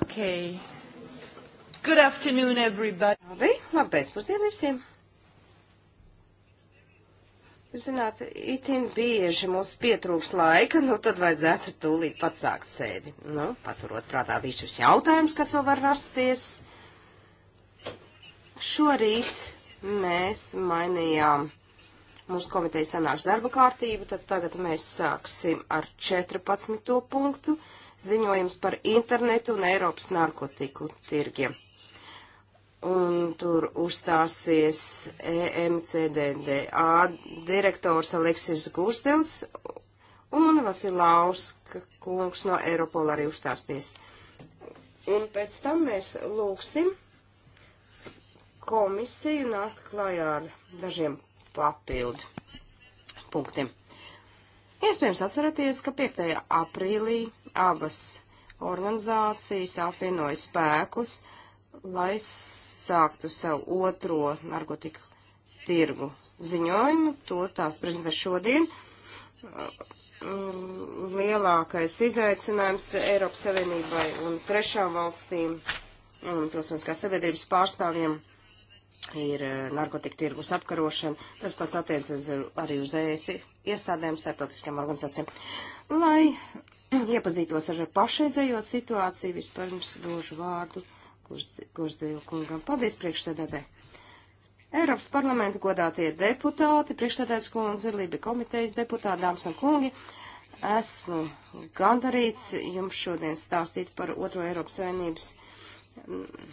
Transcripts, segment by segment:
Okay. Good afternoon, everybody. Labi, labi pēcpusdien visiem. Jūs zināt, itin bieži mums pietrūks laika, nu tad vajadzētu tūlīt pat sākt sēdi. Nu, paturot prātā visus jautājumus, kas vēl var rasties. Šorīt mēs mainījām mūsu komitejas sanāks darba kārtību, tad tagad mēs sāksim ar 14. punktu ziņojums par internetu un Eiropas narkotiku tirgiem. Un tur uzstāsies EMCDDA direktors Aleksis Gustels un Vasilauska kungs no Eiropola arī uzstāsties. Un pēc tam mēs lūgsim komisiju nāk klājā ar dažiem papildu punktiem. Iespējams atceraties, ka 5. aprīlī abas organizācijas apvienoja spēkus, lai sāktu savu otro narkotiku tirgu ziņojumu. To tās prezentē šodien. Lielākais izaicinājums Eiropas Savienībai un trešām valstīm un pilsoniskās sabiedrības pārstāvjiem ir eh, narkotika tirgus apkarošana. Tas pats attiecas arī uz ES iestādēm, starptautiskām organizācijām. Lai iepazītos ar pašreizējo situāciju, vispirms došu vārdu Gursdēju kungam. Paldies, priekšsēdētē! Eiropas parlamenta godātie deputāti, priekšsēdētājs kundze, Libi komitejas deputāti, dāmas un kungi, esmu gandarīts jums šodien stāstīt par otro Eiropas Savienības mm,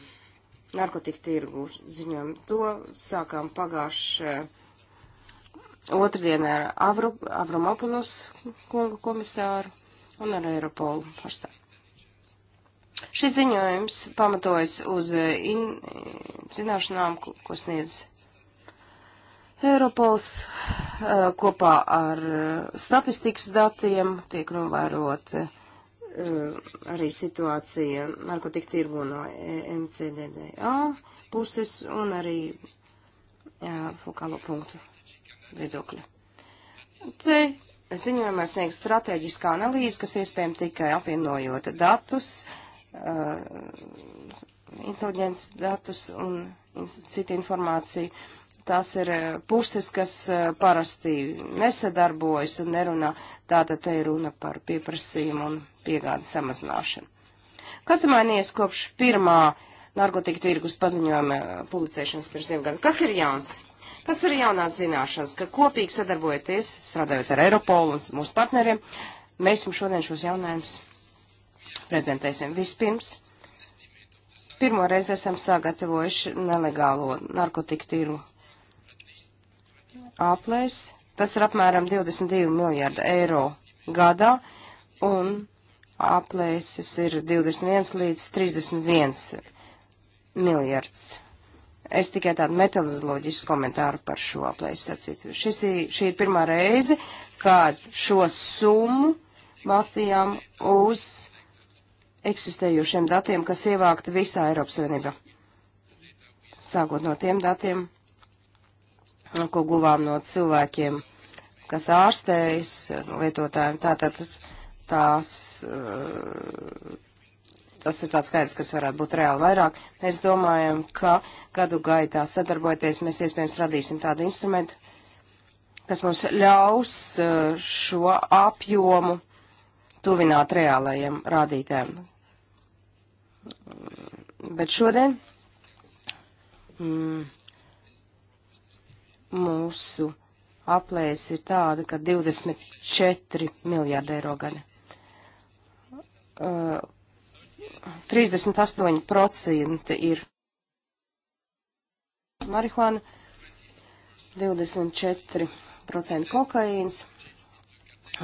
narkotiku tirgu ziņojumu. To sākām pagājušajā eh, otrdien ar Avru, Avramopulos kungu komisāru un ar Eiropolu pārstāvjiem. Šis ziņojums pamatojas uz eh, in, eh, zināšanām, ko, ko sniedz Eiropols eh, kopā ar statistikas datiem, tiek novērot arī situācija narkotika tirgu no e MCDDA puses un arī jā, fokālo punktu viedokļa. Te Ziņojumā sniegs strateģiska analīze, kas iespējama tikai apvienojot datus, uh, inteliģents datus un in, citu informāciju. Tās ir uh, puses, kas uh, parasti nesadarbojas un nerunā. Tātad te ir runa par pieprasījumu un piegādes samazināšanu. Kas ir mainījies kopš pirmā narkotika tirgus paziņojuma uh, publicēšanas pirms diviem gadiem? Kas ir jauns? Tas ir jaunās zināšanas, ka kopīgi sadarbojoties, strādājot ar Eiropolu un mūsu partneriem, mēs jums šodien šos jautājumus prezentēsim. Vispirms, pirmo reizi esam sagatavojuši nelegālo narkotiku tīru aplēs. Tas ir apmēram 22 miljārdi eiro gadā. Un aplēses ir 21 līdz 31 miljards Es tikai tādu metodoloģisku komentāru par šo aplēsi sacītu. Šis, šī ir pirmā reize, kad šo summu balstījām uz eksistējošiem datiem, kas ievākti visā Eiropas Savienībā. Sākot no tiem datiem, ko guvām no cilvēkiem, kas ārstējas lietotājiem, tātad tās uh, tas ir tāds skaits, kas varētu būt reāli vairāk. Mēs domājam, ka gadu gaitā sadarbojoties, mēs iespējams radīsim tādu instrumentu, kas mums ļaus uh, šo apjomu tuvināt reālajiem rādītēm. Bet šodien mm, mūsu aplēs ir tāda, ka 24 miljārdi eiro gada. Uh, 38% ir marihuana, 24% kokaīns,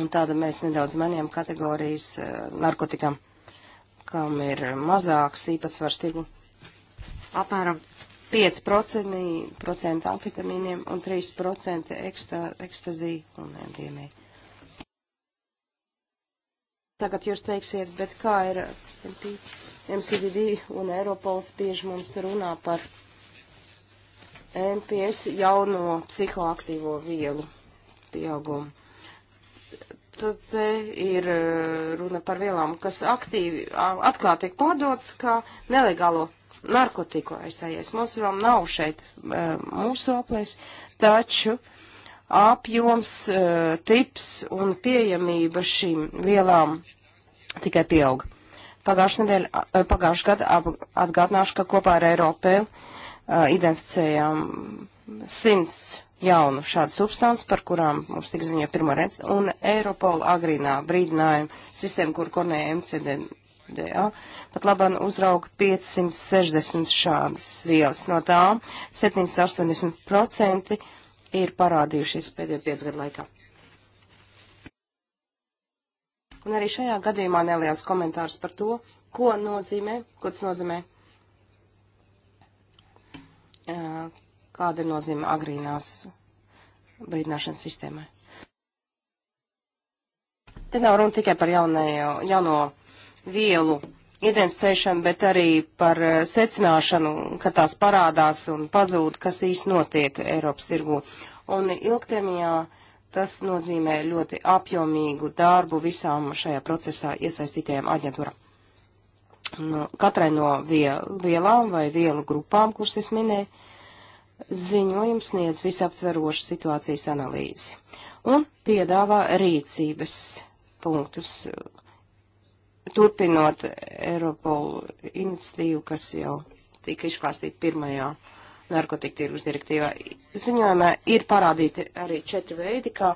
un tāda mēs nedaudz maniem kategorijas eh, narkotikam, kam ir mazāks īpatsvars tirgu. Apmēram 5% amfetamīniem un 3% ekstazī un MDMA. E. Tagad jūs teiksiet, bet kā ir MCDD un Eiropols bieži mums runā par MPS jauno psihoaktīvo vielu pieaugumu. Tad te ir eh, runa par vielām, kas aktīvi, atklāti tiek pārdotas kā nelegālo narkotiku aizsājies. Mums vēl nav šeit eh, mūsu aplēs, taču uh, apjoms, eh, tips un pieejamība šīm vielām tikai pieaug. Pagājušajā nedēļā, eh, pagājušajā gadā atgādināšu, ka kopā ar Eiropēlu eh, identificējām simts jaunu šādu substanci, par kurām mums tika ziņo pirmo reizi, un Eiropola agrīnā brīdinājuma sistēma, kur koordinēja MCDDA, pat labāk uzrauga 560 šādas vielas. No tām 780% ir parādījušies pēdējo piecgadu laikā. Un arī šajā gadījumā neliels komentārs par to, ko nozīmē, ko tas nozīmē, kāda ir nozīme agrīnās brīdināšanas sistēmai. Te nav runa tikai par jaunajo, jauno vielu identificēšanu, bet arī par eh, secināšanu, ka tās parādās un pazūd, kas īsti notiek Eiropas tirgu. Un ilgtermiņā tas nozīmē ļoti apjomīgu darbu visām šajā procesā iesaistītajām aģentūram. No, nu, katrai no viel, vielām vai vielu grupām, kuras es minēju, ziņojums sniedz visaptverošu situācijas analīzi un piedāvā rīcības punktus, turpinot Eiropolu iniciatīvu, kas jau tika izklāstīta pirmajā narkotika tirgus direktīvā. Ziņojumā ir parādīti arī četri veidi, kā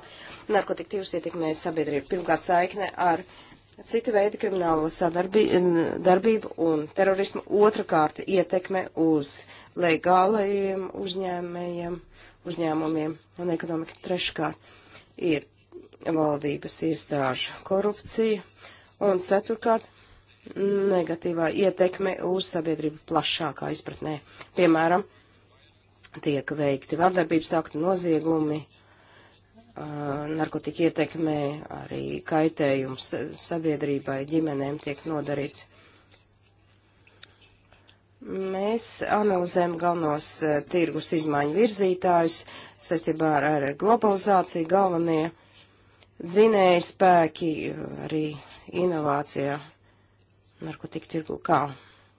narkotika tirgus ietekmē sabiedrību. Pirmkārt, saikne ar citu veidu kriminālo sadarbību un terorismu. Otrakārt, ietekme uz legālajiem uzņēmējiem, uzņēmumiem un ekonomika. Treškārt, ir valdības iestāžu korupcija. Un ceturkārt, negatīvā ietekme uz sabiedrību plašākā izpratnē. Piemēram, tiek veikti vardarbības aktu noziegumi, narkotika ietekmē, arī kaitējums sabiedrībai, ģimenēm tiek nodarīts. Mēs analizējam galvenos tirgus izmaiņu virzītājus saistībā ar, ar globalizāciju, galvenie dzinēji spēki, arī inovācijā narkotiku tirgu, kā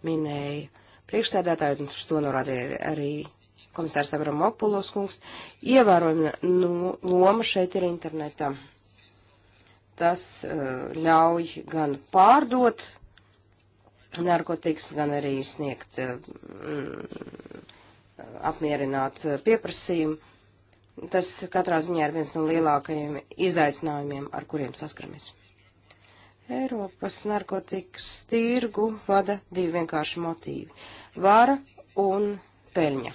minēja priekšsēdētāji, un uz to norādīja arī komisārs Avramopulos kungs, ievērojama nu, loma šeit ir internetam. Tas uh, ļauj gan pārdot narkotikas, gan arī sniegt, uh, mm, apmierināt uh, pieprasījumu. Tas katrā ziņā ir viens no lielākajiem izaicinājumiem, ar kuriem saskaramies. Eiropas narkotikas tirgu vada divi vienkārši motīvi - vara un peļņa.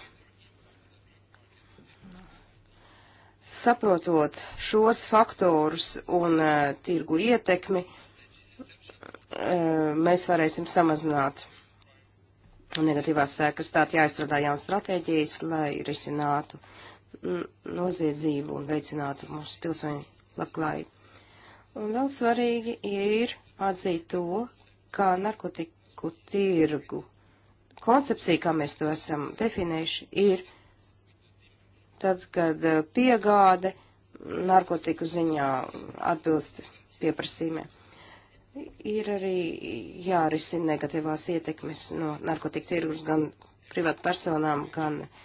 Saprotot šos faktorus un uh, tirgu ietekmi, uh, mēs varēsim samazināt negatīvās sēkas. Tātad jāizstrādā jaunas stratēģijas, lai risinātu noziedzību un veicinātu mūsu pilsoņu labklājību. Un vēl svarīgi ir atzīt to, kā narkotiku tirgu koncepcija, kā mēs to esam definējuši, ir tad, kad eh, piegāde narkotiku ziņā atbilst pieprasījumiem. Ir arī jārisina negatīvās ietekmes no narkotiku tirgus gan privātpersonām, gan uh,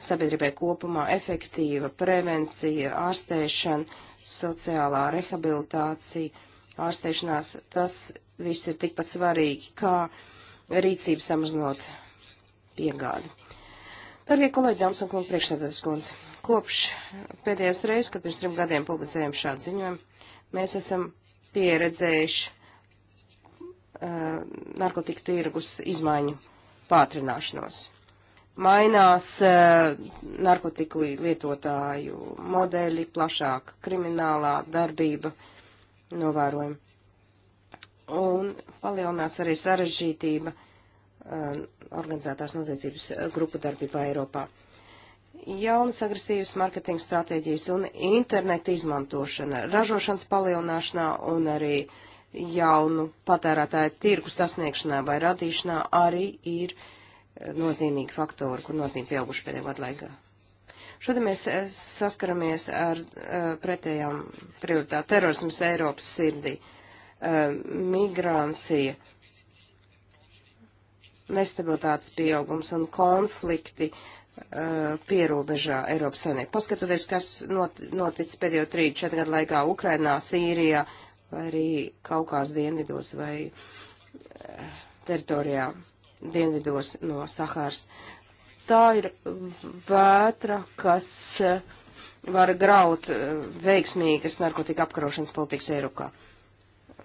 sabiedrībai kopumā efektīva prevencija, ārstēšana, sociālā rehabilitācija, ārstēšanās, tas viss ir tikpat svarīgi, kā rīcība samazinot piegādi. Darbie kolēģi, dāmas un kungi, priekšsēdētas kundze, kopš pēdējās reizes, kad pirms trim gadiem publicējam šādu ziņojumu, mēs esam pieredzējuši uh, narkotika tirgus izmaiņu pātrināšanos mainās eh, narkotiku lietotāju modeļi, plašāka kriminālā darbība novērojama. Un palielinās arī sarežģītība eh, organizētās noziedzības eh, grupu darbībā Eiropā. Jaunas agresīvas marketinga stratēģijas un interneta izmantošana, ražošanas palielināšanā un arī jaunu patērētāju tirku sasniegšanā vai radīšanā arī ir uh, nozīmīgi faktori, kur nozīme pieauguši pēdējā gada laikā. Šodien mēs eh, saskaramies ar eh, pretējām prioritātēm. Terorisms Eiropas sirdī, eh, migrācija, nestabilitātes pieaugums un konflikti pierobežā Eiropas Savienībā. Paskatoties, kas not, noticis pēdējo 3-4 gadu laikā Ukrainā, Sīrijā vai arī Kaukās dienvidos vai teritorijā dienvidos no Sahāras. Tā ir vētra, kas eh, var graut eh, veiksmīgas narkotika apkarošanas politikas Eiropā.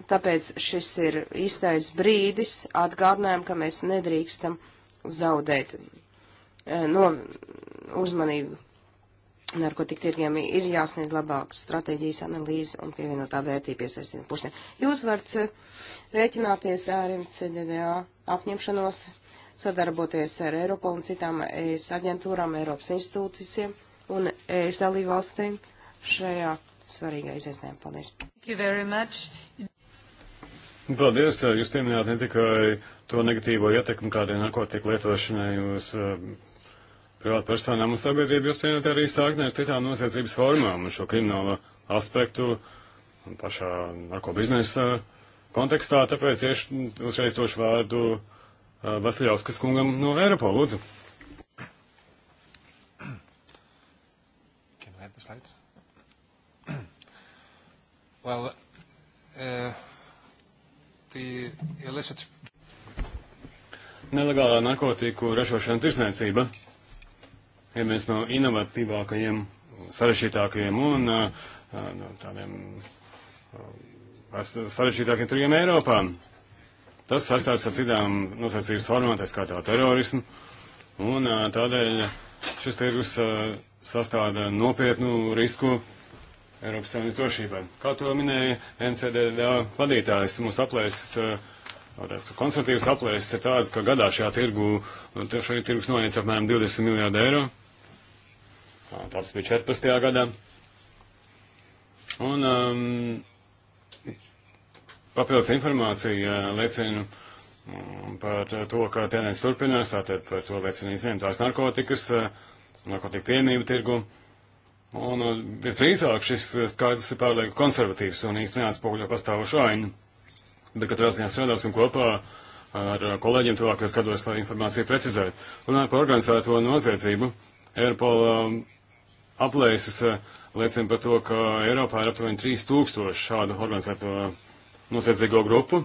Tāpēc šis ir īstais brīdis atgādinājumu, ka mēs nedrīkstam zaudēt eh, no uzmanību narkotika tirgiem ir jāsniedz labākas stratēģijas analīze un pievienotā vērtība iesaistītiem pusēm. Jūs varat rēķināties ar MCDDA apņemšanos sadarboties ar Eiropu un citām ES aģentūrām, Eiropas institūcijiem un ES dalībvalstīm šajā svarīgā izaicinājumā. Paldies! Paldies! Jūs pieminējāt ne tikai to negatīvo ietekmi kādai narkotiku lietošanai uz um, privātu personām un sabiedrību, jūs pieminējāt arī sāknē ar citām noziedzības formām un šo kriminālo aspektu pašā narkobiznesa. biznesa kontekstā, tāpēc iešu uzreiz tošu vārdu uh, Vasiljovskas kungam no Eiropā, lūdzu. Well, uh, the illicit... Nelegālā narkotiku ražošana tirsniecība ir viens no inovatīvākajiem, sarežģītākajiem un uh, uh no tādiem uh, sarežģītākiem tirgiem Eiropā. Tas saistās ar citām nosacības formām, tā skaitā terorismu, un tādēļ šis tirgus sastāda nopietnu risku Eiropas Savienības drošībai. Kā to minēja NCDDA vadītājs, mūsu aplēses, tās konservatīvas aplēses ir tādas, ka gadā šajā tirgu, šajā tirgus noiec apmēram 20 miljārdu eiro. Tāds bija 14. gadā. Un um, Papildus informācija liecina mm, par to, ka tendence turpinās, tātad par to liecina izņemtās narkotikas, eh, narkotika piemību tirgu. Un eh, visdrīzāk šis skaidrs ir pārlieku konservatīvs un īsti neatspoguļo pastāvošu ainu. Bet katrā ziņā strādāsim kopā ar eh, kolēģiem tuvākajos gados, lai informāciju precizētu. Runājot par organizēto noziedzību, Eiropola aplēses liecina par to, ka Eiropā ir aptuveni 3000 šādu organizēto noziedzīgo grupu.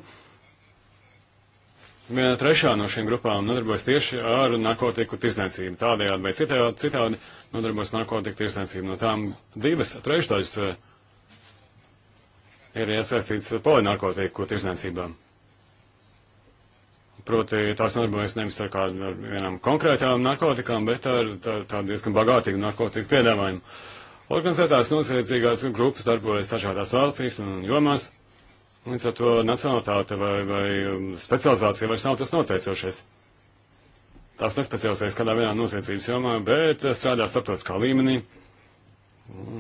Viena trešā no šīm grupām nodarbojas tieši ar narkotiku tirsniecību. Tādējādi vai citādi, citādi nodarbojas narkotiku tirsniecību. No tām divas trešdaļas eh, ir iesaistīts polinarkotiku tirsniecībām. Proti tās nodarbojas nevis ar kādu ar vienām konkrētām narkotikām, bet ar tādu diezgan bagātīgu narkotiku piedāvājumu. Organizētās noziedzīgās grupas darbojas dažādās valstīs un jomās. Līdz ar to nacionalitāte vai, vai um, specializācija vairs nav tas noteicošais. Tās nespecializējas kādā vienā noziedzības jomā, bet uh, strādā starptautiskā līmenī,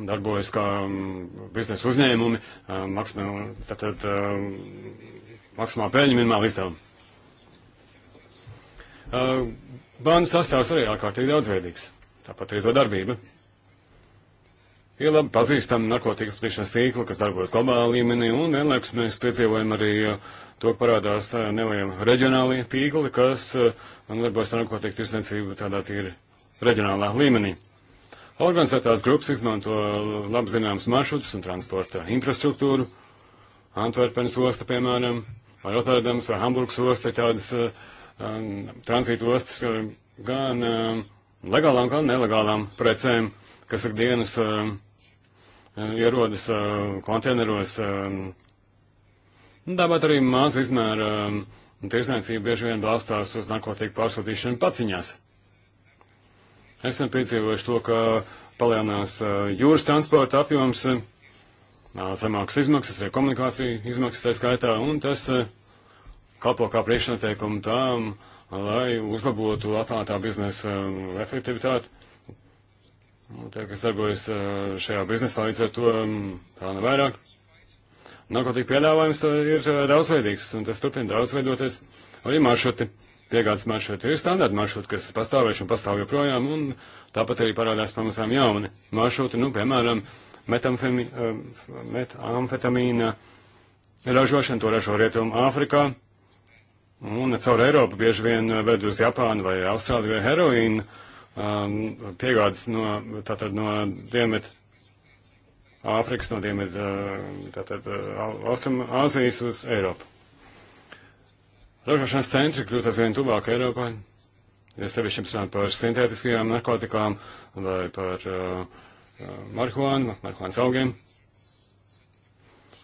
darbojas kā um, biznesa uzņēmumi, um, maksimāla peļņa, minimāla izdevuma. Uh, bānu sastāvs arī ārkārtīgi daudzveidīgs, tāpat arī to darbība ir labi pazīstama narkotikas patīšanas tīkla, kas darbojas globālā līmenī, un vienlaikus mēs piedzīvojam arī uh, to, ka parādās uh, neliela reģionāla tīkla, kas uh, darbojas narkotiku tirsniecību tādā tīri reģionālā līmenī. Organizētās grupas izmanto labi zināmas maršrutus un transporta infrastruktūru. Antverpenes osta, piemēram, vai Rotterdams vai Hamburgas osta ir tādas uh, um, tranzīta ostas gan uh, legālām, gan nelegālām precēm, kas ir dienas uh, um, Eh, ierodas eh, konteineros. Eh, nu, tāpat arī maza izmēra tirsniecība bieži vien balstās uz narkotiku pārsūtīšanu paciņās. Esam piedzīvojuši to, ka palielinās jūras transporta apjoms, zemākas izmaksas, arī komunikācija izmaksas tā skaitā, un tas kalpo kā priekšnoteikumu tām, lai uzlabotu atlātā biznesa efektivitāti Nu, tā, kas darbojas šajā biznesā, līdz ar to tā nav vairāk. Narkotika piedāvājums ir daudzveidīgs, un tas turpina daudzveidoties arī maršruti. Piegādes maršruti ir standarta maršruti, kas pastāvējuši un pastāv joprojām, un tāpat arī parādās pamazām jauni maršruti, nu, piemēram, metamfetamīna ražošana, to ražo Rietumu Āfrikā, un caur Eiropu bieži vien ved uz Japānu vai Austrāliju vai heroīnu um, piegādes no, tātad no Dienvidu Āfrikas, no Dienvidu uh, tātad uh, Austrum Āzijas uz Eiropu. Ražošanas centri kļūst aizvien tuvāk Eiropai, ja sevišķi runājam par sintētiskajām narkotikām vai par uh, uh marihuānu, marihuānas augiem.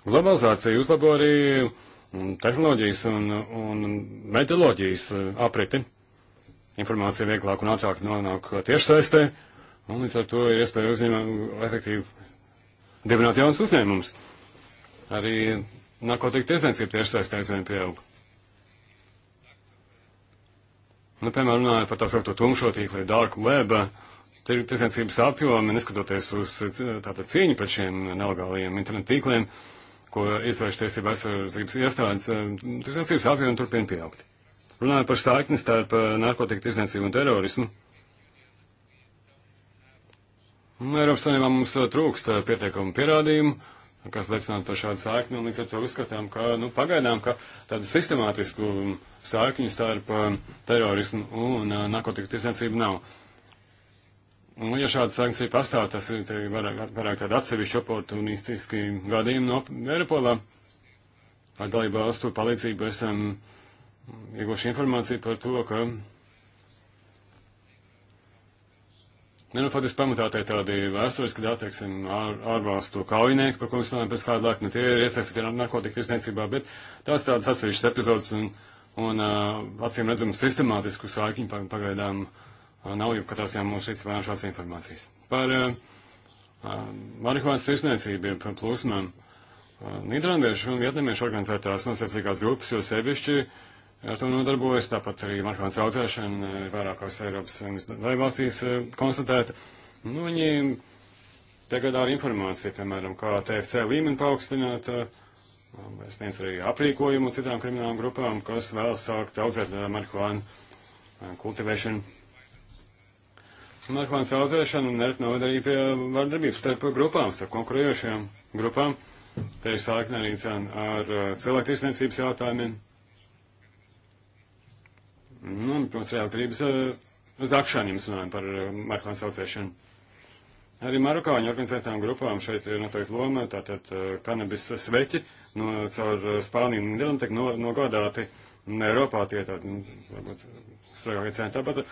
Globalizācija uzlabo arī um, tehnoloģijas un, un metaloģijas apriti informācija vieglāk un ātrāk nonāk tiešsaistē, un līdz ar to ir iespēja uzņēmumu efektīvi dibināt jaunas uzņēmumus. Arī narkotika tiesniecība tiešsaistē aizvien pieaug. Nu, piemēram, runājot par tā saucamo tumšo tīklu, dark web, tirsniecības apjomi, neskatoties uz tātad cīņu pret šiem nelegālajiem internetu tīkliem, ko izvērš tiesība aizsardzības iestādes, tirsniecības apjomi turpina pieaugt. Runājot par saikni starp eh, narkotika tirdzniecību un terorismu, Eiropas Savienībā mums eh, trūkst eh, pietiekamu pierādījumu, kas liecinātu par šādu saikni, un līdz ar to uzskatām, ka nu, pagaidām, ka tādu sistemātisku saikņu starp terorismu un narkotika tirdzniecību nav. Nu, ja šāda sankcija pastāv, tas ir vairāk, vairāk tāda atsevišķa oportunistiski gadījumi no Eiropolā. Ar dalību valstu palīdzību esam ieguvuši informāciju par to, ka Ne, nu, faktiski pamatā tie tādi vēsturiski dati, teiksim, ār, ārvalstu kaujinieki, par ko mēs runājam pēc kāda laika, nu tie ir iesaistīti narkotika tirsniecībā, bet tās tādas atsevišķas epizodes un, un uh, acīm redzam sistemātisku sākiņu pagaidām uh, nav jau, ka tās jau mums šīs vēl šāds informācijas. Par uh, marihuānas tirsniecību, par plūsmām, uh, Nīderlandiešu un vietnamiešu organizētās nosacīgās grupas, jo sevišķi uh, ar to nodarbojas, tāpat arī marihuānas audzēšana eh, vairākās Eiropas valstīs eh, konstatēta. Nu, viņi piegādā ar informāciju, piemēram, kā TFC līmeni paaugstināt, vai eh, sniedz arī aprīkojumu citām kriminālām grupām, kas vēl sākt audzēt marihuānu kultivēšanu. Marihuānas audzēšana nereti noved arī pie vardarbības starp grupām, starp konkurējošajām grupām. Te ir sākne arī ar cilvēktiesniecības jautājumiem. Nu, protams, reaktīvas eh, zakšanu jums runājam par eh, marihuānu saucēšanu. Arī marokāņu organizētām grupām šeit ir noteikti loma, tātad eh, kanabis sveķi no, caur Spāniju un Nīderlandu tiek no, nogādāti Eiropā tie tādi, nu, varbūt, svarīgākie centi. Tāpat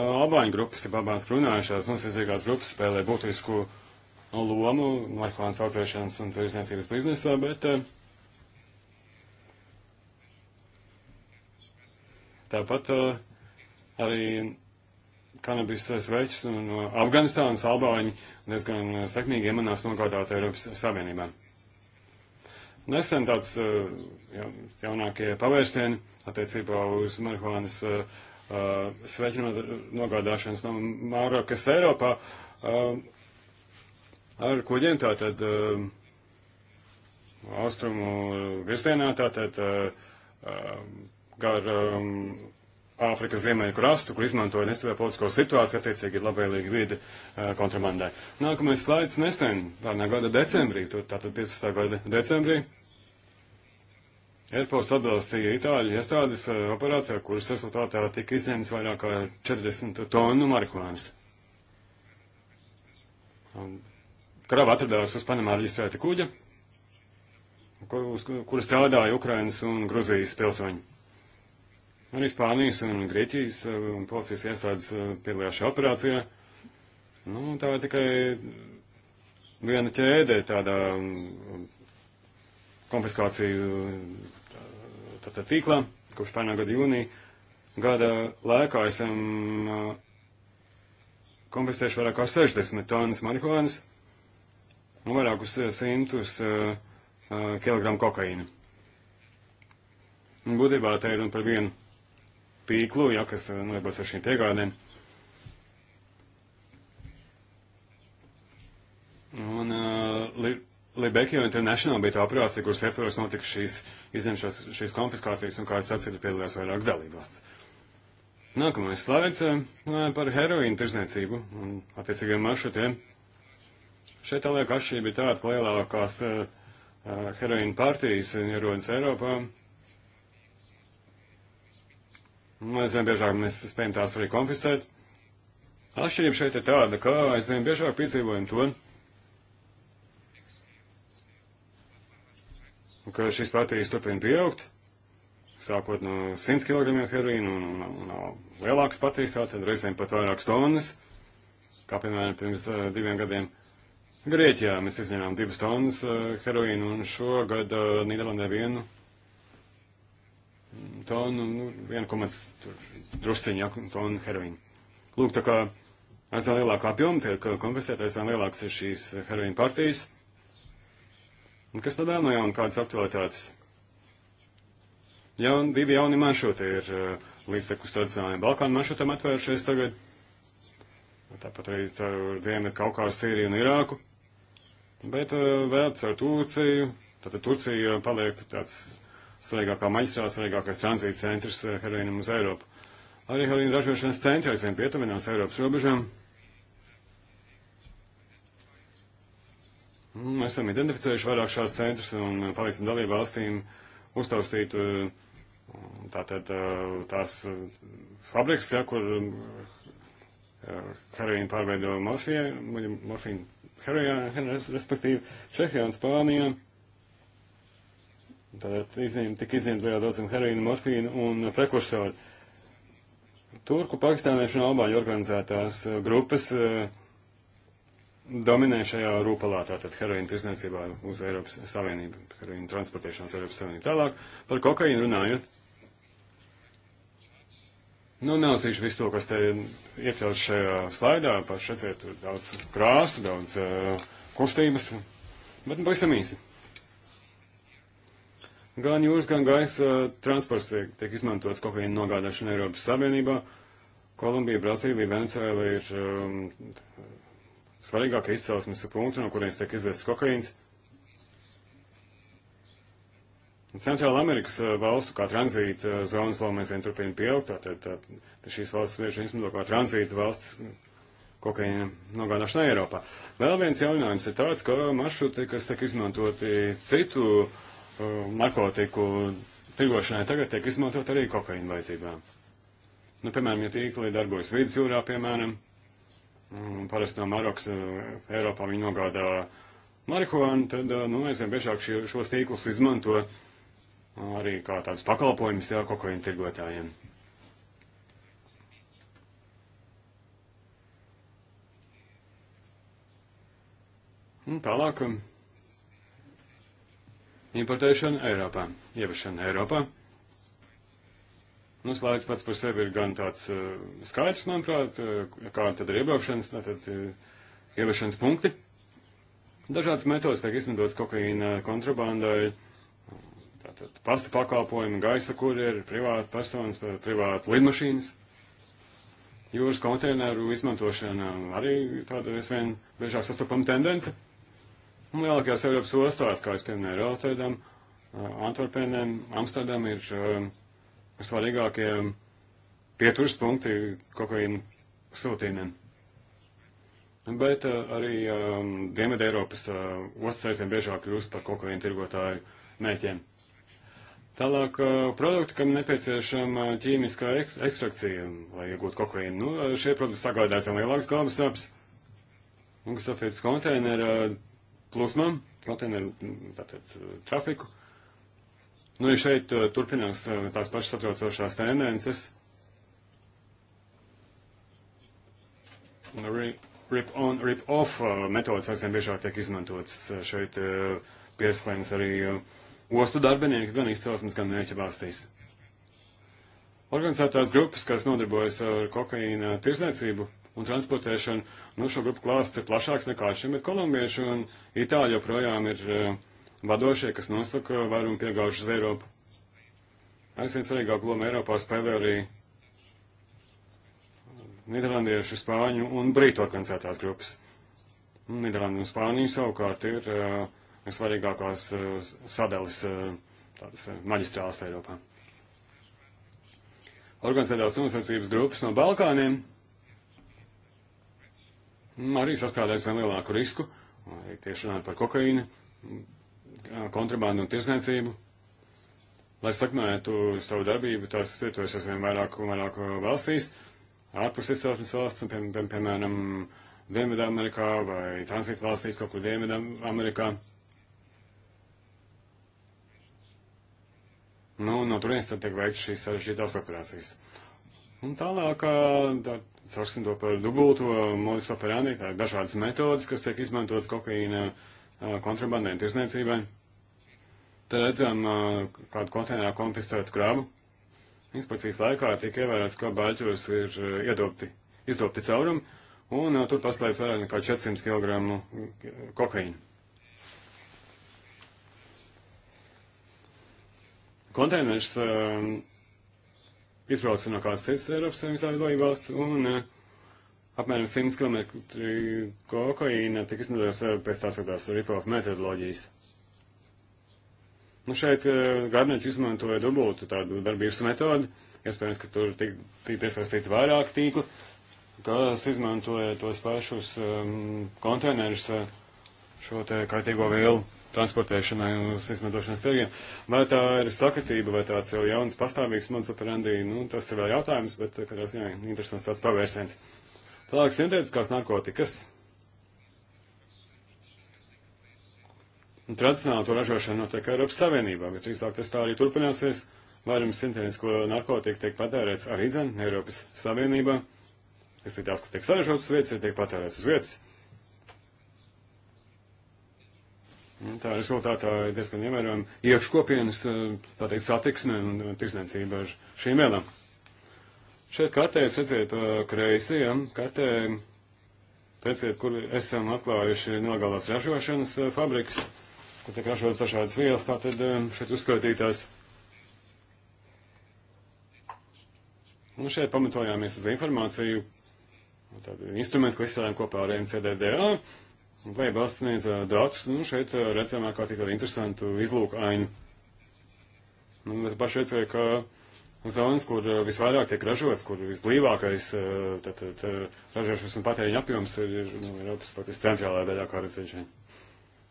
albāņu grupas, ja albāns runājušās, nozīdzīgās grupas spēlē būtisku lomu marihuānas saucēšanas un tirzniecības biznesā, bet uh, Tāpat uh, arī kanabis sveķis un no Afganistānas albāņi diezgan sekmīgi iemanās nogādāt Eiropas Savienībā. Nesen tāds uh, jaunākie pavērstieni attiecībā uz marihuānas uh, sveķinu nogādāšanas no Mārokas Eiropā ar kuģiem tātad austrumu virzienā, tātad gar um, Āfrikas ziemeļu rastu, kur izmantoja nestabilu politisko situāciju, attiecīgi ir labvēlīga vide uh, kontrabandai. Nākamais slaids nesen, pērnā gada decembrī, tur tātad 15. gada decembrī, Airpost atbalstīja Itāļu iestādes uh, operācijā, kuras rezultātā tika izņemts vairāk kā 40 tonu marihuānas. Krava atradās uz Panamā reģistrēta kuģa, kur, uz, kur strādāja Ukrainas un Gruzijas pilsoņi. Arī Spānijas un Grieķijas eh, un policijas iestādes eh, piedalījās šajā operācijā. Nu, tā ir tikai viena ķēde tādā mm, konfiskāciju eh, tātad tīklā, kurš pērnā gada jūnija gada laikā esam konfiscējuši vairāk kā 60 tonnas marihuānas un vairākus simtus kilogramu kokaīnu. Būtībā te ir runa par vienu tīklu, ja, kas eh, nodarbojas ar šīm piegādēm. Un uh, li, Libekio International bija tā operācija, kuras ietvaros notika šīs izņemšanas, šīs konfiskācijas, un kā es atceru, piedalījās vairākas dalībvalsts. Nākamais slaids uh, par heroīnu tirzniecību un attiecīgiem maršrutiem. Šeit tā liek atšķirība ir tāda, ka lielākās uh, heroīna partijas ierodas Eiropā, aizvien nu, biežāk mēs spējam tās arī konfiscēt. Atšķirība šeit ir tāda, ka aizvien biežāk piedzīvojam to, ka šīs patērijas turpina pieaugt, sākot no 100 kg heroīna un, un, un, un lielākas patērijas, tātad reizēm pat vairākas tonnas, kā piemēram pirms uh, diviem gadiem. Grieķijā mēs izņēmām divas tonnas uh, heroīnu un šogad uh, Nīderlandē vienu tonu, nu, 1,3 tonu heroīna. Lūk, tā kā aizvien lielākā apjoma tiek konfiscēta, aizvien lielākas ir šīs heroīna partijas. Un kas tad vēl no jauna, kādas aktualitātes? Jaun, divi jauni maršruti ir eh, līdztekus tradicionālajiem Balkānu maršrutam atvērušies tagad. Tāpat arī caur Dienvidu Kaukāzu, Sīriju un Irāku. Bet eh, vēl caur Turciju. Tātad Turcija paliek tāds svarīgākā maģistrāla, svarīgākais tranzīta centrs eh, heroīnam uz Eiropu. Arī heroīna ražošanas centri aizvien pietuvinās Eiropas robežām. Mm, mēs esam identificējuši vairāk šādus centrus un eh, palīdzam dalību valstīm uztaustīt eh, tātad tās fabrikas, ja, kur heroīnu pārveido morfiju, morfiju heroīnu, respektīvi Čehijā un Spānijā. Mm. Tad izņem, tika izņemta lielā daudzuma heroīna, morfīna un prekursori. Turku, pakistāniešu un albāņu organizētās eh, grupas eh, dominē šajā rūpalā, tātad heroīna tirsniecībā uz Eiropas Savienību, heroīna transportēšanas Eiropas Savienību. Tālāk par kokaīnu runājot. Nu, nelasīšu visu to, kas te iekļauts šajā slaidā, par šeit ir daudz krāsu, daudz uh, kustības, bet nu, pavisam īsti. Gan jūras, gan gaisa transports tiek, tiek izmantots kokaīna nogādāšana Eiropas Savienībā. Kolumbija, Brazīlija, Venecijāla ir um, svarīgākie izcelsmes punkti, no kurienes tiek izvests kokaīns. Centrāla Amerikas uh, valstu kā tranzīta uh, zonas loma aizvien turpina pieaugt, tātad tā, tā, šīs valsts bieži izmanto kā tranzīta valsts kokaīna nogādāšana Eiropā. Vēl viens jaunājums ir tāds, ka maršruti, kas tiek izmantoti citu uh, Uh, narkotiku tirgošanai tagad tiek izmantot arī kokaīna vajadzībām. Nu, piemēram, ja tīkli darbojas vidusjūrā, piemēram, mm, parasti no Marokas uh, Eiropā viņi nogādā marihuānu, tad, uh, nu, aizvien biežāk šie, šos tīklus izmanto arī kā tāds pakalpojums, jā, kokaīna tirgotājiem. Un tālāk. Um, Importēšana Eiropā, ieviešana Eiropā. Nu, slaids pats par sevi ir gan tāds uh, skaidrs, manuprāt, uh, eh, kāda tad ir iebraukšanas, tātad uh, eh, ieviešanas punkti. Dažādas metodas tiek izmantotas kokaīna kontrabandai, tātad pasta pakalpojumi, gaisa kurjeri, privāta personas, privāta lidmašīnas. Jūras konteineru izmantošana arī tāda, es vien, biežāk sastopama tendence. Un lielākajās Eiropas ostās, kā es pieminēju, Rotterdam, eh, Antverpenēm, Amsterdam ir eh, svarīgākie eh, pieturas punkti kokaīna siltīniem. Bet arī Dienvidē Eiropas ostas aizvien biežāk kļūst par kokaīna tirgotāju mēķiem. Tālāk produkti, kam nepieciešama ķīmiskā eks ekstrakcija, lai iegūtu kokaīnu. Nu, šie produkti sagādājas vēl lielāks galvas saps. Un, kas attiecas konteineru, plūsmām, konteineru mm, tātad, eh, trafiku. Nu, ja šeit eh, turpinās eh, tās pašas satraucošās tendences, rip-on, rip-off metodas aizvien biežāk tiek izmantotas. Šeit pieslēdz arī ostu darbinieki gan izcelsmes, gan mēķa valstīs. Organizētās grupas, kas nodarbojas ar kokaīna tirzniecību, un transportēšanu. Nu, šo grupu klāsts ir plašāks nekā šim ir kolumbieši, un Itāļi joprojām ir eh, vadošie, kas nosaka vairumu piegājuši uz Eiropu. Aizvien svarīgāku lomu Eiropā spēlē arī Nīderlandiešu, Spāņu un Brītu organizētās grupas. Nīderlanda un Spānija savukārt ir uh, svarīgākās uh, sadalis uh, tādas uh, maģistrāls Eiropā. Organizētās nosacības grupas no Balkāniem Mm, arī sastādēs vien lielāku risku, arī tieši runājot par kokaīnu, mm, kontrabandu un tirsniecību. Lai sakmētu savu darbību, tās situēs aizvien vairāk un vairāk valstīs, ārpus izcelsmes valsts, un, pie, pie, piemēram, Dienvidā Amerikā vai tranzīta valstīs kaut kur Dienvidā Amerikā. Nu, no turienes tad tiek veikts šīs sarežģītās operācijas. Uh, Un tālāk, tā, sauksim to par dubulto modus operandi, tā ir dažādas metodas, kas tiek izmantotas kokaīna kontrabandai un tirsniecībai. Te redzam kādu konteinerā konfiscētu krabu. Inspekcijas laikā tika ievērots, ka bāļķos ir iedopti, izdopti caurumi, un tur paslēdz vairāk nekā 400 kg kokaīna. Konteineris uh, izbrauca no kādas citas Eiropas Savienības dalībvalsts, un uh, apmēram 100 km kokaīna tika izmantots eh, pēc tās kādās ripoff metodoloģijas. Nu, šeit uh, Gardneči izmantoja dubultu tādu darbības metodi, iespējams, ka tur tika piesaistīti vairāk tīkli, kas izmantoja tos pašus um, konteinerus, uh, šo te kaitīgo vielu transportēšanai uz izmantošanas tirgiem. Vai tā ir sakatība, vai tāds jau jauns pastāvīgs mans operandī, nu, tas ir vēl jautājums, bet eh, katrā ziņā interesants tāds pavērsiens. Tālāk sintētiskās narkotikas. Tradicionāli to ražošana notiek Eiropas Savienībā, bet īstāk tas tā arī turpināsies. Vairums sintētisko narkotiku tiek patērēts arī dzen Eiropas Savienībā. Es tiek tāds, kas tiek saražots uz vietas, ir tiek patērēts uz vietas. Tā rezultātā ir diezgan ievērojama iekškopienas eh, tā teikt, satiksme un tirsniecība ar šīm vielām. Šeit kartē jūs redzat pa eh, kreisi, ja? kartē redzat, kur esam atklājuši nelegālās ražošanas eh, fabrikas, kur tiek ražotas dažādas vielas, tātad šeit uzskaitītās. Un šeit pamatojāmies uz informāciju, tādu instrumentu, ko izstrādājam kopā ar MCDDA, Vai valsts sniedz datus, nu šeit redzam kā tik tādu interesantu izlūku ainu. Nu, mēs paši redzēju, ka zonas, kur visvairāk tiek ražots, kur visblīvākais tad, tad, ražošanas un patēriņa apjoms ir, ir nu, Eiropas faktiski centrālajā daļā, kā redzēju šeit.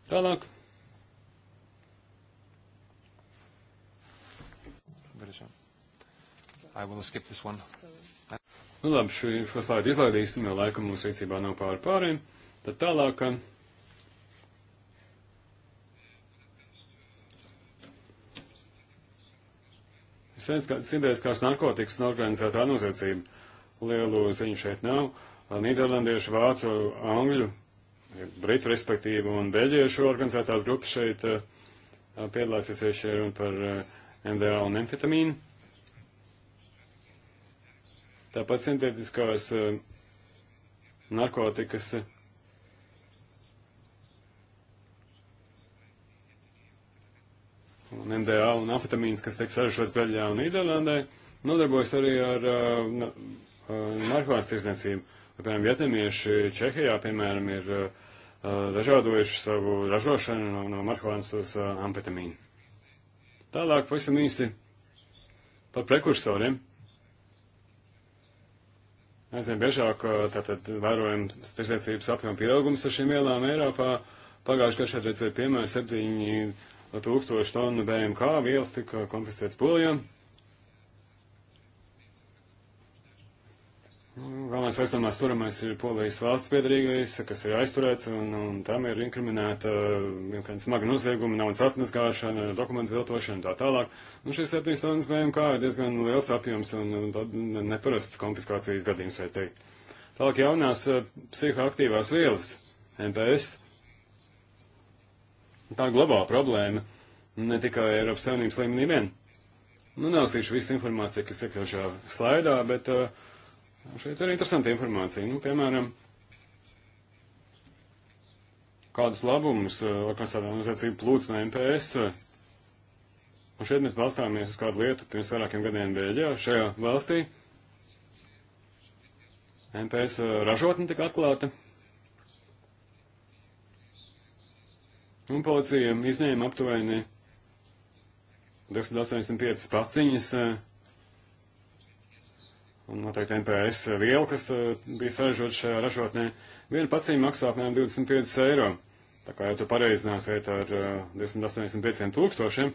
Tālāk. I will skip this one. Nu labi, šo, šo slaidu izlaidīsim, jo laika mūsu rīcībā nav pāri pāriem. Tad tālāk. Um, Sindējas kāds narkotikas un organizētā noziedzība. Lielu ziņu šeit nav. Nīderlandiešu, vācu, angļu, britu respektīvi un beļģiešu organizētās grupas šeit piedalās visies šie runa par MDA un amfetamīnu. Tāpat sintētiskās narkotikas un MDA un amfetamīns, kas tiek saražots Beļģijā un Nīderlandē, nodarbojas arī ar uh, narkotikas uh, tirdzniecību. Piemēram, vietnamieši Čehijā, piemēram, ir uh, uh dažādojuši savu ražošanu no, no marihuānas uz uh, amfetamīnu. Tālāk, pavisam īsti par prekursoriem. Aizvien biežāk uh, tātad vērojam tirdzniecības apjomu pieaugums ar šīm vielām Eiropā. Pagājušajā gadā šeit redzēja piemēru 7 tūkstoši tonu BMK vielas tika konfiscēts polijām. Nu, galvenais aizdomās turamais ir polijas valsts piedarīgais, kas ir aizturēts, un, un tam ir inkriminēta uh, smaga nozieguma, naudas atmazgāšana, dokumentu viltošana un tā tālāk. Un nu, šis 7 tonnas BMK ir diezgan liels apjoms un, un neparasts konfiskācijas gadījums, vai teikt. Tālāk jaunās uh, psihoaktīvās vielas, MPS, Tā ir globāla problēma, ne tikai Eiropas Savienības līmenī vien. Nu, nelasīšu visu informāciju, kas tiek šajā slaidā, bet uh, šeit ir interesanta informācija. Nu, piemēram, kādus labumus uh, organizētām uzrēcību plūc no MPS. Uh, un šeit mēs balstāmies uz kādu lietu pirms vairākiem gadiem Bēļģijā, šajā valstī. MPS ražotne tika atklāta. Un policija izņēma aptuveni 285 paciņas eh, un noteikti NPS vielu, kas eh, bija saražot šajā ražotnē. Viena paciņa maksā apmēram 25 eiro. Tā kā jau tu pareizināsiet ar 285 eh, tūkstošiem,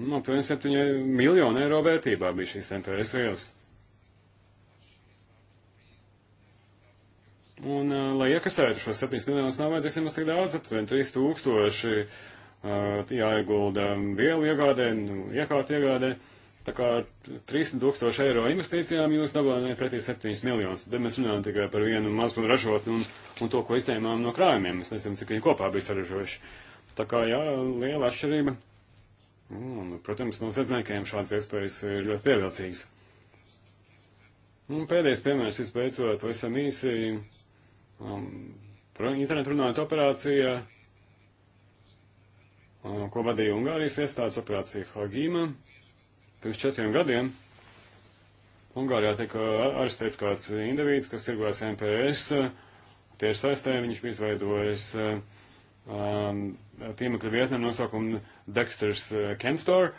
nu, aptuveni 7 miljonu eiro vērtībā bija šīs NPS vielas. Un, uh, lai iekasētu šos 7 miljonus, nav vajadzīgs nemaz tik daudz, aptuveni 3000 uh, jāiegulda vielu iegādē, nu, iekārtu iegādē. Tā kā 300 tūkstoši eiro investīcijām jūs dabūjāt pretī 7 miljonus. Tad mēs runājam tikai par vienu mazu ražotni un, un to, ko izņēmām no krājumiem. Mēs nezinām, cik viņi kopā bija saražojuši. Tā kā, jā, liela atšķirība. Un, protams, no sedzniekiem šādas iespējas ir ļoti pievilcīgas. Un pēdējais piemērs, visbeidzot, pavisam īsi. Uh, um, par internetu runājot operācija, um, ko vadīja Ungārijas iestādes operācija Hagīma, pirms četriem gadiem. Ungārijā tika arestēts kāds indivīds, kas tirgojas MPS, tieši saistē viņš bija izveidojis um, tīmekļa vietnē nosaukumu Dexter's Campstore,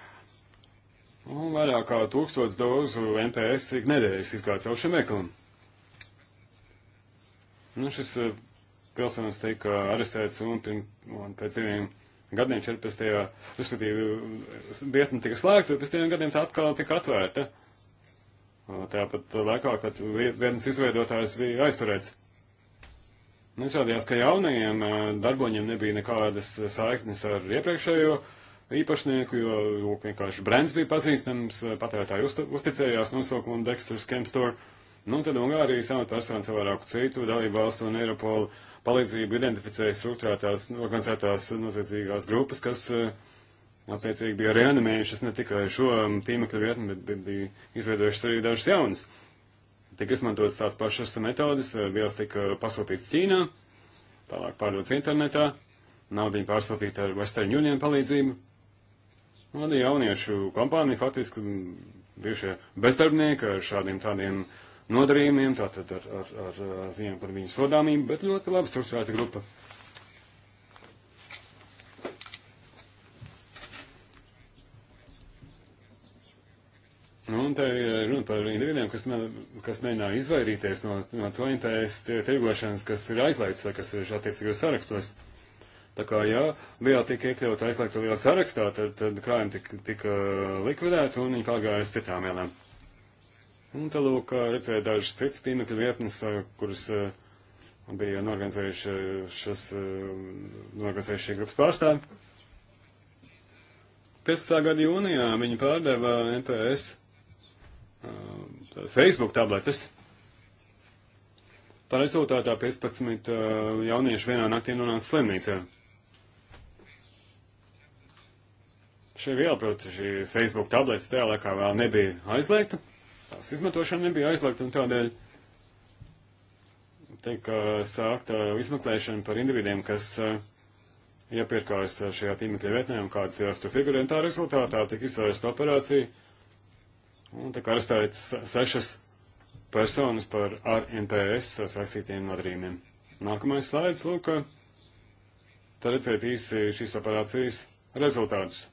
un vairāk kā tūkstots dozu MPS ik nedēļas izgāja caur šim eklam. Nu, šis eh, pilsonis tika arestēts un, pirm, un pēc diviem gadiem, 14. respektīvi, eh, vietne tika slēgta, pēc diviem gadiem tā atkal tika atvērta. Tāpat laikā, kad vietnes izveidotājs bija aizturēts. Nu, izrādījās, ka jaunajiem eh, darboņiem nebija nekādas saiknes ar iepriekšējo īpašnieku, jo, jo vienkārši brands bija pazīstams, patērētāji uzticējās nosaukumu Dexter's Camp Store. Uh, Nu, tad Ungārija samat personu savārāku citu dalību valstu un Eiropolu palīdzību identificēja struktūrētās, organizētās noziedzīgās grupas, kas eh, attiecīgi bija reanimējušas ne tikai šo mm, tīmekļa vietni, bet bija izveidojušas arī dažas jaunas. Tika izmantotas tās pašas metodas, eh, vielas tika pasūtīts Ķīnā, tālāk pārdotas internetā, naudiņu pārsūtīta ar Western Union palīdzību. Un arī jauniešu kompānija faktiski mm, bijušie bezdarbnieki ar šādiem tādiem uh, nodarījumiem, tātad ar, ar, ar ziņām par viņu sodāmību, bet ļoti labi strukturēta grupa. Nu, un te runa par individiem, kas, ne, kas mēģinā izvairīties no, no to NPS tirgošanas, kas ir aizlaidis vai kas ir attiecīgos sarakstos. Tā kā, ja vēl tika iekļauta aizliegto vielu sarakstā, tad, tad krājumi tika, tika likvidēti un viņi pārgāja uz citām vielām. Un te lūk, redzēja dažas citas tīmekļa vietnes, kuras bija norganizējuši šas, norganizējuši šī grupas pārstāvi. 15. gada jūnijā viņi pārdeva NPS Facebook tabletes. Tā rezultātā 15 jaunieši vienā naktī nonāca slimnīcā. Šī viela, proti, šī Facebook tableta tajā laikā vēl nebija aizliegta tās izmantošana nebija aizliegta, un tādēļ tika sākta izmeklēšana par individiem, kas eh, iepirkās eh, šajā tīmekļa vietnē un kādas ir tur figurēm. Tā rezultātā tika izvērsta operācija un tika arestēta sešas personas par ar NPS saistītiem nodarījumiem. Nākamais slaids, lūk, eh, tad redzēt īsti šīs operācijas rezultātus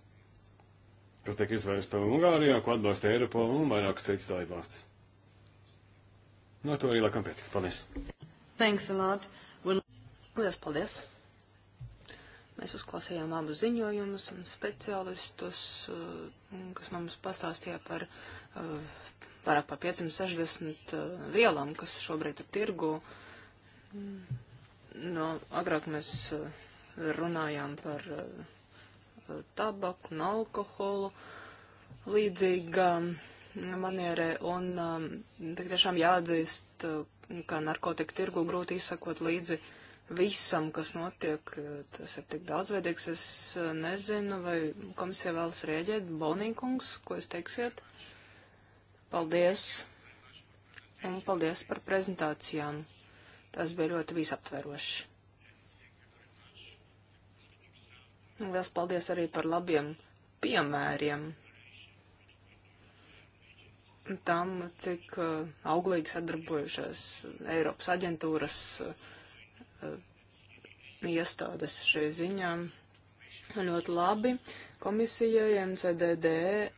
kas tiek izvērsta Ungārijā, ko atbalsta Eiropa un vairākas citas dalībvalsts. No to arī laikam pietiks. Paldies. Thanks a lot. We'll... Lielas paldies. Mēs uzklausījām abu ziņojumus un speciālistus, eh, kas mums pastāstīja par eh, vairāk par 560 eh, vielām, kas šobrīd ir tirgu. Mm, no agrāk mēs runājām par uh, tabaku un alkoholu līdzīgā manierē. Un um, tik tiešām jāatzīst, uh, ka narkotika tirgu grūti izsakot līdzi visam, kas notiek. Tas ir tik daudzveidīgs. Es uh, nezinu, vai komisija vēlas rēģēt. Bonīkungs, ko jūs teiksiet? Paldies! Un paldies par prezentācijām. Tas bija ļoti visaptveroši. Liels paldies arī par labiem piemēriem tam, cik uh, auglīgi sadarbojušās Eiropas aģentūras uh, uh, iestādes šai ziņā. Ļoti labi komisijai, MCDD,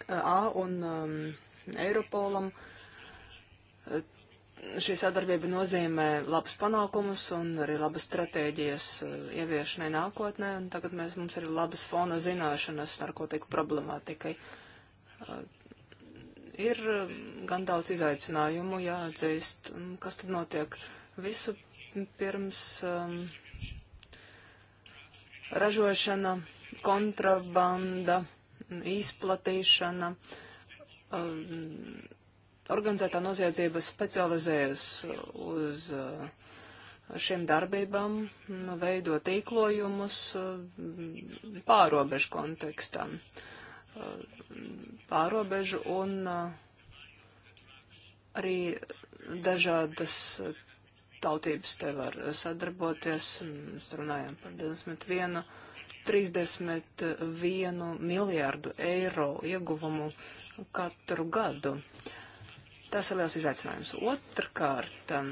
A un um, Eiropolam šī sadarbība nozīmē labus panākumus un arī labas stratēģijas eh, ieviešanai nākotnē, un tagad mēs, mums ir labas fona zināšanas narkotiku problemātikai. Eh, ir eh, gan daudz izaicinājumu jāatzīst, mm, kas tad notiek. Visu pirms um, ražošana, kontrabanda, mm, izplatīšana. Um, organizētā noziedzība specializējas uz uh, šiem darbībām, nu, veido tīklojumus uh, pārobežu kontekstam, uh, pārobežu un arī dažādas tautības te var sadarboties. Mēs runājam par 21, 31 miljārdu eiro ieguvumu katru gadu. Uh, Tas ir liels izaicinājums. Otrkārt, um,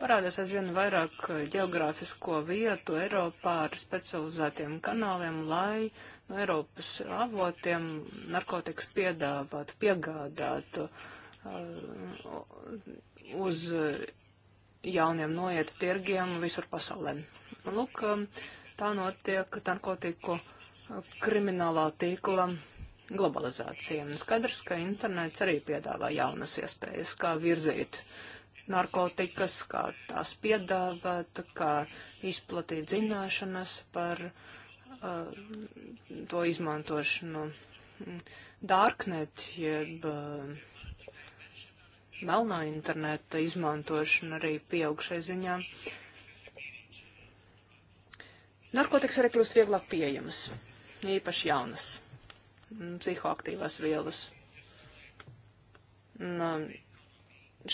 parādās aizvien vairāk uh, geogrāfisko vietu Eiropā ar specializētiem kanāliem, lai no Eiropas avotiem narkotikas piedāvātu, piegādātu uh, uz uh, jauniem noietu tirgiem visur pasaulē. Lūk, um, tā notiek narkotiku kriminālā tīkla globalizācija. Un skaidrs, ka internets arī piedāvā jaunas iespējas, kā virzīt narkotikas, kā tās piedāvāt, kā izplatīt zināšanas par uh, to izmantošanu dārknet, jeb uh, melnā interneta izmantošana arī pieaugšai ziņā. Narkotikas arī kļūst vieglāk pieejamas, īpaši jaunas psihoaktīvās vielas. Un, nu,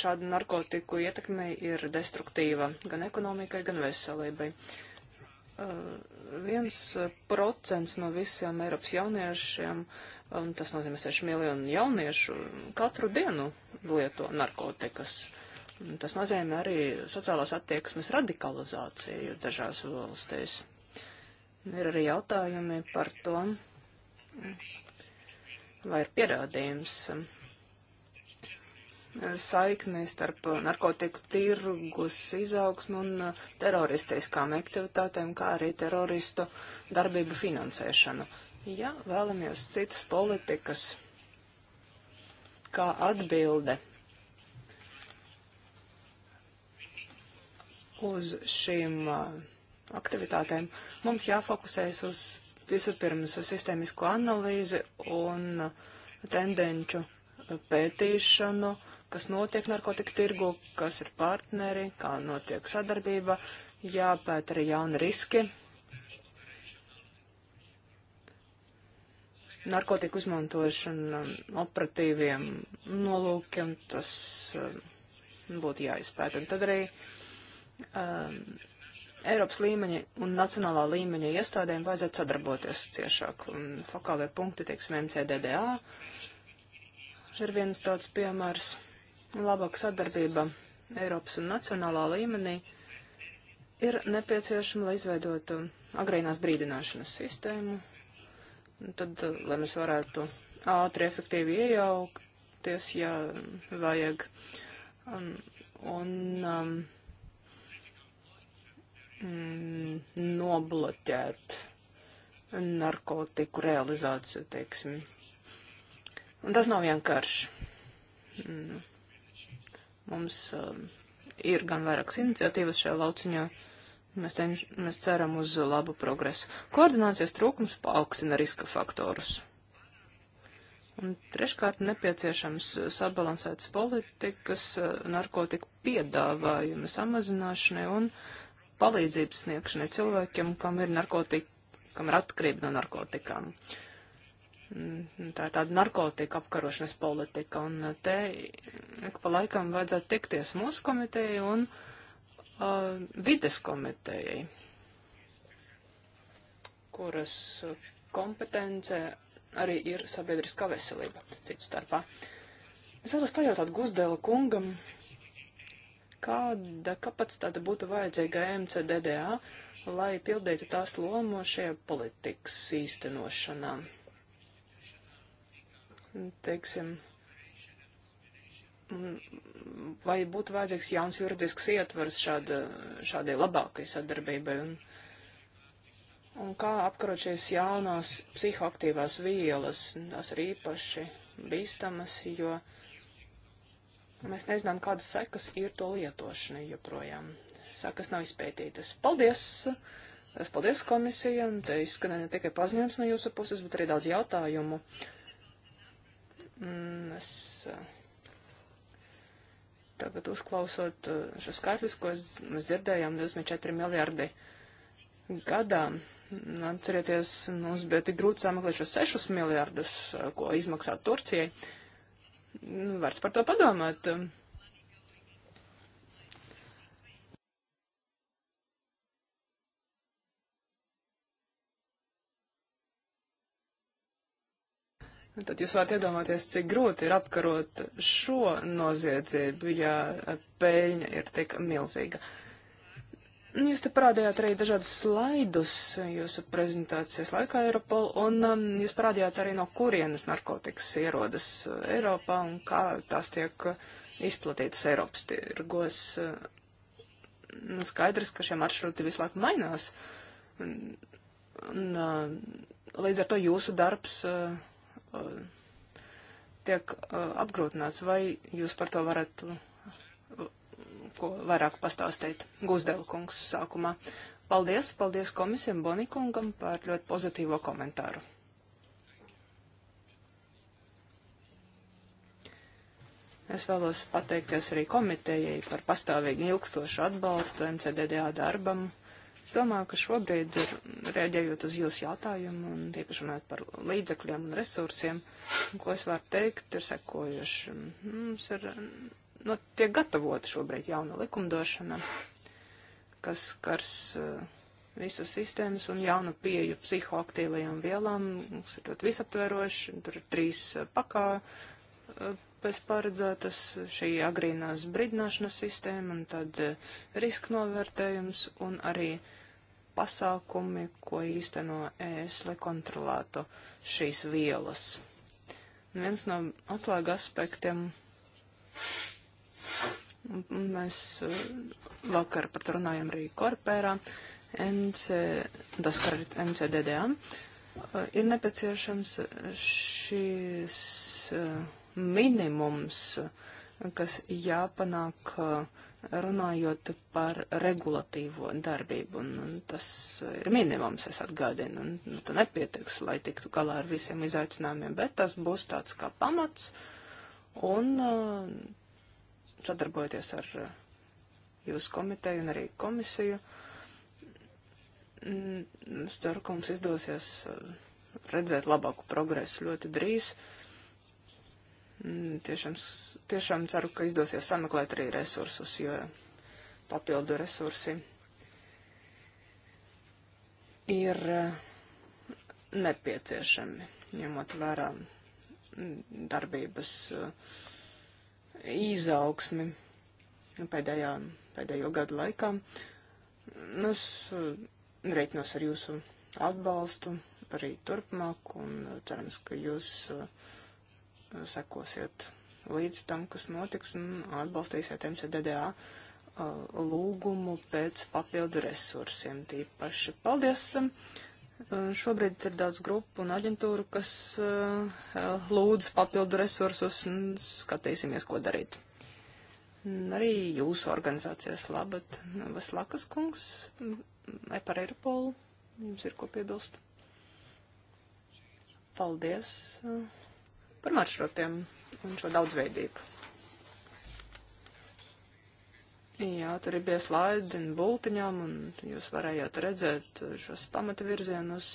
šādu narkotiku ietekme ir destruktīva gan ekonomikai, gan veselībai. Uh, viens uh, procents no visiem Eiropas jauniešiem, un tas nozīmē 6 miljonu jauniešu, katru dienu lieto narkotikas. Tas nozīmē arī sociālās attieksmes radikalizāciju dažās valstīs. Ir arī jautājumi par to, vai ir pierādījums um, saiknē starp uh, narkotiku tirgus izaugsmu un uh, teroristiskām aktivitātēm, kā arī teroristu darbību finansēšanu. Ja vēlamies citas politikas, kā atbilde uz šīm uh, aktivitātēm, mums jāfokusēs uz vispirms sistēmisko analīzi un tendenču pētīšanu, kas notiek narkotika tirgu, kas ir partneri, kā notiek sadarbība, jāpēta arī jauni riski. Narkotiku izmantošana operatīviem nolūkiem, tas um, būtu jāizpēta. Un tad arī um, Eiropas līmeņa un nacionālā līmeņa iestādēm vajadzētu sadarboties ciešāk. Un fokālie punkti, teiksim, MCDDA ir viens tāds piemērs. Labāka sadarbība Eiropas un nacionālā līmenī ir nepieciešama, lai izveidotu agrīnās brīdināšanas sistēmu. Un tad, uh, lai mēs varētu ātri, efektīvi iejaukties, ja vajag. Un, un um, Mm, nobloķēt narkotiku realizāciju, teiksim. Un tas nav vienkārši. Mm. Mums um, ir gan vairākas iniciatīvas šajā lauciņā. Mēs, cenš, mēs ceram uz labu progresu. Koordinācijas trūkums paaugstina riska faktorus. Un treškārt nepieciešams sabalansētas politikas, uh, narkotiku piedāvājuma samazināšanai un uh, palīdzības sniegšanai cilvēkiem, kam ir, narkotika, kam ir atkarība no narkotikām. Mm, tā ir tāda narkotika apkarošanas politika, un uh, te ik pa laikam vajadzētu tikties mūsu komitejai un uh, vides komitejai, kuras uh, kompetence arī ir sabiedriskā veselība, citu starpā. Es vēlos pajautāt Guzdēla kungam, kāda kapacitāte būtu vajadzīga MCDDA, lai pildītu tās lomu šajā politikas īstenošanā? Teiksim, vai būtu vajadzīgs jauns juridisks ietvars šāda, šādai labākai sadarbībai un, un kā apkarot šīs jaunās psihoaktīvās vielas, tās ir īpaši bīstamas, jo uh, Nu, mēs nezinām, kādas sekas ir to lietošanai joprojām. Sekas nav izpētītas. Paldies! Es paldies komisija, un te izskanē ne tikai paziņojums no jūsu puses, bet arī daudz jautājumu. Mm, es eh, tagad uzklausot eh, šo skaitļus, ko mēs dzirdējām, 24 miljardi gadā. Nu, atcerieties, mums bija tik grūti sameklēt šos 6 miljardus, eh, ko izmaksā Turcijai. Uh, Nu, Vars par to padomāt. Nu, tad jūs varat iedomāties, cik grūti ir apkarot šo noziedzību, ja peļņa ir tik milzīga. Uh, Nu, jūs te parādījāt arī dažādus slaidus jūsu prezentācijas laikā Eiropol, un um, jūs parādījāt arī no kurienes narkotikas ierodas uh, Eiropā un kā tās tiek uh, izplatītas Eiropas tirgos. Uh, nu, skaidrs, ka šie maršruti visu laiku mainās, un, un līdz ar to jūsu darbs uh, tiek uh, apgrūtināts. Vai jūs par to varētu ko vairāk pastāstīt Guzdelkungs sākumā. Paldies, paldies komisijam Bonikungam par ļoti pozitīvo komentāru. Es vēlos pateikties arī komitejai par pastāvīgi ilgstošu atbalstu MCDDA darbam. Es domāju, ka šobrīd, rēģējot uz jūsu jautājumu un tiepaši runājot par līdzekļiem un resursiem, ko es varu teikt, ir sekojuši. Mums ir nu, tiek gatavota šobrīd jauna likumdošana, kas skars eh, visas sistēmas un jaunu pieju psihoaktīvajām vielām. Mums ir ļoti visaptveroši, tur ir trīs eh, pakā pēc eh, paredzētas šī agrīnās brīdināšanas sistēma un tad riska novērtējums un arī pasākumi, ko īsteno ES, lai kontrolētu šīs vielas. Un viens no atslēga aspektiem Mēs eh, vakar par to runājam arī korpērā, MC, tas kā arī MCDDA. Eh, ir nepieciešams šis eh, minimums, kas jāpanāk runājot par regulatīvo darbību, un, un tas ir minimums, es atgādinu, un nu, tā nepietiks, lai tiktu galā ar visiem izaicinājumiem, bet tas būs tāds kā pamats, un uh, sadarbojoties ar eh, jūsu komiteju un arī komisiju. Mm, es ceru, ka mums izdosies eh, redzēt labāku progresu ļoti drīz. Mm, tiešām, tiešām ceru, ka izdosies sameklēt arī resursus, jo papildu resursi ir eh, nepieciešami, ņemot vērā mm, darbības uh, izaugsmi pēdējā, pēdējo gadu laikā. Nu, es eh, reiķinos ar jūsu atbalstu arī turpmāk un eh, cerams, ka jūs eh, sekosiet līdz tam, kas notiks un atbalstīsiet MCDDA lūgumu pēc papildu resursiem tīpaši. Paldies! Eh, šobrīd ir daudz grupu un aģentūru, kas uh, lūdz papildu resursus un skatīsimies, ko darīt. Un arī jūsu organizācijas labat. Vaslakas kungs, par Eiropolu, jums ir ko piebilst? Paldies uh, par maršrutiem un šo daudzveidību. Jā, tur ir bija slaidi un bultiņām, un jūs varējāt redzēt šos pamata virzienus.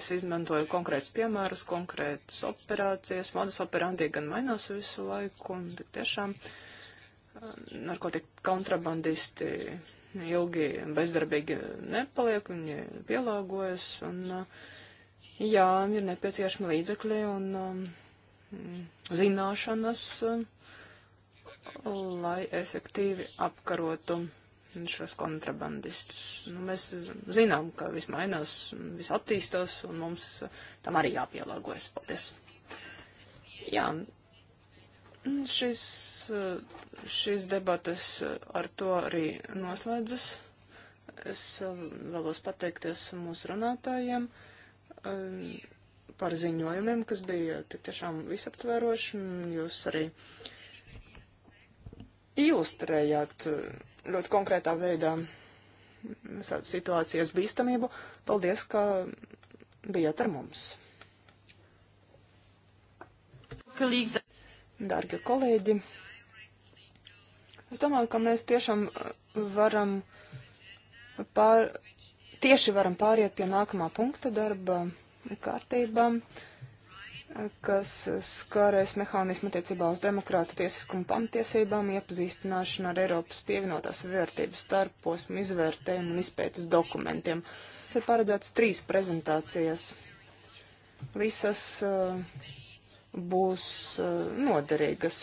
Es izmantoju konkrētus piemērus, konkrētas operācijas, modus operandi gan mainās visu laiku, un tiešām eh, narkotika kontrabandisti ilgi bezdarbīgi nepaliek, viņi pielāgojas, un eh, jā, ir nepieciešami līdzekļi, un. Um, zināšanas, lai efektīvi apkarotu šos kontrabandistus. Nu, mēs zinām, ka viss mainās, viss attīstās, un mums tam arī jāpielāgojas. Paldies! Jā, šis, šis debatas ar to arī noslēdzas. Es vēlos pateikties mūsu runātājiem. Um, par ziņojumiem, kas bija tiešām visaptveroši. Jūs arī ilustrējāt eh, ļoti konkrētā veidā situācijas bīstamību. Paldies, ka bijāt ar mums. Dargi kolēģi, es domāju, ka mēs tiešām eh, varam pār, tieši varam pāriet pie nākamā punkta darba kārtībām, kas skārēs mehānismu attiecībā uz demokrātu tiesiskumu pamtiesībām, iepazīstināšanu ar Eiropas pievienotās vērtības starposmu izvērtējumu un izpētes dokumentiem. Tas ir paredzēts trīs prezentācijas. Visas uh, būs uh, noderīgas.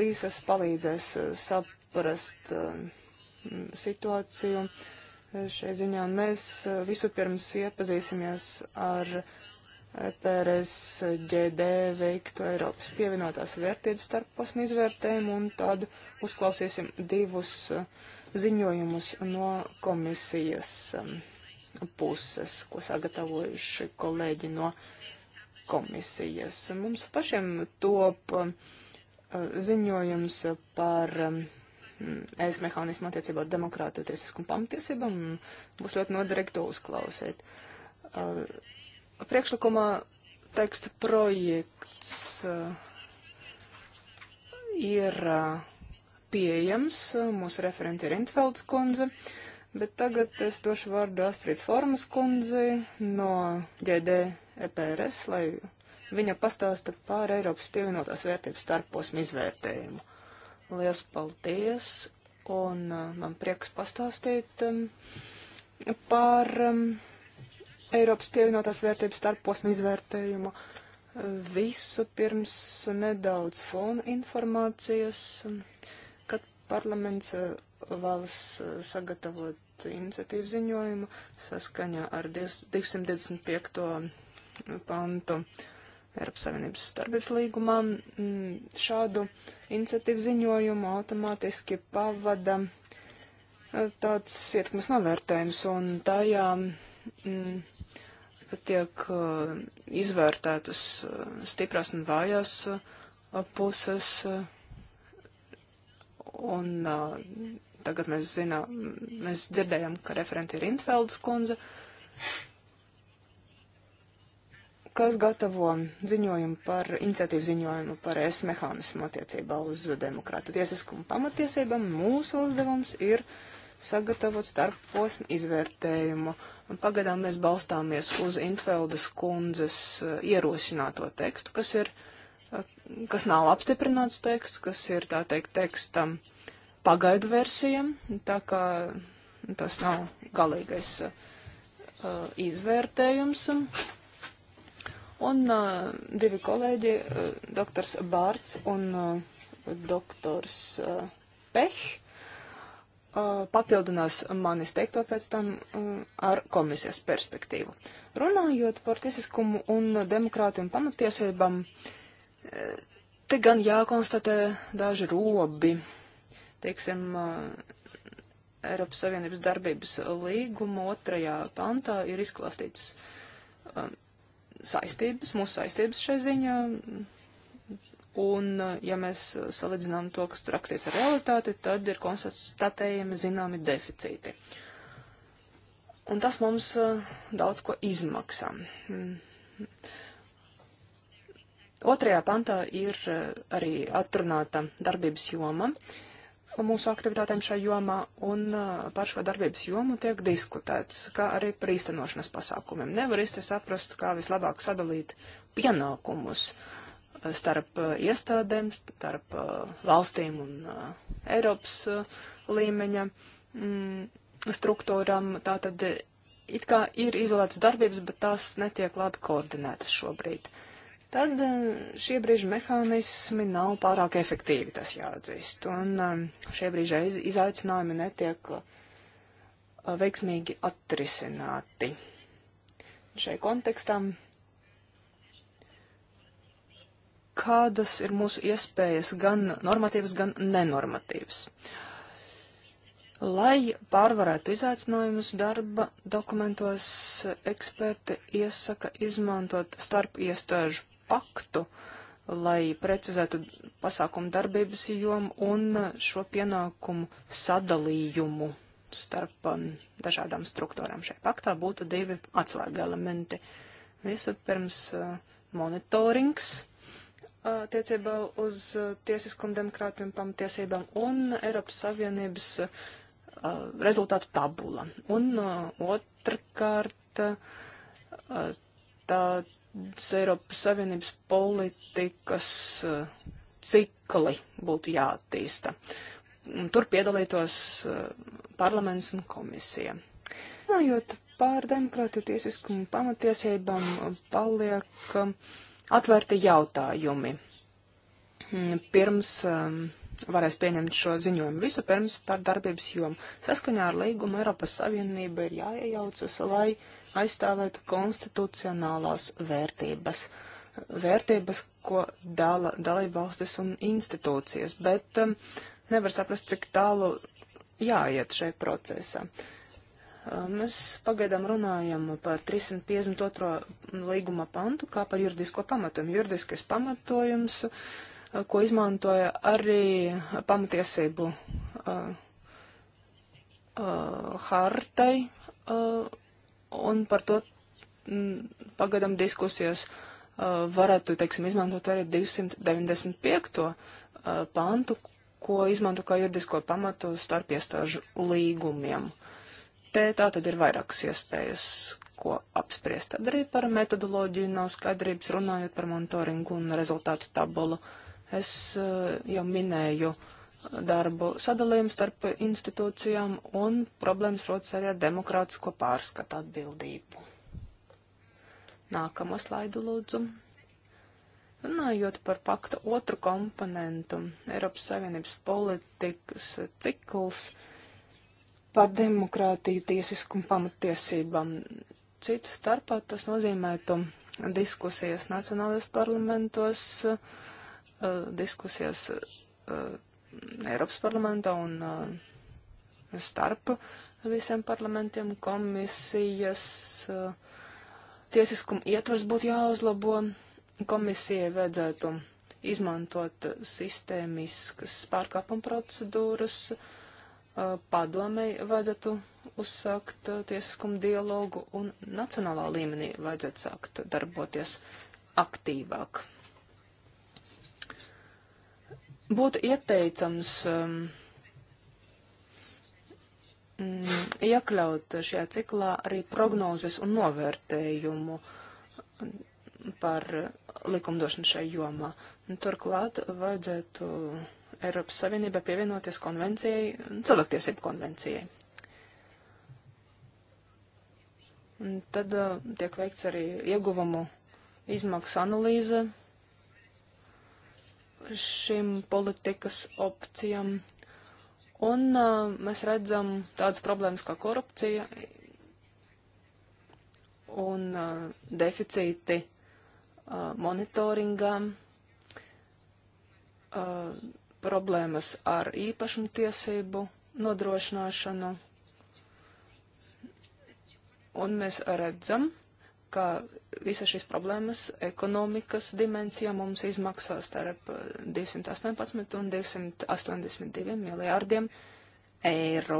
Visas palīdzēs uh, saprast uh, situāciju. Uh, šai ziņā, un mēs eh, visu pirms iepazīsimies ar eh, PRSGD veiktu Eiropas pievienotās vērtības starpposmu izvērtējumu, un tad uzklausīsim divus eh, ziņojumus no komisijas puses, ko sagatavojuši kolēģi no komisijas. Mums pašiem top ziņojums par es mehānismu attiecībā demokrātu tiesisku un pamatiesībām. Būs ļoti noderīgi to uzklausīt. Uh, priekšlikumā teksta projekts uh, ir uh, pieejams. Uh, mūsu referenti ir Intfelds kundze. Bet tagad es došu vārdu Astrids Formas kundzei no ģēdē EPRS, lai viņa pastāsta pār Eiropas pievienotās vērtības starposmu izvērtējumu. Lielas paldies! Un uh, man prieks pastāstīt um, par um, Eiropas pievienotās vērtības starposmu izvērtējumu. Visu pirms nedaudz fona informācijas, um, kad parlaments uh, vēlas uh, sagatavot iniciatīvu ziņojumu saskaņā ar 225. pantu Eiropas Savienības darbības līgumā mm, šādu iniciatīvu ziņojumu automātiski pavada e, tāds ietekmes novērtējums, un tajā m, mm, tiek e, izvērtētas e, stiprās un vājās puses, un tagad mēs zinām, mēs dzirdējam, ka referenti ir Intfelds kundze, kas gatavo ziņojumu par iniciatīvu ziņojumu par es mehānismu attiecībā uz demokrātu tiesiskumu pamatiesībām, mūsu uzdevums ir sagatavot starp posmu izvērtējumu. Un pagaidām mēs balstāmies uz Intveldes kundzes eh, ierosināto tekstu, kas ir, eh, kas nav apstiprināts teksts, kas ir, tā teikt, tekstam pagaidu versijam, tā kā tas nav galīgais uh, izvērtējums. Uh, Un uh, divi kolēģi, uh, doktors Bārts un uh, doktors uh, Peh, uh, papildinās manis teikto pēc tam uh, ar komisijas perspektīvu. Runājot par tiesiskumu un demokrātiju un pamatiesībām, uh, te gan jākonstatē daži robi, teiksim, uh, Eiropas Savienības darbības līguma otrajā pantā ir izklāstīts. Uh, saistības, mūsu saistības šai ziņā. Un, eh, ja mēs eh, salīdzinām to, kas rakstīts ar realitāti, tad ir konstatējami zināmi deficīti. Un tas mums eh, daudz ko izmaksā. Mm. Otrajā pantā ir arī atrunāta darbības joma. Uh, mūsu aktivitātēm šajā jomā, un par šo darbības jomu tiek diskutēts, kā arī par īstenošanas pasākumiem. Nevar īsti saprast, kā vislabāk sadalīt pienākumus starp iestādēm, starp valstīm un Eiropas līmeņa mm, struktūram. Tātad it kā ir izolētas darbības, bet tās netiek labi koordinētas šobrīd. Uh, tad eh, šie brīži mehānismi nav pārāk efektīvi, tas jāatzīst. Un eh, šie brīži izaicinājumi netiek eh, veiksmīgi atrisināti. Šai kontekstam, kādas ir mūsu iespējas gan normatīvas, gan nenormatīvas? Lai pārvarētu izaicinājumus darba dokumentos, eksperti iesaka izmantot starp iestāžu aktu, lai precizētu pasākumu darbības jomu un šo pienākumu sadalījumu starp um, dažādām struktūrām. Šai paktā būtu divi atslēga elementi. Vispirms uh, monitorings uh, attiecībā uh, uz uh, tiesiskumu, demokrātiem, pamatiesībām un Eiropas Savienības uh, rezultātu tabula. Un uh, otrkārt tā Eiropas Savienības politikas eh, cikli būtu jāattīsta. Un tur piedalītos eh, parlaments un komisija. Runājot par demokrātu tiesiskumu pamatiesībām, paliek eh, atvērti jautājumi. Mm, pirms varēs pieņemt šo ziņojumu. Vispirms par darbības jomu. Saskaņā ar līgumu Eiropas Savienība ir jāiejaucas, lai aizstāvētu konstitucionālās vērtības. Vērtības, ko dala dalībvalstis un institūcijas, bet um, nevar saprast, cik tālu jāiet šai procesā. Um, mēs pagaidām runājam par 352. līguma pantu, kā par juridisko pamatojumu. Juridiskais pamatojums. Uh, ko izmantoja arī pamatiesību uh, uh, hartai, uh, un par to mm, pagadam diskusijas uh, varētu, teiksim, izmantot arī 295. Uh, pantu, ko izmanto kā juridisko pamatu starp iestāžu līgumiem. Te tā tad ir vairākas iespējas, ko apspriest. Tad arī par metodoloģiju nav skaidrības runājot par monitoringu un rezultātu tabulu. Uh, Es eh, jau minēju darbu sadalījumu starp institūcijām un problēmas rodas arī ar demokrātisko pārskatu atbildību. Nākamo slaidu lūdzu. Runājot par pakta otru komponentu, Eiropas Savienības politikas cikls par demokrātiju, tiesiskumu pamatiesībām. Citu starpā tas nozīmētu diskusijas nacionālajos parlamentos, uh, Eh, diskusijas eh, Eiropas parlamentā un eh, starp visiem parlamentiem komisijas tiesiskuma ietvars būtu jāuzlabo. Komisijai vajadzētu izmantot sistēmiskas pārkāpuma procedūras, padomei vajadzētu uzsākt tiesiskuma dialogu un nacionālā līmenī vajadzētu sākt darboties aktīvāk būtu ieteicams um, mm, iekļaut šajā ciklā arī prognozes un novērtējumu par likumdošanu šai jomā. Un turklāt vajadzētu Eiropas Savienībai pievienoties konvencijai, cilvēktiesību konvencijai. Un tad uh, tiek veikts arī ieguvumu izmaksu analīze šim politikas opcijam. Un uh, mēs redzam tādas problēmas kā korupcija un uh, deficīti uh, monitoringā, uh, problēmas ar īpašumu tiesību nodrošināšanu. Un mēs redzam, ka visa šīs problēmas ekonomikas dimensijā mums izmaksā starp 218 eh, un 282 miljārdiem eiro.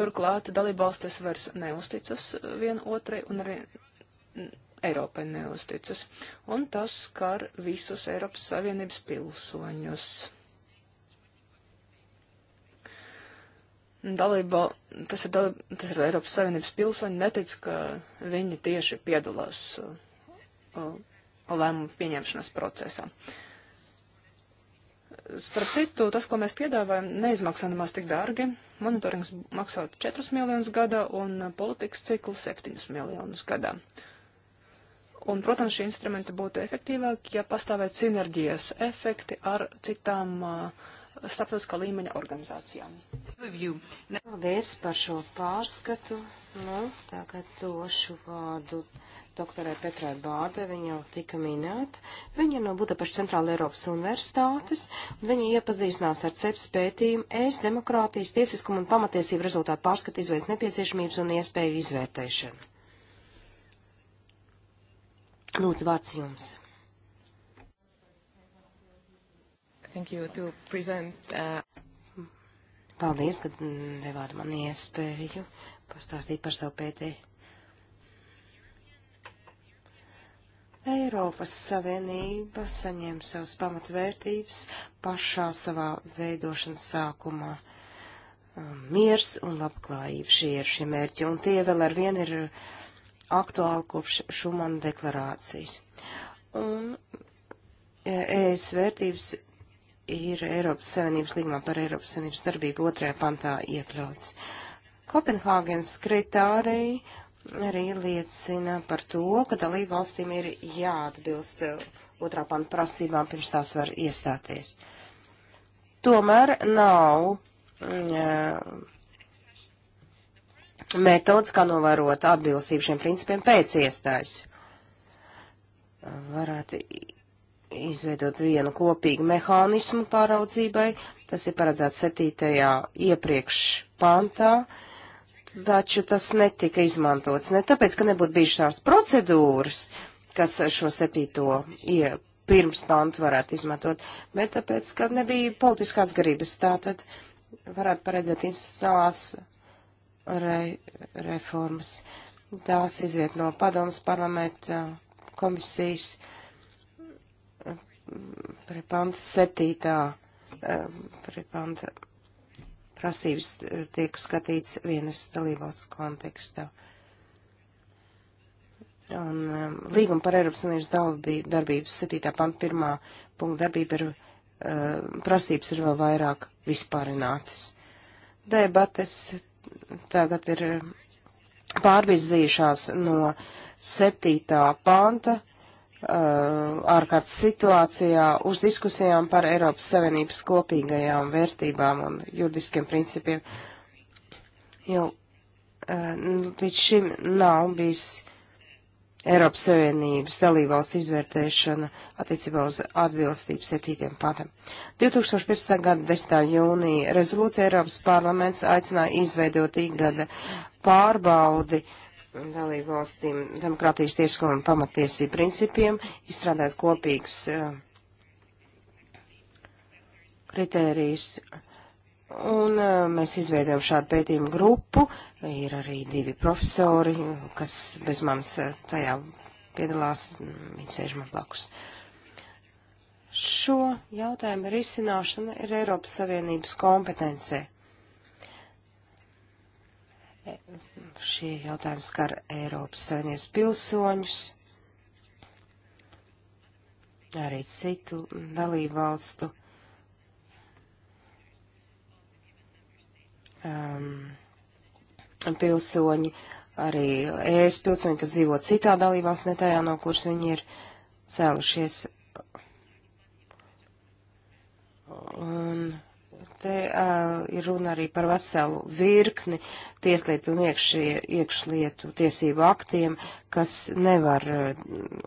Turklāt dalībvalstis vairs neusticas vien otrai un arī Eiropai neusticas. Un tas skar visus Eiropas Savienības pilsoņus. Dalība, tas, ir dalība, tas ir Eiropas Savienības pilsoņi, netic, ka viņi tieši piedalās uh, uh, lēmumu pieņemšanas procesā. Starp citu, tas, ko mēs piedāvājam, neizmaksā nemaz tik dārgi. Monitorings maksā 4 miljonus gadā un politikas ciklu 7 miljonus gadā. Un, protams, šie instrumenti būtu efektīvāki, ja pastāvētu sinerģijas efekti ar citām uh, starptautiskā līmeņa organizācijām. Paldies par šo pārskatu. Nu, tagad došu vārdu doktorai Petrai Bārde, viņa jau tika minēta. Viņa no Budapešas Centrāla Eiropas Universitātes, un viņa iepazīstinās ar CEPS pētījumu ēst demokrātijas, tiesiskumu un pamatiesību rezultātu pārskatu izveids nepieciešamības un iespēju izvērtēšanu. Lūdzu, vārds jums. Thank you to present. Uh... Paldies, ka devāt man iespēju pastāstīt par savu pētījumu. Eiropas Savienība saņēma savas pamatvērtības pašā savā veidošanas sākumā. Um, miers un labklājība šie ir šie mērķi, un tie vēl ar vienu ir aktuāli kopš Šumana deklarācijas. Un ES e vērtības ir Eiropas Savienības līgumā par Eiropas Savienības darbību otrajā pantā iekļauts. Kopenhāgens kritārija arī liecina par to, ka dalību valstīm ir jāatbilst eh, otrā panta prasībām, pirms tās var iestāties. Tomēr nav mm, eh, metodas, kā novērot atbilstību šiem principiem pēc iestājas. Varētu izveidot vienu kopīgu mehānismu pāraudzībai. Tas ir paredzēts septītajā iepriekš pantā, taču tas netika izmantots. Ne tāpēc, ka nebūtu bijušas tās procedūras, kas šo septīto ie, pirms pantu varētu izmantot, bet tāpēc, ka nebija politiskās garības. Tātad varētu paredzēt institucionālās re, reformas. Tās izriet no padomas parlamenta komisijas pret panta septītā, um, pret panta prasības eh, tiek skatīts vienas dalībvalsts kontekstā. Un um, līguma par Eiropas Savienības darbību 7. panta 1. punkta darbība ir, uh, prasības ir vēl vairāk vispārinātas. Debates tagad ir eh, pārvirzījušās no 7. panta Uh, ārkārtas situācijā uz diskusijām par Eiropas Savienības kopīgajām vērtībām un juridiskiem principiem. Jo uh, nu, līdz šim nav bijis Eiropas Savienības dalībvalstu izvērtēšana attiecībā uz atbilstību septītiem patam. 2015. gada 10. jūnija rezolūcija Eiropas parlaments aicināja izveidot ikgada pārbaudi uh, dalību valstīm demokrātijas tiesiskuma un pamatiesību principiem, izstrādāt kopīgus eh, kritērijus. Un eh, mēs izveidojam šādu pētījumu grupu, ir arī divi profesori, kas bez manis eh, tajā piedalās, viņi sēž man blakus. Šo jautājumu risināšana ir Eiropas Savienības kompetencē šie jautājumi skar Eiropas Savienības pilsoņus, arī citu dalību valstu um, pilsoņi, arī ES pilsoņi, kas dzīvo citā dalībās, ne tajā, no kuras viņi ir cēlušies. Un, Te uh, ir runa arī par veselu virkni tieslietu un iekšie, iekšlietu tiesību aktiem, kas nevar uh,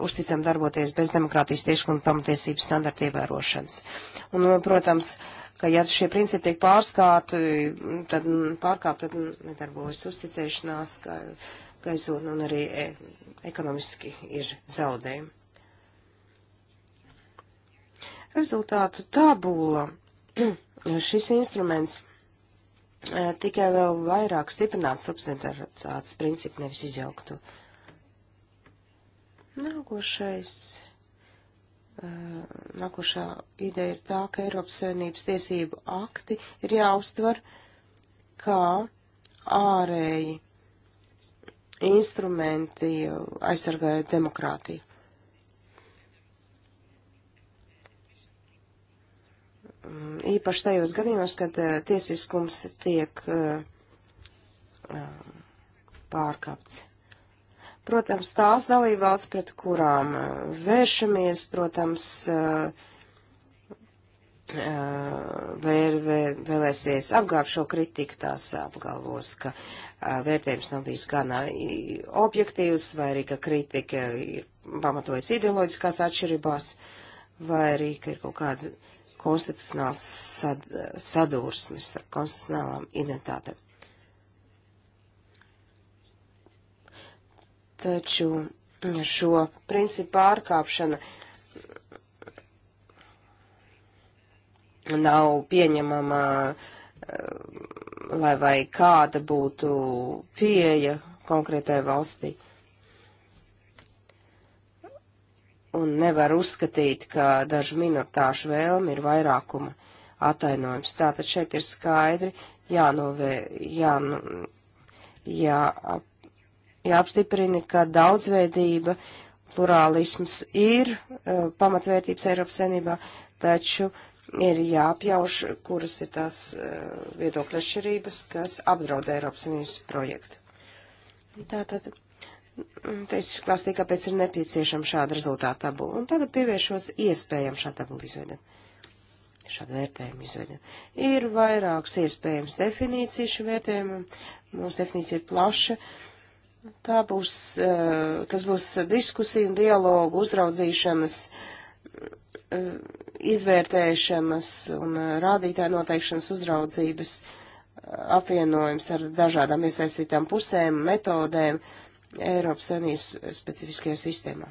uzticam darboties bez demokrātijas tieškuma pamatiesību standarta ievērošanas. Un, nu, protams, ka ja šie principi tiek pārskāti, tad pārkāpt, tad nedarbojas uzticēšanās, ka gaisot un arī e ekonomiski ir zaudējumi. Rezultātu tabula. šis instruments e, tikai vēl vairāk stiprinātu subsidiaritātes principu, nevis izjauktu. Nākošais, e, nākošā ideja ir tā, ka Eiropas Savienības tiesību akti ir jāuztver kā ārēji instrumenti e, aizsargājot demokrātiju. Mm, īpaši tajos gadījumos, kad eh, tiesiskums tiek eh, eh, pārkāpts. Protams, tās dalībvalsts, pret kurām vēršamies, protams, vēr, vēr, vēlēsies apgābt šo kritiku, tās apgalvos, ka vērtējums nav bijis gan objektīvs, vai arī, ka kritika ir pamatojas ideoloģiskās atšķirībās, vai arī, ka ir kaut kāda konstitucionāls sad, sadursmes ar konstitucionālām identitātēm. Taču šo principu pārkāpšana nav pieņemama, eh, lai vai kāda būtu pieeja konkrētai valstī. un nevar uzskatīt, ka dažu minoritāšu vēlmi ir vairākuma atainojums. Tātad šeit ir skaidri jānovē, jā, jā, jāapstiprina, ka daudzveidība, plurālisms ir uh, pamatvērtības Eiropas senībā, taču ir jāapjauš, kuras ir tās uh, viedokļa atšķirības, kas apdraud Eiropas senības projektu. Tātad. Tā Teicis klāstī, kāpēc ir nepieciešama šāda rezultāta tabula. Un tagad pievēršos iespējam šādu tabulu izveidot. Šādu vērtējumu izveidot. Ir vairākas iespējams definīcijas šim vērtējumam. Mūsu definīcija ir plaša. Tā būs, eh, kas būs diskusija un dialogu uzraudzīšanas, eh, izvērtēšanas un eh, rādītāju noteikšanas uzraudzības apvienojums ar dažādām iesaistītām pusēm, metodēm. Uh, Eiropas Savienības specifiskajā sistēmā.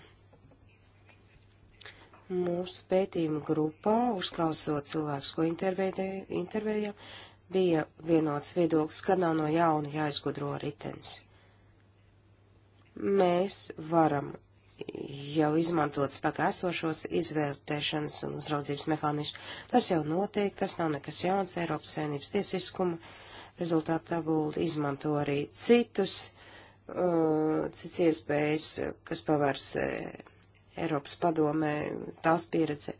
Mūsu pētījuma grupā, uzklausot cilvēkus, ko intervējam, bija vienots viedoklis, ka nav no jauna jāizgudro ritenis. Mēs varam jau izmantot spēkā esošos izvērtēšanas un uzraudzības mehānismus. Tas jau notiek, tas nav nekas jauns Eiropas Savienības tiesiskuma. Rezultātā būtu izmanto arī citus uh, cits iespējas, kas pavērs uh, Eiropas padomē tās pieredze.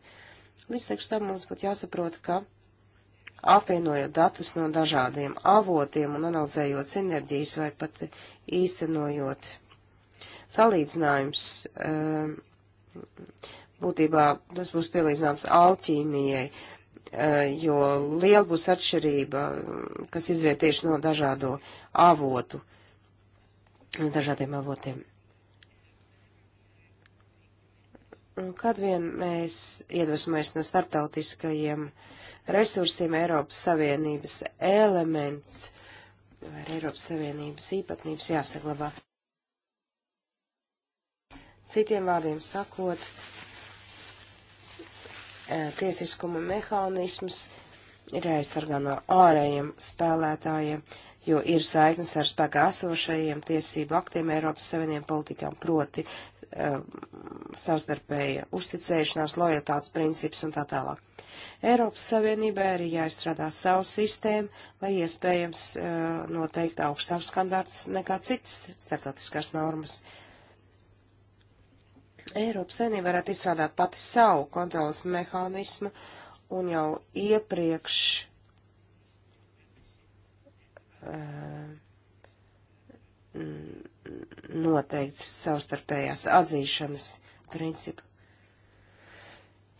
Līdz tam mums būtu jāsaprot, ka apvienojot datus no dažādiem avotiem un analizējot sinerģijas vai pat īstenojot salīdzinājums, uh, būtībā tas būs pielīdzināms alķīmijai, uh, jo liela būs atšķirība, kas izriet tieši no dažādo avotu dažādiem avotiem. Un kad vien mēs iedvesmojamies no starptautiskajiem resursiem, Eiropas Savienības elements vai Eiropas Savienības īpatnības jāsaglabā. Citiem vārdiem sakot, e, tiesiskuma mehānisms ir jāaizsargā no ārējiem spēlētājiem, jo ir saiknes ar spēkā esošajiem tiesību aktiem Eiropas Savieniem politikām, proti uh, savstarpēja uzticēšanās, lojotāts princips un tā tālāk. Eiropas Savienībai arī jāizstrādā savu sistēmu, lai iespējams uh, noteikt augstāks standārts nekā citas starptautiskās normas. Eiropas Savienība varētu izstrādāt pati savu kontrolas mehānismu un jau iepriekš Eh, noteikts savstarpējās atzīšanas principu.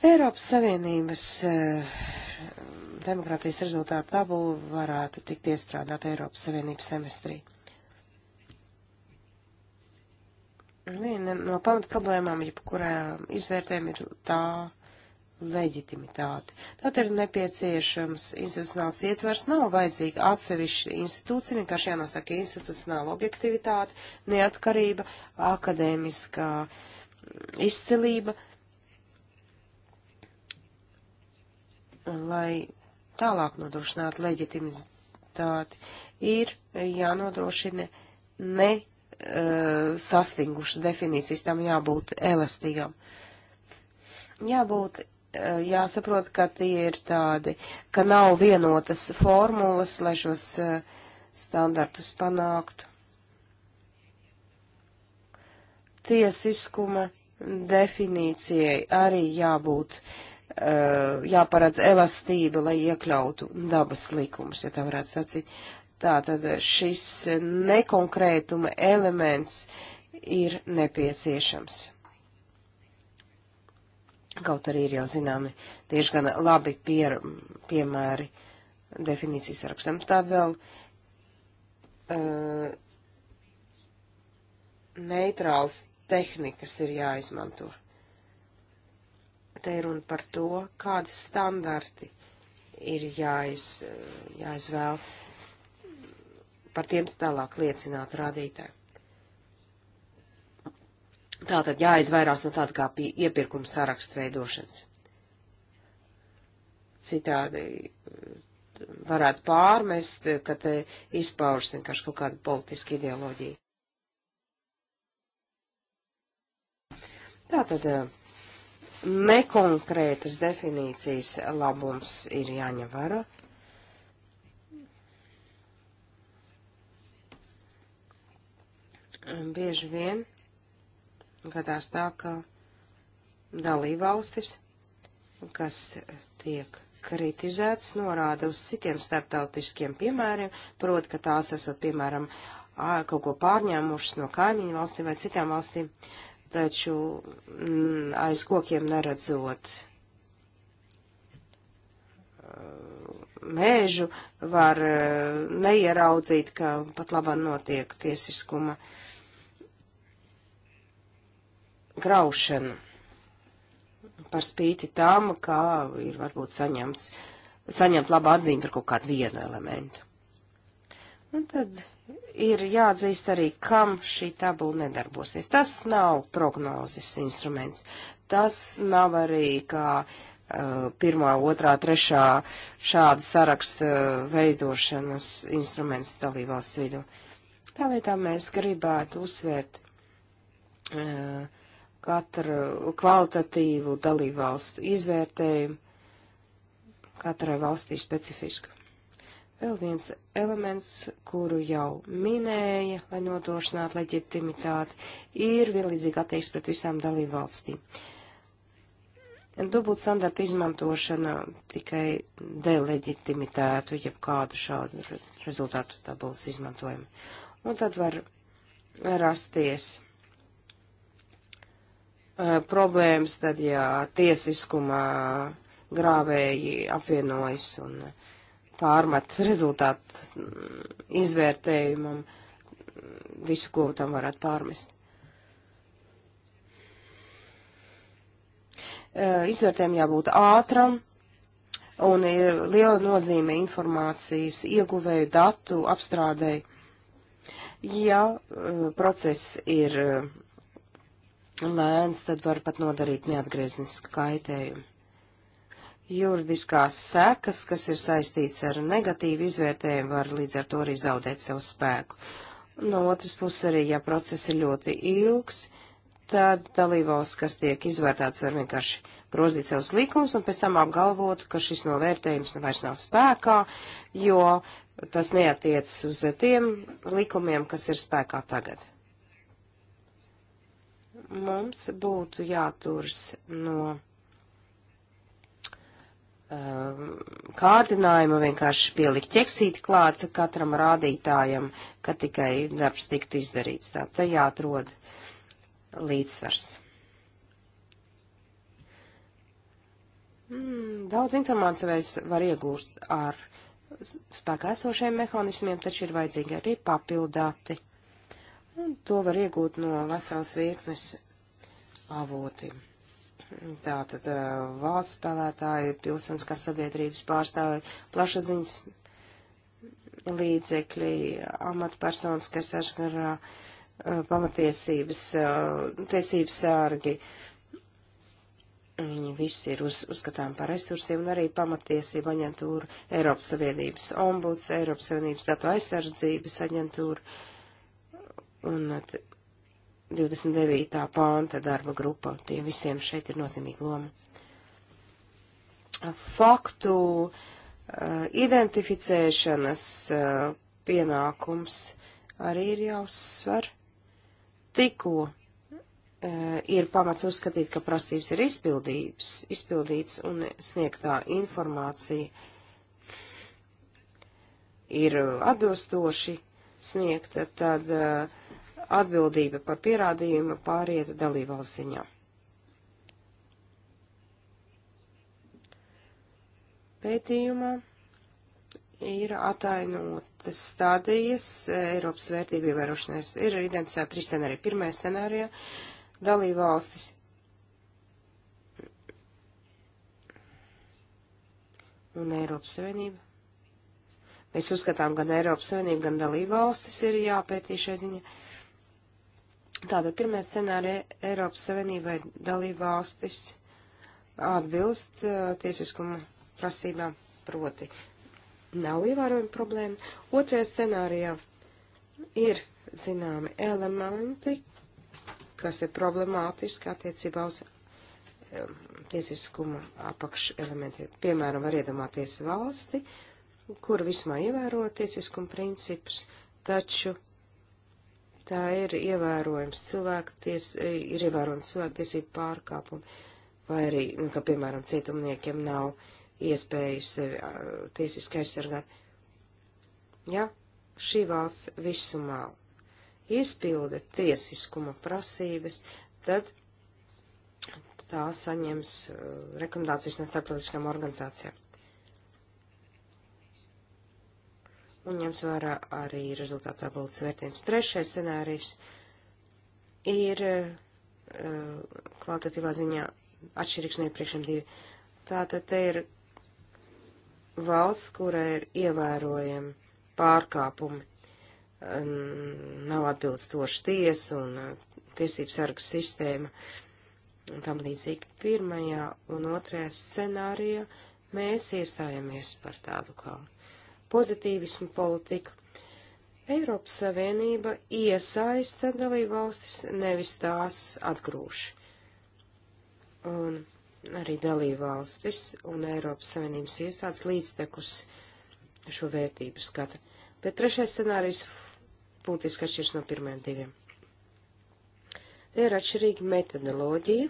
Eiropas Savienības eh, demokrātijas rezultātu tabulu varētu tikt iestrādāt Eiropas Savienības semestrī. Viena no pamat problēmām, jebkurā izvērtējuma, ir tā leģitimitāti. Tad ir nepieciešams institucionāls ietvers, nav vajadzīga atsevišķa institūcija, vienkārši jānosaka institucionāla objektivitāte, neatkarība, akadēmiskā izcilība, lai tālāk nodrošinātu leģitimitāti, ir jānodrošina ne uh, sastingušas definīcijas, tam jābūt elastīgām. Jābūt Eh, jāsaprot, ka tie ir tādi, ka nav vienotas formulas, lai šos eh, standartus panāktu. Tiesiskuma definīcijai arī jābūt, eh, jāparedz elastība, lai iekļautu dabas likumus, ja tā varētu sacīt. Tātad šis nekonkrētuma elements ir nepieciešams. Kaut arī ir jau zināmi diezgan labi pier, piemēri definīcijas sarakstam. Tād vēl uh, neitrāls tehnikas ir jāizmanto. Te ir runa par to, kādi standarti ir jāiz, jāizvēl. Par tiem tālāk liecināt rādītāji. Tātad jāizvairās no tāda kā iepirkuma sarakstu veidošanas. Citādi mm, varētu pārmest, ka te izpaužas vienkārši kaut kāda politiska ideoloģija. Tātad mm, nekonkrētas definīcijas labums ir jāņem vērā. Bieži vien gadās tā, ka dalībvalstis, kas tiek kritizēts, norāda uz citiem starptautiskiem piemēriem, proti, ka tās esot, piemēram, kaut ko pārņēmušas no kaimiņu valstīm vai citām valstīm, taču m, mm, aiz kokiem neredzot mēžu, var neieraudzīt, ka pat labāk notiek tiesiskuma uh, graušanu. Par spīti tam, kā ir varbūt saņemts, saņemt labu atzīmi par kaut kādu vienu elementu. Un tad ir jāatzīst arī, kam šī tabula nedarbosies. Tas nav prognozes instruments. Tas nav arī kā uh, pirmā, otrā, trešā šāda saraksta veidošanas instruments dalībvalsts vidū. Tā vietā mēs gribētu uzsvērt uh, katru kvalitatīvu dalībvalstu izvērtējumu, katrai valstī specifisku. Vēl viens elements, kuru jau minēja, lai nodrošinātu leģitimitāti, ir vienlīdzīga attieksme pret visām dalībvalstīm. Dubult standarta izmantošana tikai deleģitimitātu, jeb kādu šādu rezultātu tabulas izmantojumu. Un tad var rasties Eh, problēmas, tad jā, tiesiskumā grāvēji apvienojas un pārmet rezultātu mm, izvērtējumam visu, ko tam varētu pārmest. Eh, izvērtējumam jābūt ātram un ir liela nozīme informācijas ieguvēju datu apstrādēji. Ja eh, process ir lēns, tad var pat nodarīt neatgrieznisku kaitējumu. Juridiskās sekas, kas ir saistīts ar negatīvu izvērtējumu, var līdz ar to arī zaudēt savu spēku. No otras puses arī, ja process ir ļoti ilgs, tad dalībvalsts, kas tiek izvērtēts, var vienkārši grozīt savus likumus un pēc tam apgalvot, ka šis novērtējums nu vairs nav spēkā, jo tas neatiecas uz tiem likumiem, kas ir spēkā tagad mums būtu jāturas no um, kārdinājuma vienkārši pielikt ķeksīti klāt katram rādītājam, ka tikai darbs tiktu izdarīts. Tā te jāatrod līdzsvars. Mm, daudz informācijas var iegūst ar spēkā esošiem mehānismiem, taču ir vajadzīgi arī papildāti Un to var iegūt no veselas virknes avotiem. Tātad valsts spēlētāji, pilsoniskās sabiedrības pārstāvi, plašaziņas līdzekļi, amatpersonas, kas aizgarā pamatiesības, tiesības sārgi. Viņi visi ir uz, uzskatām par resursiem un arī pamatiesība aģentūra, Eiropas Savienības ombuds, Eiropas Savienības datu aizsardzības aģentūra un 29. pānta darba grupa. Tie visiem šeit ir nozīmīga loma. Faktu uh, identificēšanas uh, pienākums arī ir jāuzsver. Tikko uh, ir pamats uzskatīt, ka prasības ir izpildības, izpildīts un sniegtā informācija ir atbilstoši sniegta, tad uh, atbildība par pierādījumu pāriet dalībvalsts ziņā. Pētījumā ir atainotas stadijas Eiropas vērtību ievērošanais. Ir identificēti trīs scenāriji. Pirmajā scenārijā dalībvalstis un Eiropas Savienība. Mēs uzskatām, gan Eiropas Savienība, gan dalībvalstis ir jāpētī šai ziņai. Tātad pirmajā scenārijā Eiropas Savienībai dalība valstis atbilst uh, tiesiskuma prasībām, proti nav ievērojama problēma. Otrajā scenārijā ir zināmi elementi, kas ir problemātiski attiecībā uz um, tiesiskuma apakšelementiem. Piemēram, var iedomāties valsti, kur vismā ievēro tiesiskuma principus, taču tā ir ievērojams cilvēkties, ir ievērojams cilvēktiesību pārkāpumi, vai arī, nu, ka, piemēram, cietumniekiem nav iespēju sevi tiesiski aizsargāt. Ja šī valsts visumā izpilda tiesiskuma prasības, tad tā saņems uh, rekomendācijas no starptautiskām organizācijām. un ņems vērā arī rezultātu tabulas vērtējums. Trešais scenārijs ir uh, kvalitatīvā ziņā atšķirīgs no iepriekšējiem divi. Tātad te ir valsts, kurai ir ievērojami pārkāpumi, um, nav atbilstoši tiesu un uh, tiesības sargas sistēma un tam līdzīgi pirmajā un otrajā scenārijā mēs iestājamies par tādu kā pozitīvismu politiku. Eiropas Savienība iesaista dalībvalstis, nevis tās atgrūž. Un arī dalībvalstis un Eiropas Savienības iestādes līdztekus šo vērtību skata. Bet trešais scenārijs būtiski atšķirs no pirmiem diviem. Tie ir atšķirīga metodoloģija,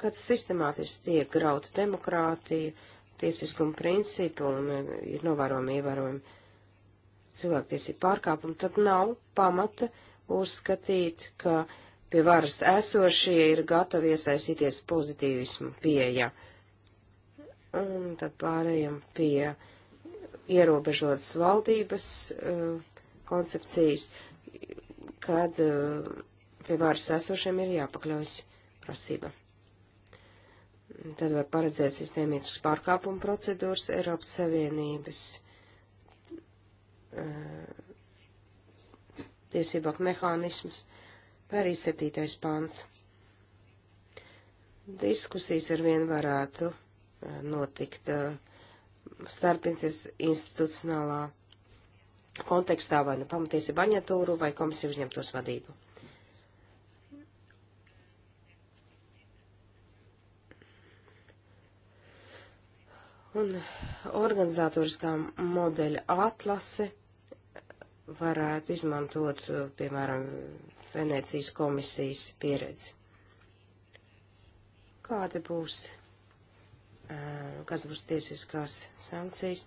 kad sistemātiski tiek grauta demokrātija, tiesiskuma principi un e, ir novērojami ievērojami cilvēktiesību pārkāpumi, tad nav pamata uzskatīt, ka pie varas esošie ir gatavi iesaistīties pozitīvismu pieeja. Un tad pārējām pie ierobežotas valdības uh, koncepcijas, kad uh, pie varas esošiem ir jāpakļaujas prasībām. Tad var paredzēt sistēmītas pārkāpuma procedūras Eiropas Savienības uh, eh, tiesībāk mehānismus, vai arī septītais pāns. Diskusijas ar vienu varētu uh, notikt uh, starp institucionālā kontekstā vai nu pamatiesība aģentūru vai komisiju uzņemtos vadību. Un organizatoriskā modeļa atlase varētu izmantot, piemēram, Venecijas komisijas pieredzi. Kāda būs, kas būs tiesiskās sankcijas?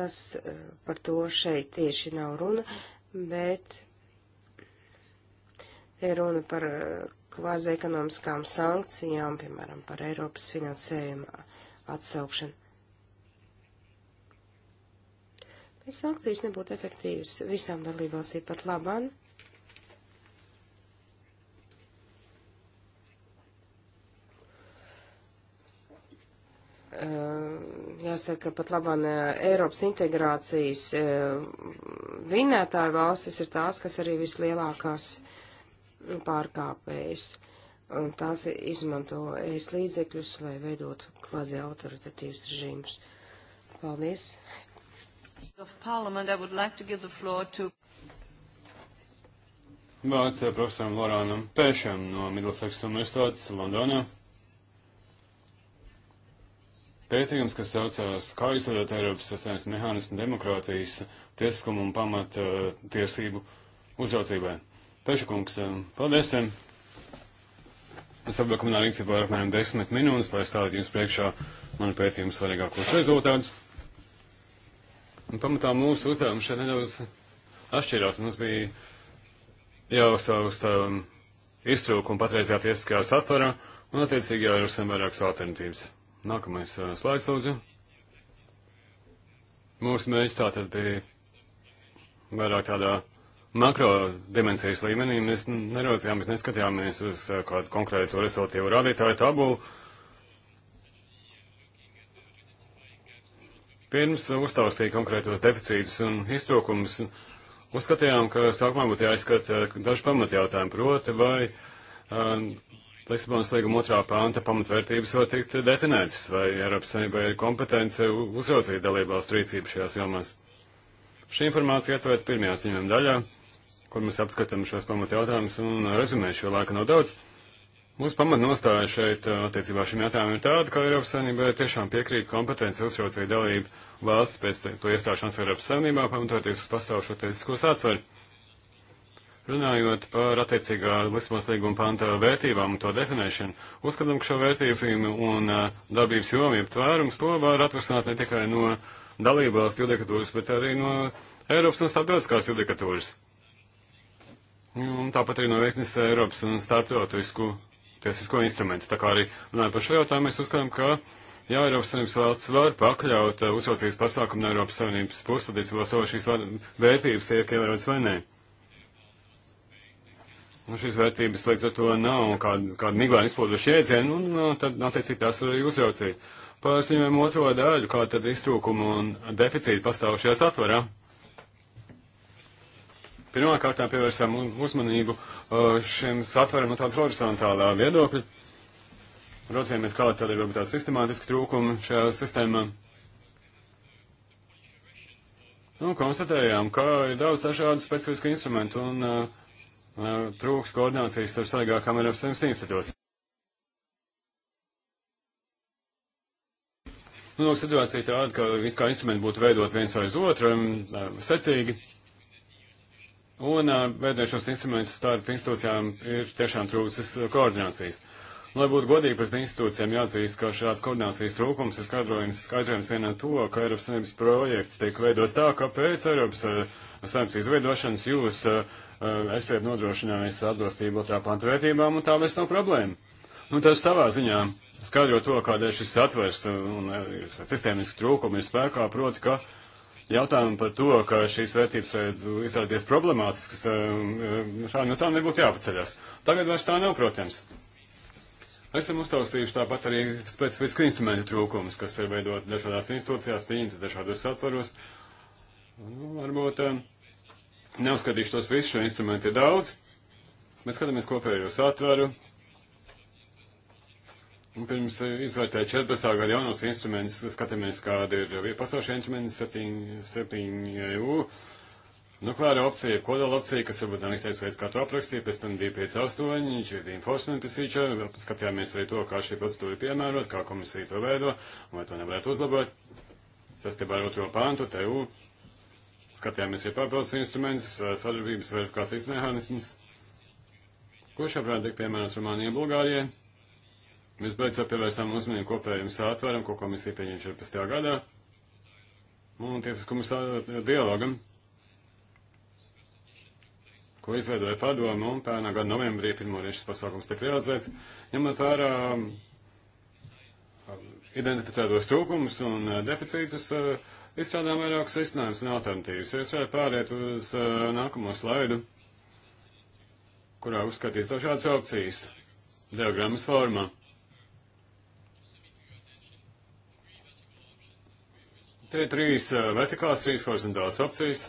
Tas par to šeit tieši nav runa, bet te runa par kvāzi ekonomiskām sankcijām, piemēram, par Eiropas finansējuma atsaukšanu. Bez sankcijas nebūtu efektīvas visām dalībvalstīm pat labam. jāsaka, pat labāk Eiropas integrācijas vinētāju valstis ir tās, kas arī vislielākās pārkāpējs. Un tās izmanto ēs līdzekļus, lai veidot kvazi autoritatīvus režīmus. Paldies! Like to... Vārds eh, profesoram Lorānam Pēšam no Midlaseks Universitātes Londonā. Pētījums, kas saucās Kā izveidot Eiropas sasniegšanas mehānismu demokrātijas tiesiskumu un pamata eh, tiesību uzraudzībai. Pešakungs, paldies! Es saprotu, ka manā rīcībā ir apmēram desmit minūtes, lai stādītu jums priekšā manu pētījumu svarīgākos rezultātus. Un pamatā mūsu uzdevums šeit nedaudz atšķirās. Mums bija jāuzstāv um, iztrūkumu patreizajā tiesiskajā satvarā, un attiecīgi jau ir uzsver vairākas alternatīvas. Nākamais uh, slaids, lūdzu. Mūsu mērķis tātad bija vairāk tādā makro dimensijas līmenī mēs neraudzījāmies, neskatījāmies uz eh, kādu konkrētu rezultātu rādītāju tabulu. Pirms uztaustīja konkrētos deficītus un iztrūkumus, uzskatījām, ka sākumā būtu jāizskata eh, daži pamatjautājumi, proti, vai uh, Lisabonas līguma otrā panta pamatvērtības var tikt definētas, vai Eiropas Savienībai ir kompetence uzraudzīt dalībvalstu rīcību šajās jomās. Šī informācija atvērta pirmajā ziņojuma daļā kur mēs apskatām šos pamatu jautājumus un uh, rezumēšu, jo laika nav daudz. Mūsu pamata nostāja šeit uh, attiecībā šim jautājumam ir tāda, ka Eiropas Savienībai tiešām piekrīt kompetenci uzraucēju dalību valsts pēc to iestāšanās Eiropas Savienībā, pamatoties uz pastāvošo tiesiskos atveru. Runājot par attiecīgā Lisbonas līguma panta vērtībām un to definēšanu, uzskatām, ka šo vērtību un uh, darbības jomu, jeb tvērums, to var atvasināt ne tikai no dalībvalstu judikatūras, bet arī no Eiropas un starptautiskās judikatūras. Un tāpat arī no veiknes Eiropas un starptautisku tiesisko instrumentu. Tā kā arī runājot par šo jautājumu, mēs uzskatām, ka jā, Eiropas Savienības valsts var pakļaut uh, uzraucības pasākumu no Eiropas Savienības puses, tad izvēlos to, šīs vērtības tiek ievērotas vai nē. Un šīs vērtības līdz ar to nav kāda, kāda miglēna izpilduša jēdziena, un no, uh, tad, attiecīgi, tās var arī uzraucīt. Pārsiņojam otro daļu, kā tad iztrūkumu un deficītu pastāvušajā satvarā pirmkārt pievērsām uzmanību uh, šim satveram no tāda horizontālā viedokļa. Raudzījāmies, kāda tad ir varbūt tāda sistemātiska trūkuma šajā sistēmā. Nu, konstatējām, ka ir daudz dažādu specifisku instrumentu un uh, uh trūks koordinācijas starp svarīgākām Eiropas Savienības institūcijām. Nu, no situācija tāda, ka it kā instrumenti būtu veidot viens aiz otru, um, secīgi. Um, Un vēdēšos instrumentus starp institūcijām ir tiešām trūcis koordinācijas. Lai būtu godīgi pret institūcijiem, jāatzīst, ka šāds koordinācijas trūkums ir skaidrojums, skaidrojums vien ar to, ka Eiropas Savienības projekts tiek veidots tā, ka pēc Eiropas Savienības izveidošanas jūs esat nodrošinājis atbilstību otrā panta vērtībām, un tā vairs nav problēma. Nu, tas savā ziņā skaidro to, kādēļ šis atvers un sistēmisks trūkums ir spēkā, proti, ka jautājumu par to, ka šīs vērtības varētu izrādīties problemātiskas, eh, šādi no tām nebūtu jāpaceļas. Tagad vairs tā nav, protams. Esam uztaustījuši tāpat arī specifisku instrumentu trūkumus, kas ir veidot dažādās institūcijās, pieņemti dažādos satvaros. Nu, varbūt eh, neuzskatīšu tos visus, šo instrumentu ir daudz. Mēs skatāmies kopējo satvaru, Pirms eh, izvērtēt 14. gada jaunos instrumentus, skatāmies, kāda ir pasaušie instrumenti 7, 7 EU. Nukleāra opcija, kodola opcija, kas varbūt nav īstais veids, kā to aprakstīt, pēc tam 258, šeit enforcement procedure, skatījāmies arī to, kā šī procedūra ir piemērot, kā komisija to veido, vai to nevarētu uzlabot. Sastībā ar otro pāntu, TU, skatījāmies arī papildus instrumentus, eh, sadarbības verifikācijas mehānismus, kurš, apmēram, tiek piemērots Rumānijai un Bulgārijai. Visbeidzot, pievērsām uzmanību kopējiem sātveram, ko komisija pieņem 14. gadā, un tiesiskumas dialogam, ko izveidoja padomu, un pērnā gada novembrī pirmoreiz šis pasākums tika realizēts, ņemot vērā um, identificētos trūkumus un uh, deficītus, uh, izstrādājām vairākus risinājumus un alternatīvas. Es varētu pāriet uz uh, nākamo slaidu, kurā uzskatīs dažādas opcijas diagrammas formā. Tie trīs vertikāls, trīs horizontāls opcijas,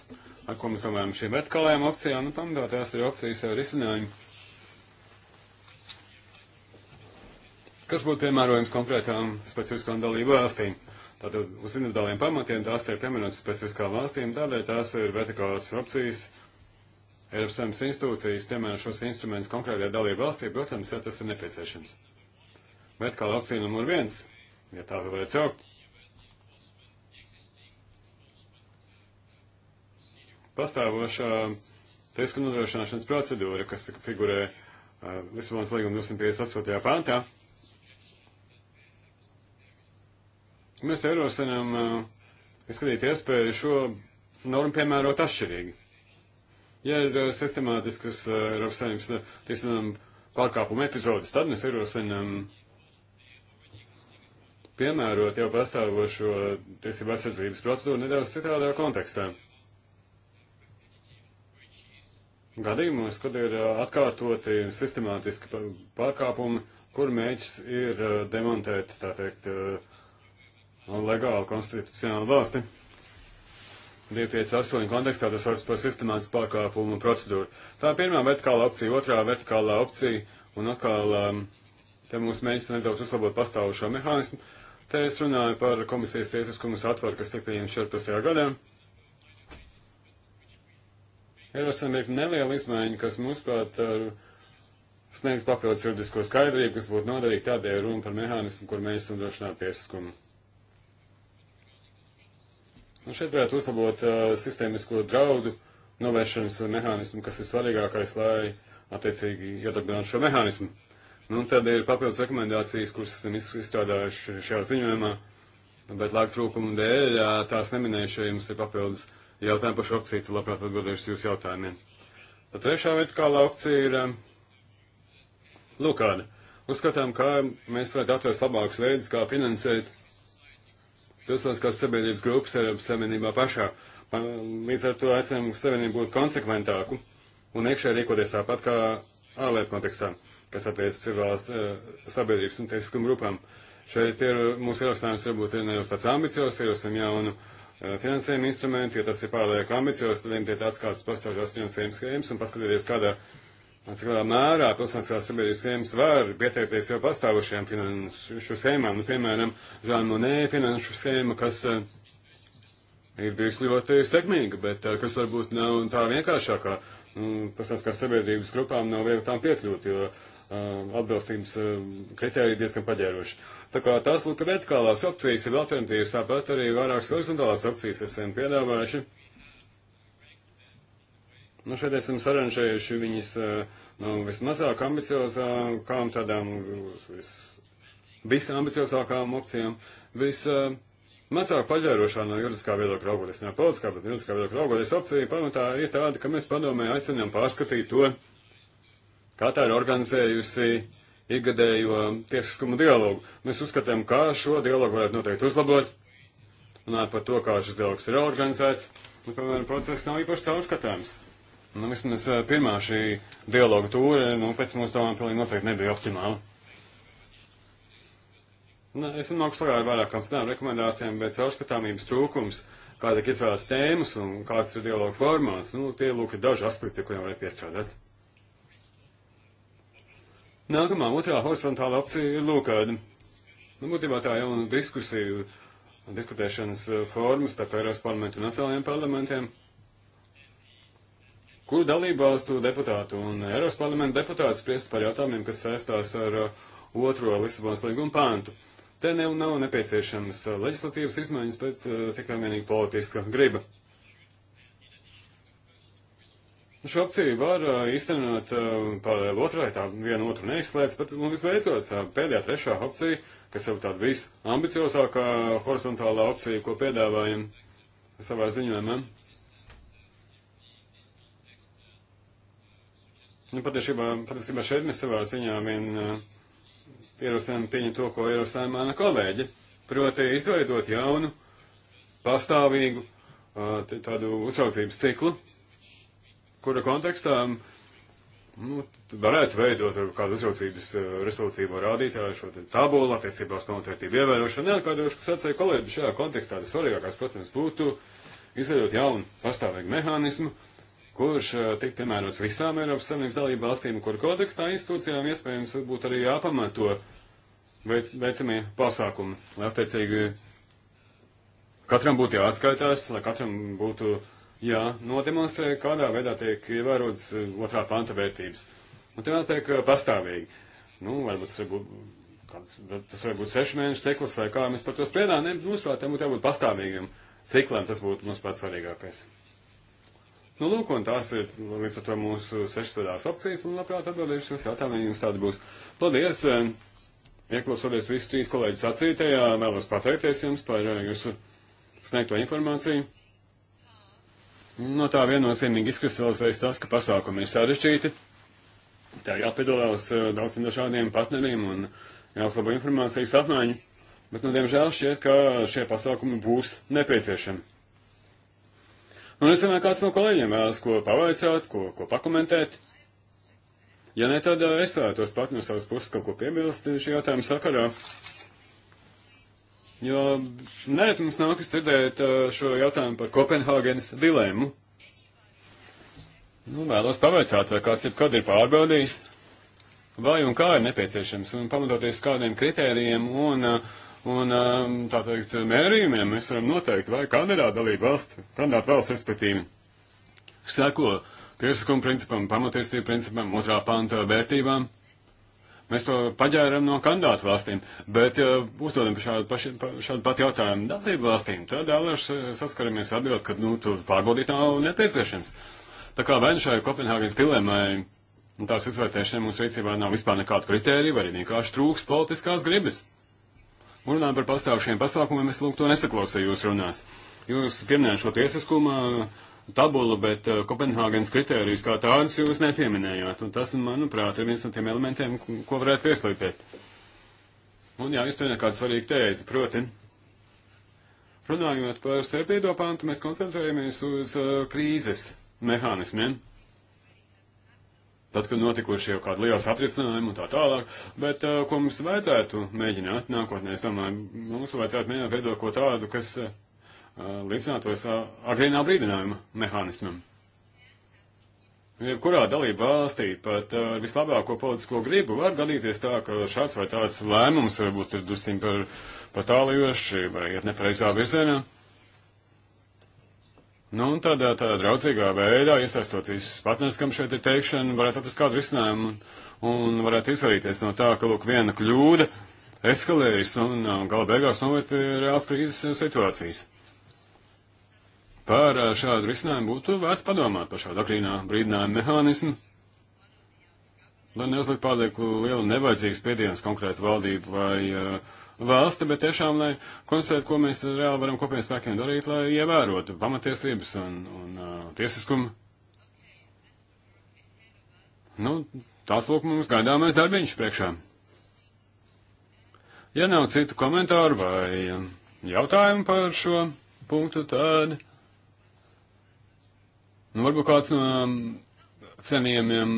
ar ko mēs domājam šīm vertikālajām opcijām, nu, pamatā tās ir opcijas ar risinājumu. Kas būtu piemērojams konkrētām specifiskām dalību valstīm? Tātad uz individuāliem pamatiem tās tiek pieminētas specifiskām valstīm, tādēļ tās ir vertikālas opcijas. Eiropas Savienības institūcijas piemēro šos instrumentus konkrētajā dalību valstī, protams, ja tas ir nepieciešams. Vertikāla opcija numur viens, ja tā varētu saukt pastāvošā risku nodrošināšanas procedūra, kas figurē uh, Lisabonas līguma 258. pāntā. Mēs ierosinām uh, skatīt iespēju šo normu piemērot atšķirīgi. Ja ir uh, sistemātiskas Eiropas Savienības tiesībām pārkāpuma epizodes, tad mēs ierosinām piemērot jau pastāvošo tiesību aizsardzības procedūru nedaudz citādā kontekstā gadījumos, kad ir atkārtoti sistemātiski pārkāpumi, kur mēģis ir demontēt, tā teikt, legāli konstitucionālu valsti. 258 kontekstā tas var par sistemātisku pārkāpumu procedūru. Tā pirmā vertikāla opcija, otrā vertikālā opcija, un atkal te mums mēģina nedaudz uzlabot pastāvošo mehānismu. Te es runāju par komisijas tiesiskumas atvaru, kas tika pieņemts 14. gadā. Ierosinām ir neliela izmaiņa, kas, mūsuprāt, sniegt papildus juridisko skaidrību, kas būtu noderīgi tādēļ runa par mehānismu, kur mēs nodrošinām tiesiskumu. Un nu, šeit varētu uzlabot uh, sistēmisko draudu novēršanas mehānismu, kas ir svarīgākais, lai attiecīgi iedarbinātu šo mehānismu. Nu, un tad ir papildus rekomendācijas, kuras esam izstrādājuši šajā ziņojumā, bet laika trūkuma dēļ tās neminējušie jums ir papildus uh, jautājumu par šo akciju, tad labprāt atbildēšu jūsu jautājumiem. Tad trešā vertikāla akcija ir um, lūk kāda. Uzskatām, kā mēs varētu atrast labākus veidus, kā finansēt pilsoniskās sabiedrības grupas Eiropas Savienībā pašā. Līdz ar to aicinām Savienību būt konsekventāku un iekšē rīkoties tāpat kā ārlietu kontekstā, kas attiecas civilās eh, sabiedrības un tiesiskuma grupām. Šeit ir mūsu ierosinājums varbūt ir nedaudz tāds ambiciozs, ierosinām jaunu. Uh, Eh, finansējuma instrumenti, ja tas ir pārlieku ambiciozs, tad imtiet atskātas pastāvšās finansējuma schēmas un paskatīties, kādā, cik lielā mērā pilsētiskās sabiedrības schēmas var pieteikties jau pastāvošajām finanšu schēmām. Nu, piemēram, Žāna Monē finanšu schēma, kas eh, ir bijusi ļoti sekmīga, bet eh, kas varbūt nav tā vienkāršākā. Nu, Pilsētiskās sabiedrības grupām nav viegli tām piekļūt, jo Eh, atbilstības eh, kritērija diezgan paģēruši. Tā kā tās lūk vertikālās opcijas ir alternatīvas, tāpat arī vairākas horizontālās opcijas esam piedāvājuši. Nu, šeit esam saranžējuši viņas nu, vismazāk ambiciozākām, tādām vis, visambiciozākām opcijām, vismazāk paģērošā no juridiskā viedokļa raugoties, ne politiskā, bet juridiskā viedokļa raugoties opcija pamatā ir tāda, ka mēs padomē aicinām pārskatīt to, Katāra organizējusi ikgadējo tiesiskumu dialogu. Mēs uzskatām, kā šo dialogu varētu noteikti uzlabot, runāt par to, kā šis dialogs ir organizēts. Nu, piemēram, process nav īpaši caurskatāms. Nu, vismaz eh, pirmā šī dialoga tūre, nu, pēc mūsu domām, pilnīgi noteikti nebija optimāla. Nu, es nāku klajā ar vairākām cenām rekomendācijām, bet caurskatāmības trūkums, kāda ir izvēlēts tēmas un kāds ir dialoga formāts, nu, tie lūk ir daži aspekti, pie kuriem varētu piestrādāt. Nākamā otrā horizontāla opcija ir lūkāda. Nu, būtībā tā jauna diskusiju, diskutēšanas eh, forma starp Eiropas parlamentu un nacionālajiem parlamentiem, kuru dalībvalstu deputātu un Eiropas parlamentu deputātu spriest par jautājumiem, kas saistās ar eh, otro Lisabonas līguma pāntu. Te nav, nav nepieciešamas eh, leģislatīvas izmaiņas, bet tikai vienīgi politiska griba. Nu, šo opciju var uh, īstenot uh, paralēli otrai, tā viena otru neizslēdz, bet un nu, visbeidzot pēdējā trešā opcija, kas jau tāda visambiciozākā horizontālā opcija, ko piedāvājam savā ziņojumā. Nu, patiesībā, patiesībā šeit mēs savā ziņā vien uh, ierosinām pieņemt to, ko ierosināja mana kolēģe, proti izveidot jaunu, pastāvīgu tādu uzraudzības ciklu, kura kontekstā nu, varētu veidot kādu uzraucības eh, resultīvo rādītāju, šo tabulu attiecībā uz pamatvērtību ievērošanu. Neatkārtošu, kas atsēja kolēģi šajā kontekstā, tas svarīgākais, protams, būtu izveidot jaunu pastāvīgu mehānismu, kurš eh, tik piemērots visām Eiropas Savienības dalību valstīm, kur kontekstā institūcijām iespējams būtu arī jāpamato veic, veicamie pasākumi, lai attiecīgi katram būtu jāatskaitās, lai katram būtu uh, jā, nodemonstrē, kādā veidā tiek ievērotas eh, otrā panta vērtības. Un te notiek eh, pastāvīgi. Nu, varbūt tas varbūt, kāds, tas varbūt sešu mēnešu cikls vai kā mēs par to spriedām, ne, mums prāt, tam būtu jābūt pastāvīgiem cikliem, tas būtu mums pats svarīgākais. Nu, lūk, un tās ir līdz ar to mūsu sešstādās opcijas, un labprāt atbildēšu jūs jautājumu, jums tāda būs. Paldies! Eh, ieklausoties visu trīs kolēģus sacītajā, vēlos pateikties jums par jūsu sniegto informāciju. No tā viennozīmīgi izkristalizējas tas, ka pasākumi ir sarežģīti. Tā jāpiedalās eh, daudziem dažādiem partneriem un jāuzlabo informācijas apmaiņu. Bet, nu, diemžēl šķiet, ka šie pasākumi būs nepieciešami. Un es domāju, kāds no kolēģiem vēlas ko pavaicāt, ko, ko pakomentēt. Ja ne, tad eh, es vēlētos pat no savas puses kaut ko piebilst šī jautājuma sakarā. Jo nerad mums nākas dzirdēt uh, šo jautājumu par Kopenhāgenes dilemmu. Nu, vēlos pavaicāt, vai kāds jebkad ir pārbaudījis, vai un kā ir nepieciešams, un pamatoties uz kādiem kritērijiem un, uh, un um, tā teikt, mērījumiem, mēs varam noteikt, vai kandidāta dalība valsts, kandidāta valsts respektīvi seko tiesiskuma principam, pamatiestību principam, otrā panta vērtībām. Mēs to paģēram no kandidātu valstīm, bet ja uzdodam šādu, paši, pa, šādu pat jautājumu dalību valstīm, tad dalību saskaramies atbild, ka nu, tur pārbaudīt nav nepieciešams. Tā kā vai nu šai Kopenhāgenes dilemmai un tās izvērtēšanai mūsu rīcībā nav vispār nekādu kritēriju, vai vienkārši trūks politiskās gribas. Un runājot par pastāvšiem pasākumiem, es lūk to nesaklausīju jūs runās. Jūs pieminējāt šo tiesiskumu tabulu, bet uh, Kopenhāgenes kritērijus kā tādus jūs nepieminējāt. Un tas, manuprāt, ir viens no tiem elementiem, ko varētu pieslīpēt. Un jā, jūs te nekāds svarīgi tēzi, proti. Runājot par sērpīdo pantu, mēs koncentrējamies uz uh, krīzes mehānismiem. Tad, kad notikuši jau kādi liels atrisinājumi un tā tālāk, bet uh, ko mums vajadzētu mēģināt nākotnē, es domāju, mums vajadzētu mēģināt veidot ko tādu, kas uh, līdzinātos agrīnā brīdinājuma mehānismam. Jebkurā dalība valstī pat ar vislabāko politisko gribu var gadīties tā, ka šāds vai tāds lēmums varbūt ir dusim par, par tālijoši vai iet nepareizā virzienā. Nu, un tādā, tādā draudzīgā veidā, iesaistoties partners, kam šeit ir teikšana, varētu atrast kādu risinājumu un, un varētu izvairīties no tā, ka, lūk, viena kļūda eskalējas un gala beigās noved pie reāls krīzes situācijas. Par eh, šādu risinājumu būtu vērts padomāt par šādu agrīnā brīdinājumu mehānismu, lai neuzlikt pārlieku lielu nevajadzīgu spiedienu konkrētu valdību vai uh, valsti, bet tiešām, lai konstatētu, ko mēs reāli varam kopējiem spēkiem darīt, lai ievērotu pamatiesības un, un uh, tiesiskumu. Nu, tāds lūk mums gaidāmais darbiņš priekšā. Ja nav citu komentāru vai jautājumu par šo punktu, tad. Nu, varbūt kāds no cienījamiem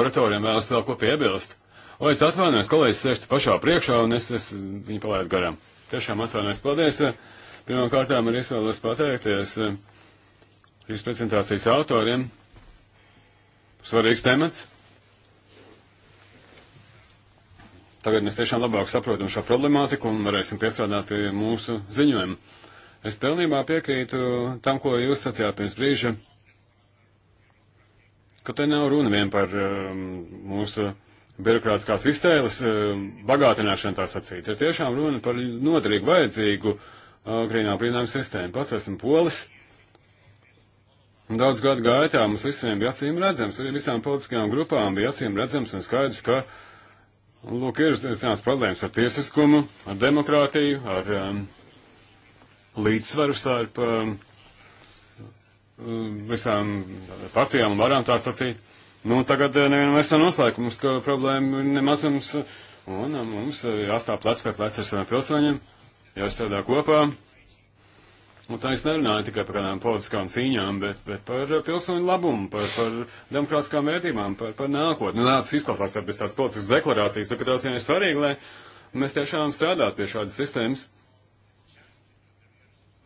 oratoriem vēlas vēl ko piebilst. O, es atvainojos, kolēģis sēž te pašā priekšā, un es, es viņu palaidu garām. Tiešām atvainojos, paldies. Pirmkārt, arī es vēlos pateikties šīs prezentācijas autoriem. Svarīgs temats. Tagad mēs tiešām labāk saprotam šo problemātiku un varēsim piestrādāt pie mūsu ziņojuma. Es pilnībā piekrītu tam, ko jūs sacījāt pirms brīža ka te nav runa vien par um, mūsu birokrātiskās iztēles um, bagātināšanu tā sacīt. Ir tiešām runa par noderīgu vajadzīgu uh, kriminālu brīnām sistēmu. Pats esmu polis. Daudz gadu gaitā mums visiem bija acīm redzams, arī visām politiskajām grupām bija acīm redzams un skaidrs, ka, lūk, ir zināmas problēmas ar tiesiskumu, ar demokrātiju, ar um, līdzsvaru starp um, Eh, visām partijām un varām tā sacīt. Nu, tagad eh, nevienam vairs nav noslēgums, ka problēma ir nemazums, eh, un mums jāstāv plec pie pleca ar saviem pilsoņiem, jāstrādā kopā. Un tā es nerunāju tikai par kādām politiskām cīņām, bet, bet par pilsoņu labumu, par, par demokrātiskām vērtībām, par, par nākotni. Nu, tas izklausās tā bez tādas politiskas deklarācijas, bet katrā ziņā ir svarīgi, lai mēs tiešām strādātu pie šādas sistēmas.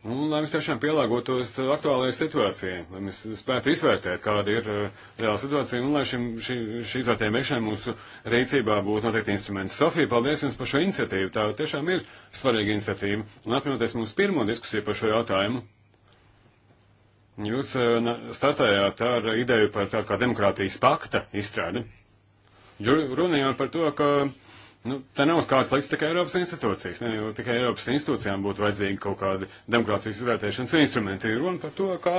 Un, lai mēs tiešām pielāgotos aktuālajai situācijai, lai mēs spētu izvērtēt, kāda ir uh, reāla situācija, un lai šim, šī, šī izvērtējuma veikšanai mūsu rīcībā būtu noteikti instrumenti. Sofija, paldies jums par šo iniciatīvu. Tā tiešām ir svarīga iniciatīva. Un apvienoties mūsu pirmo diskusiju par šo jautājumu, jūs uh, startējāt ar ideju par tādu kā demokrātijas pakta izstrādi. Runājāt par to, ka Nu, tā nav uz kādas likts tikai Eiropas institūcijas, ne, jo tikai Eiropas institūcijām būtu vajadzīgi kaut kādi demokrātijas izvērtēšanas instrumenti. Ir runa par to, kā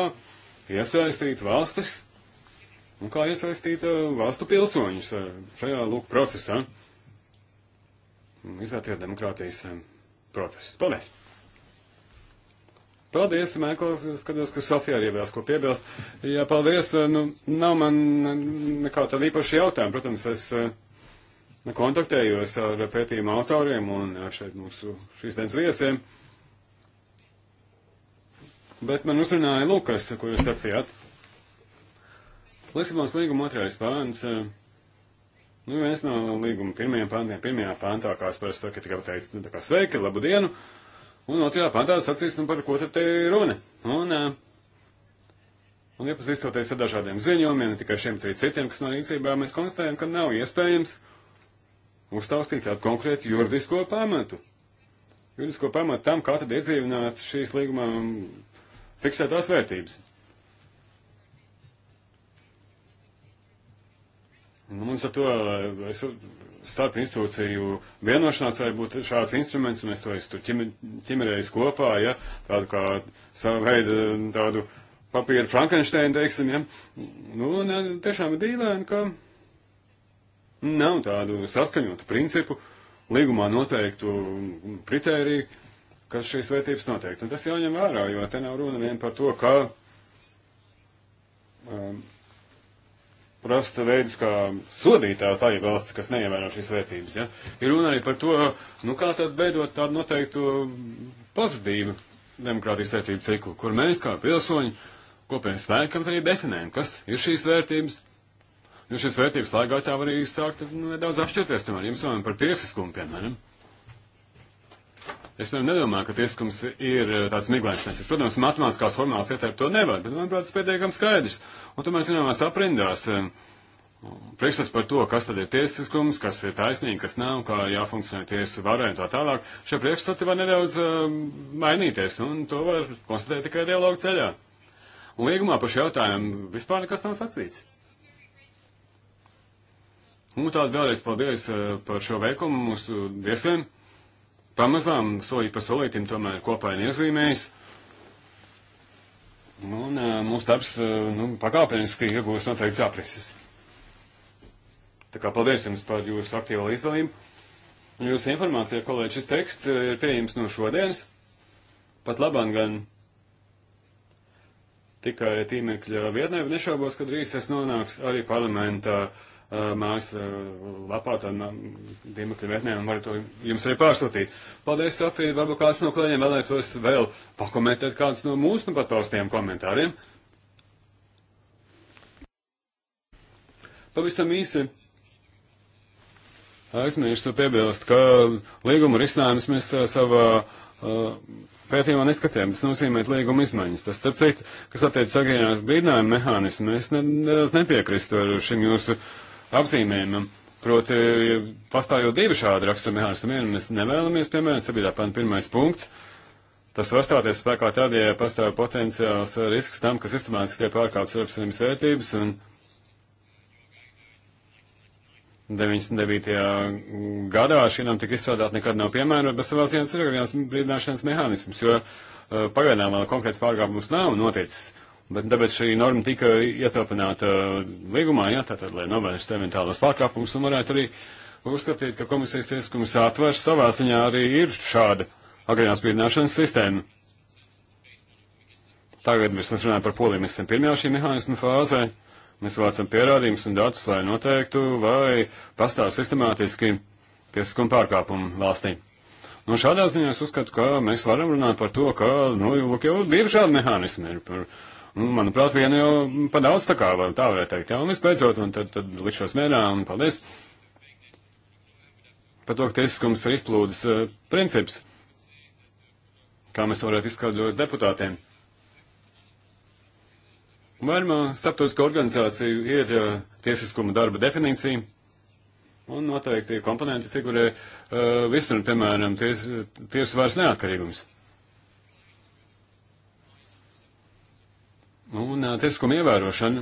iesaistīt valstis un kā iesaistīt uh, valstu pilsoņus uh, šajā lūk procesā. Izvērtēt demokrātijas uh, procesus. Paldies! Paldies, Mēkls, skatos, ka Sofija arī vēl ko piebilst. Jā, paldies, nu, nav man nekā tāda īpaša jautājuma, protams, es. Uh, Nu, kontaktējos ar pētījuma autoriem un šeit mūsu šīs dienas viesiem. Bet man uzrunāja Lukas, ko jūs sacījāt. Lisabons līguma otrais pāns. Eh, nu, viens no līguma pirmajiem pāntiem, pirmajā pāntā, kā es parasti saku, tikai pateicis, nu, tā kā sveiki, labu dienu. Un otrajā pāntā sacīs, nu, par ko tad te runa. Un, eh, un iepazīstoties ar dažādiem ziņojumiem, ne tikai šiem trīs citiem, kas no rīcībā, mēs konstatējam, ka nav iespējams. Uh, uztaustīt tādu konkrētu juridisko pamatu. Juridisko pamatu tam, kā tad iedzīvināt šīs līgumā fiksētās vērtības. Nu, mums ar to es, starp institūciju vienošanās var būt šāds instruments, un es to esmu ķimerējis kopā, ja, tādu kā savu veidu tādu papīru Frankensteinu, teiksim, ja. Nu, ne, tiešām ir dīvaini, ka. Kā Nav tādu saskaņotu principu, līgumā noteiktu kritēriju, kas šīs vērtības noteikti. Un tas jāņem vērā, jo te nav runa vien par to, kā um, prasta veidus, kā sodītās tā ir valsts, kas neievēro šīs vērtības. Ja? Ir runa arī par to, nu kā tad beidot tādu noteiktu pozitīvu demokrātijas vērtību ciklu, kur mēs kā pilsoņi kopējiem spēkam arī definējam, kas ir šīs vērtības, Nu, šis vērtības lēgātā var arī sākt nu, nedaudz atšķirties, tomēr, jums runājam par tiesiskumu, piemēram. Es, piemēram, nedomāju, ka tiesiskums ir eh, tāds miglains nesis. Protams, matemātiskās formālas ietēp to nevar, bet, manuprāt, tas pietiekam skaidrs. Un tomēr, zināmās aprindās, eh, priekšstats par to, kas tad ir tiesiskums, kas ir taisnīgi, kas nav, kā jāfunkcionē tiesu varai un tā tālāk, šie priekšstati var nedaudz uh, mainīties, un to var konstatēt tikai dialogu ceļā. Un līgumā par šo jautājumu vispār nekas nav sacīts. Un tātad vēlreiz paldies eh, par šo veikumu mūsu viesiem. Pamazām, solīt pa solītim, tomēr kopaini iezīmējas. Un eh, mūsu darbs eh, nu, pakāpeniski iegūst noteikti saprises. Tā kā paldies jums par jūsu aktīvo līdzdalību. Jūsu informācija, kolēģi, šis teksts ir pieejams no šodienas. Pat labāk gan tikai tīmekļa vietnē, bet nešaubos, ka drīz tas nonāks arī parlamentā. Uh, Uh, mājas uh, lapā, tā um, diemekļa vietnē, un varu to jums arī pārsūtīt. Paldies, Sofija, varbūt kāds no kolēģiem vēlētos vēl pakomentēt kādus no mūsu nu pat paustajiem komentāriem. Pavisam īsti. Aizmirstu piebilst, ka līguma risinājums mēs uh, savā uh, pētījumā neskatījām. Tas nozīmē līguma izmaiņas. Tas, starp citu, kas attiecas agrīnās brīdinājuma mehānismu, es nedaudz nepiekrīstu ar šim jūsu uh, apzīmējumam. Proti, pastāvot divi šādi raksturmehānismi, vienu mēs nevēlamies, piemēram, sabiedrā pāna pirmais punkts. Tas var stāties spēkā tad, ja pastāv potenciāls risks tam, ka sistemātiski tiek pārkāptas Eiropas Savienības vērtības un 99. gadā šīm tika izstrādāt nekad nav piemērot, bet savā ziņā ir brīdināšanas mehānisms, jo uh, pagaidām vēl konkrēts pārkāpums nav noticis. Bet tāpēc šī norma tika ietilpināta līgumā, jā, tātad, lai novērstu eventuālos pārkāpumus un varētu arī uzskatīt, ka komisijas tiesiskums atvērs savā ziņā arī ir šāda agrīnās brīdināšanas sistēma. Tagad mēs runājam par poliju, mēs esam pirmajā šī mehānismu fāzē, mēs vācam pierādījumus un datus, lai noteiktu, vai pastāv sistemātiski tiesiskuma pārkāpumu valstī. Nu, šādā ziņā es uzskatu, ka mēs varam runāt par to, ka, nu, lūk, jau ir šādi mehānismi, ir par Nu, manuprāt, vienu jau pa daudz tā kā, var, tā varētu teikt. Jā, un visbeidzot, un tad, tad likšos mērā, un paldies par to, ka tiesiskums ir izplūdes uh, princips, kā mēs to varētu izskaidrot deputātiem. Vairumā starptautisko organizāciju ir uh, tiesiskuma darba definīcija, un noteikti komponenti figurē uh, visur, piemēram, ties, tiesu vairs neatkarīgums. Un tiesiskuma ievērošana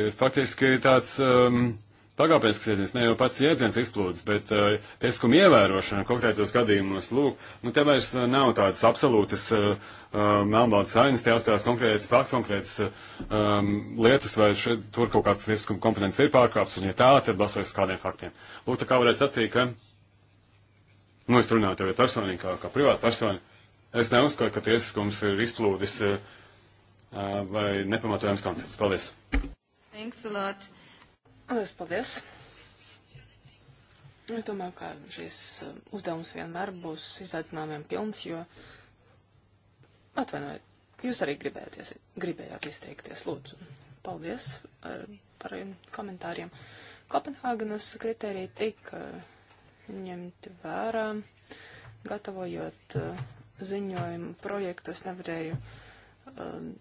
ir faktiski tāds um, pagāpienisks jēdziens, ne jau pats jēdziens izplūdes, bet uh, tiesiskuma ievērošana konkrētos gadījumos, lūk, nu te vairs nav tādas absolūtas uh, melnbaltas ainas, te jāstāsta konkrēti fakti, konkrētas um, lietas, vai šeit, tur kaut kāds tiesiskuma komponents ir pārkāps, un ja tā, tad balsojas kādiem faktiem. Lūk, tā kā varētu sacīt, ka, nu es runāju tev personīgi, kā, kā privāta persona, es neuzskatu, ka tiesiskums ir izplūdes. Uh, vai nepamatojams koncepts. Paldies! Thanks a lot! Lielas paldies! Es domāju, ka šis um, uzdevums vienmēr būs izaicinājumiem pilns, jo atvainojiet, jūs arī gribēties, gribējāt izteikties, lūdzu. Paldies ar, par komentāriem. Kopenhāgenas kriteriji tika uh, ņemti vērā, gatavojot uh, ziņojumu projektu, es nevarēju um,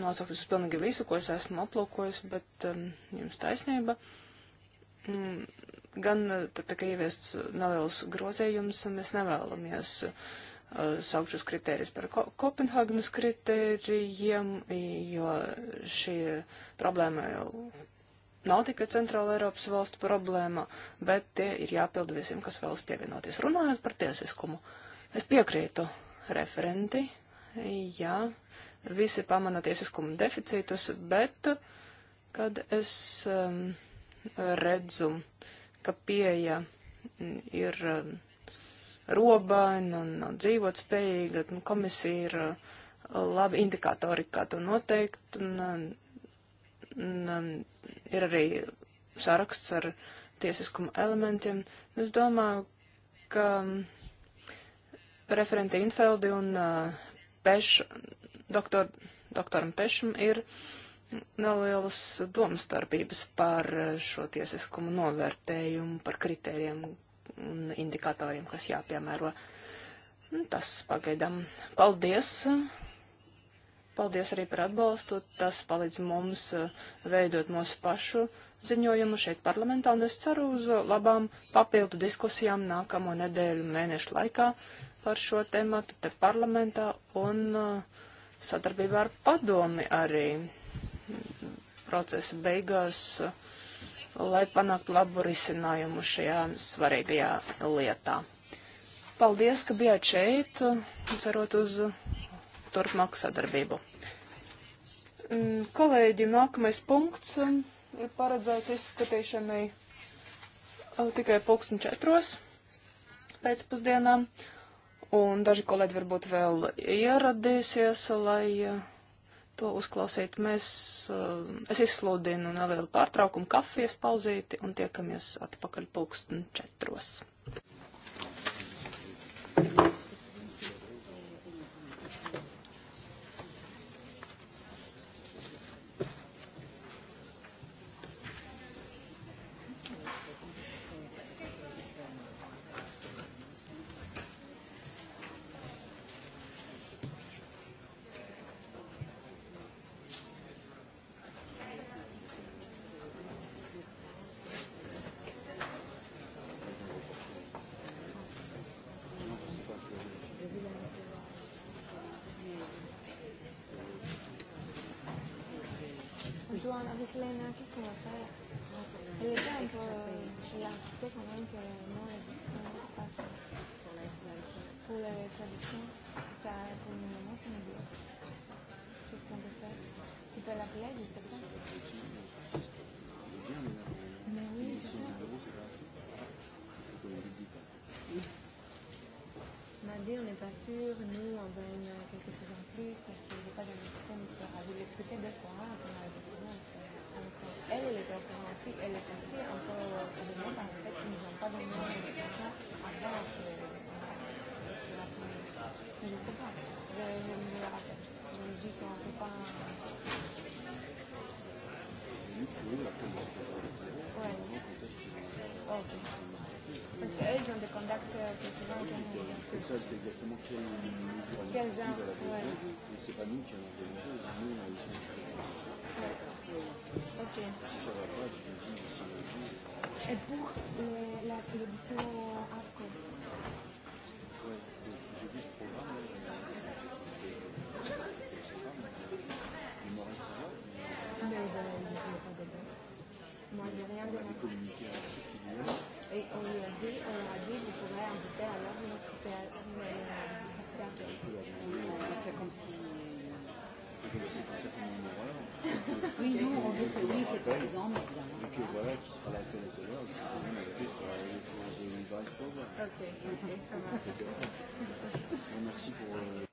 nosaukt uz pilnīgi visu, ko es esmu aplūkojis, bet um, jums taisnība. Um, gan uh, tad, tā, ka ieviests neliels grozējums, mēs nevēlamies uh, saukt šos kritērijus par Ko Kopenhagnas kritērijiem, jo šī problēma jau nav tikai Centrāla Eiropas valstu problēma, bet tie ir jāpilda visiem, kas vēlas pievienoties. Runājot par tiesiskumu, es piekrītu referenti, jā. Ja visi pamana tiesiskuma deficītus, bet kad es um, redzu, ka pieeja ir um, robaina un, un dzīvot spējīga, nu, komisija ir uh, labi indikatori, kā to noteikt, un, un, un ir arī saraksts ar tiesiskuma elementiem. Es domāju, ka um, referente Infeldi un uh, Peš doktor, doktoram Pešam ir nelielas domstarpības par šo tiesiskumu novērtējumu, par kritērijiem un indikatoriem, kas jāpiemēro. Nu, tas pagaidām. Paldies! Paldies arī par atbalstu. Tas palīdz mums uh, veidot mūsu pašu ziņojumu šeit parlamentā, un es ceru uz labām papildu diskusijām nākamo nedēļu mēnešu laikā par šo tēmatu te parlamentā un uh, sadarbībā ar padomi arī procesa beigās, lai panāktu labu risinājumu šajā svarīgajā lietā. Paldies, ka bijāt šeit, cerot uz turpmāku sadarbību. Mm, kolēģi, nākamais punkts ir paredzēts izskatīšanai uh, tikai pulksten četros pēcpusdienām. Un daži kolēģi varbūt vēl ieradīsies, lai eh, to uzklausītu. Mēs, eh, es izsludinu nelielu pārtraukumu kafijas pauzīti un tiekamies atpakaļ pulksten četros. Thank you. rassure, nous on donne quelque chose en plus parce qu'il n'est pas dans le système pour je lui expliquais deux fois hein, qu'on avait besoin. Donc elle, elle était au courant aussi, elle est aussi un peu gênée par le fait qu'ils nous ont pas donné une explication avant que Mais euh, je ne sais pas, je, je me le rappelle. Je me dis qu'on ne peut pas. Oui, la Ouais. Ok. Parce que l'acte précédent auquel ah nous avons Comme ça, elle sait exactement quelle mesure administrative elle a besoin. Ouais. Et c'est pas nous qui allons démontrer, nous, on a besoin de chercher. D'accord. Ok. Si ça va pas, je vous dis, je suis Et pour l'audition euh, AFCO appelle, et que voilà, qui sera là tout à l'heure, parce que même avec lui, je travaille avec le Vice Pauvre. Ok, ok, ça va. Merci pour. Euh...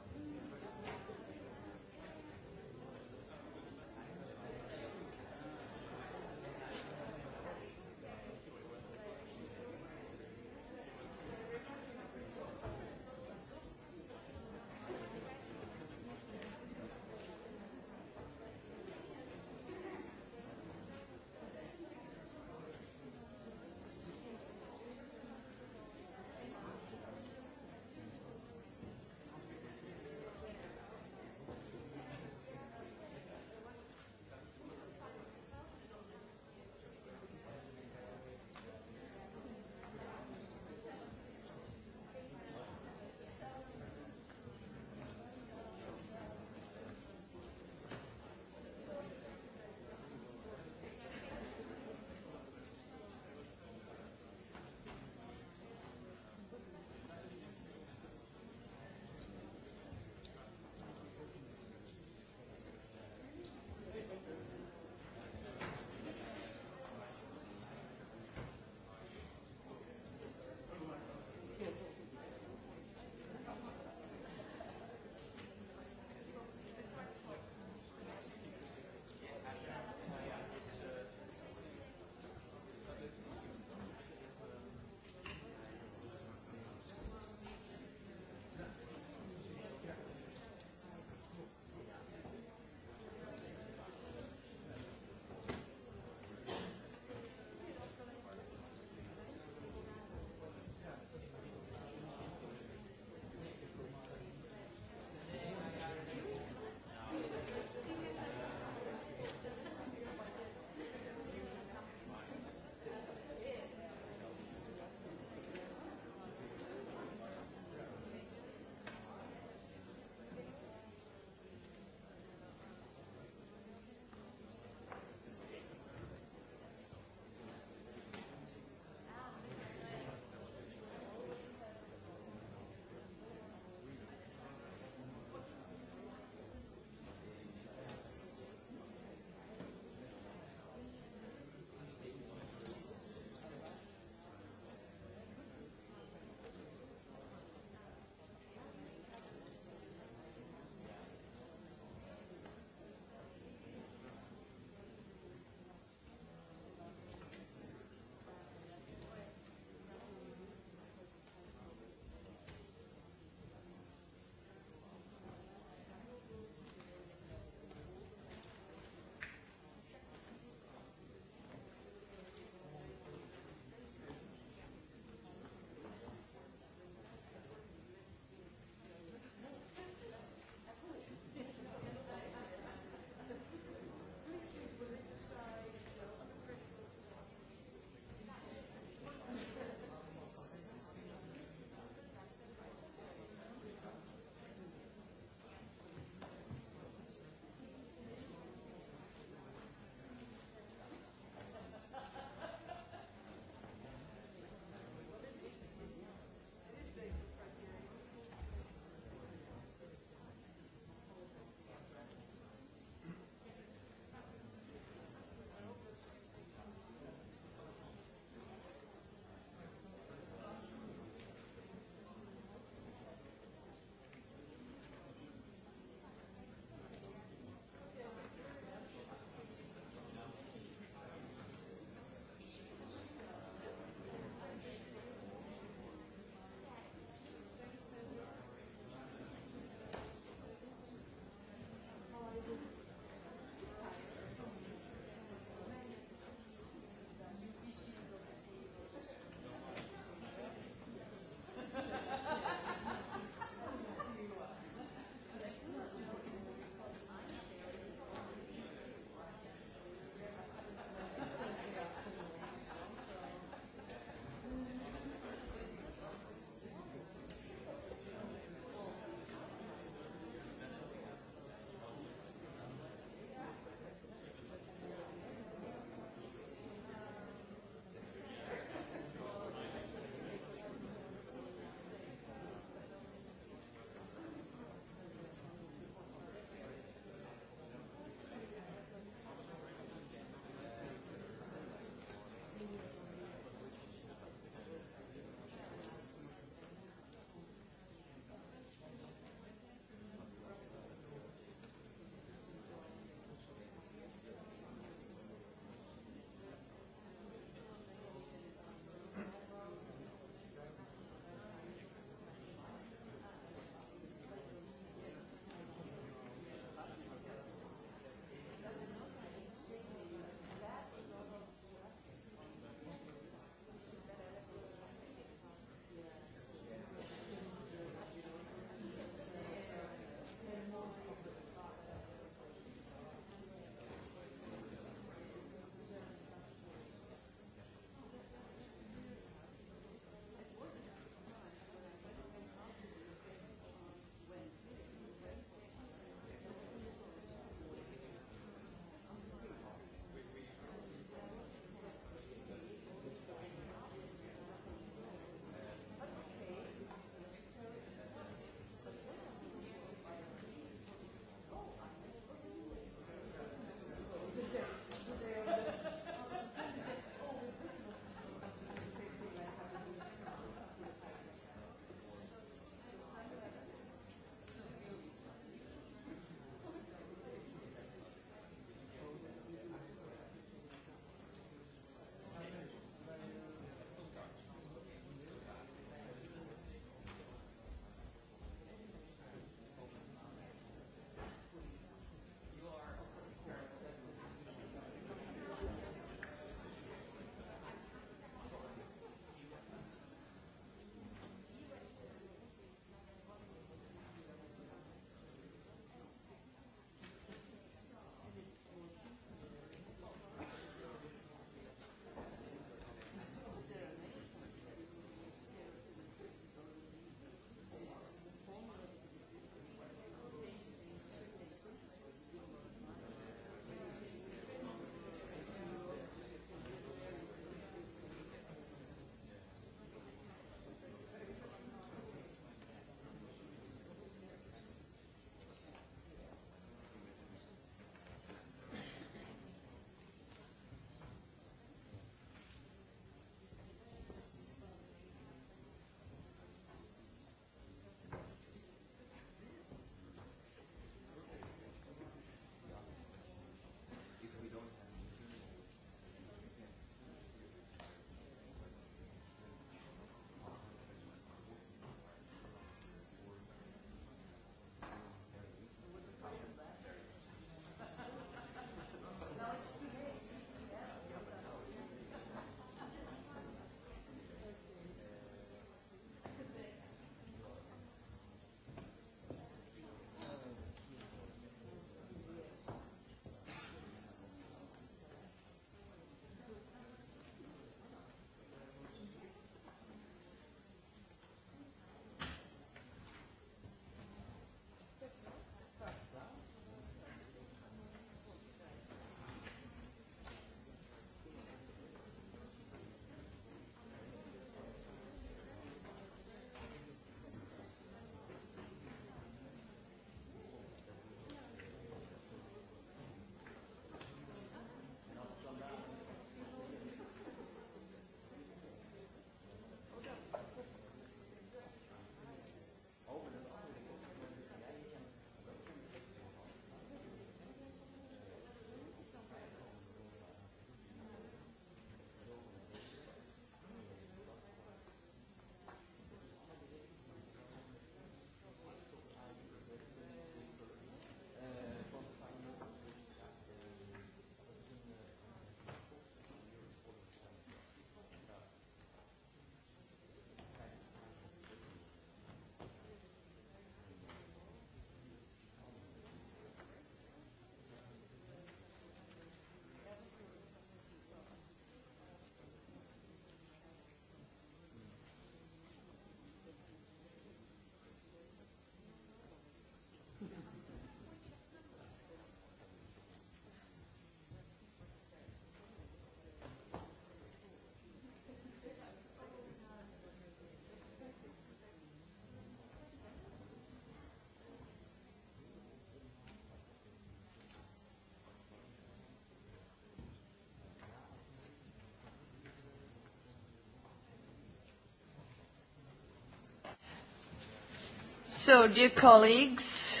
So, dear colleagues,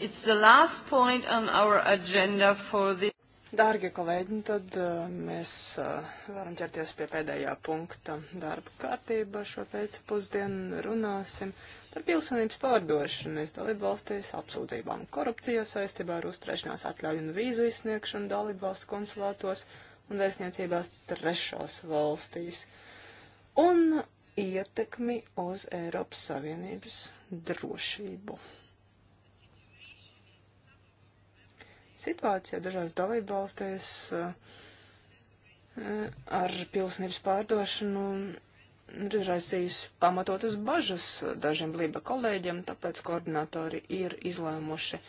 it's the last point on our agenda for the... Dārgie kolēģi, tad uh, mēs uh, varam ķerties pie pēdējā punkta darba kārtībā. Šo pēcpusdienu runāsim par pilsonības pārdošanas dalību valstīs apsūdzībām korupcijā saistībā ar uzturēšanās atļauju un vīzu izsniegšanu dalību valstu konsulātos un vēstniecībās trešās valstīs. Un ietekmi uz Eiropas Savienības drošību. Situācija dažās dalībvalstīs eh, ar pilsnības pārdošanu ir izraisījusi pamatotas bažas dažiem blība kolēģiem, tāpēc koordinatori ir izlēmuši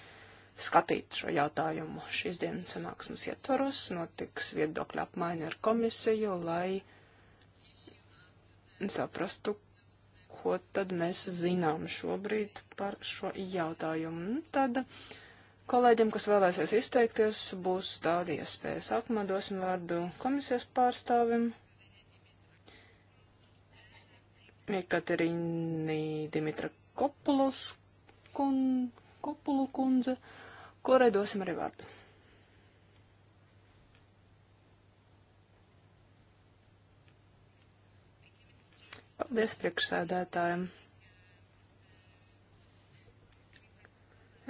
skatīt šo jautājumu. Šīs dienas sanāksmes ietvaros notiks viedokļa apmaiņa ar komisiju, lai saprastu, ko tad mēs zinām šobrīd par šo jautājumu. Nu, tad kolēģiem, kas vēlēsies izteikties, būs tāda iespēja. Sākumā dosim vārdu komisijas pārstāvim. Miekaterīni Dimitra Kopulos kun, Kopulu kundze, kurai dosim arī vārdu. Paldies priekšsēdētājiem.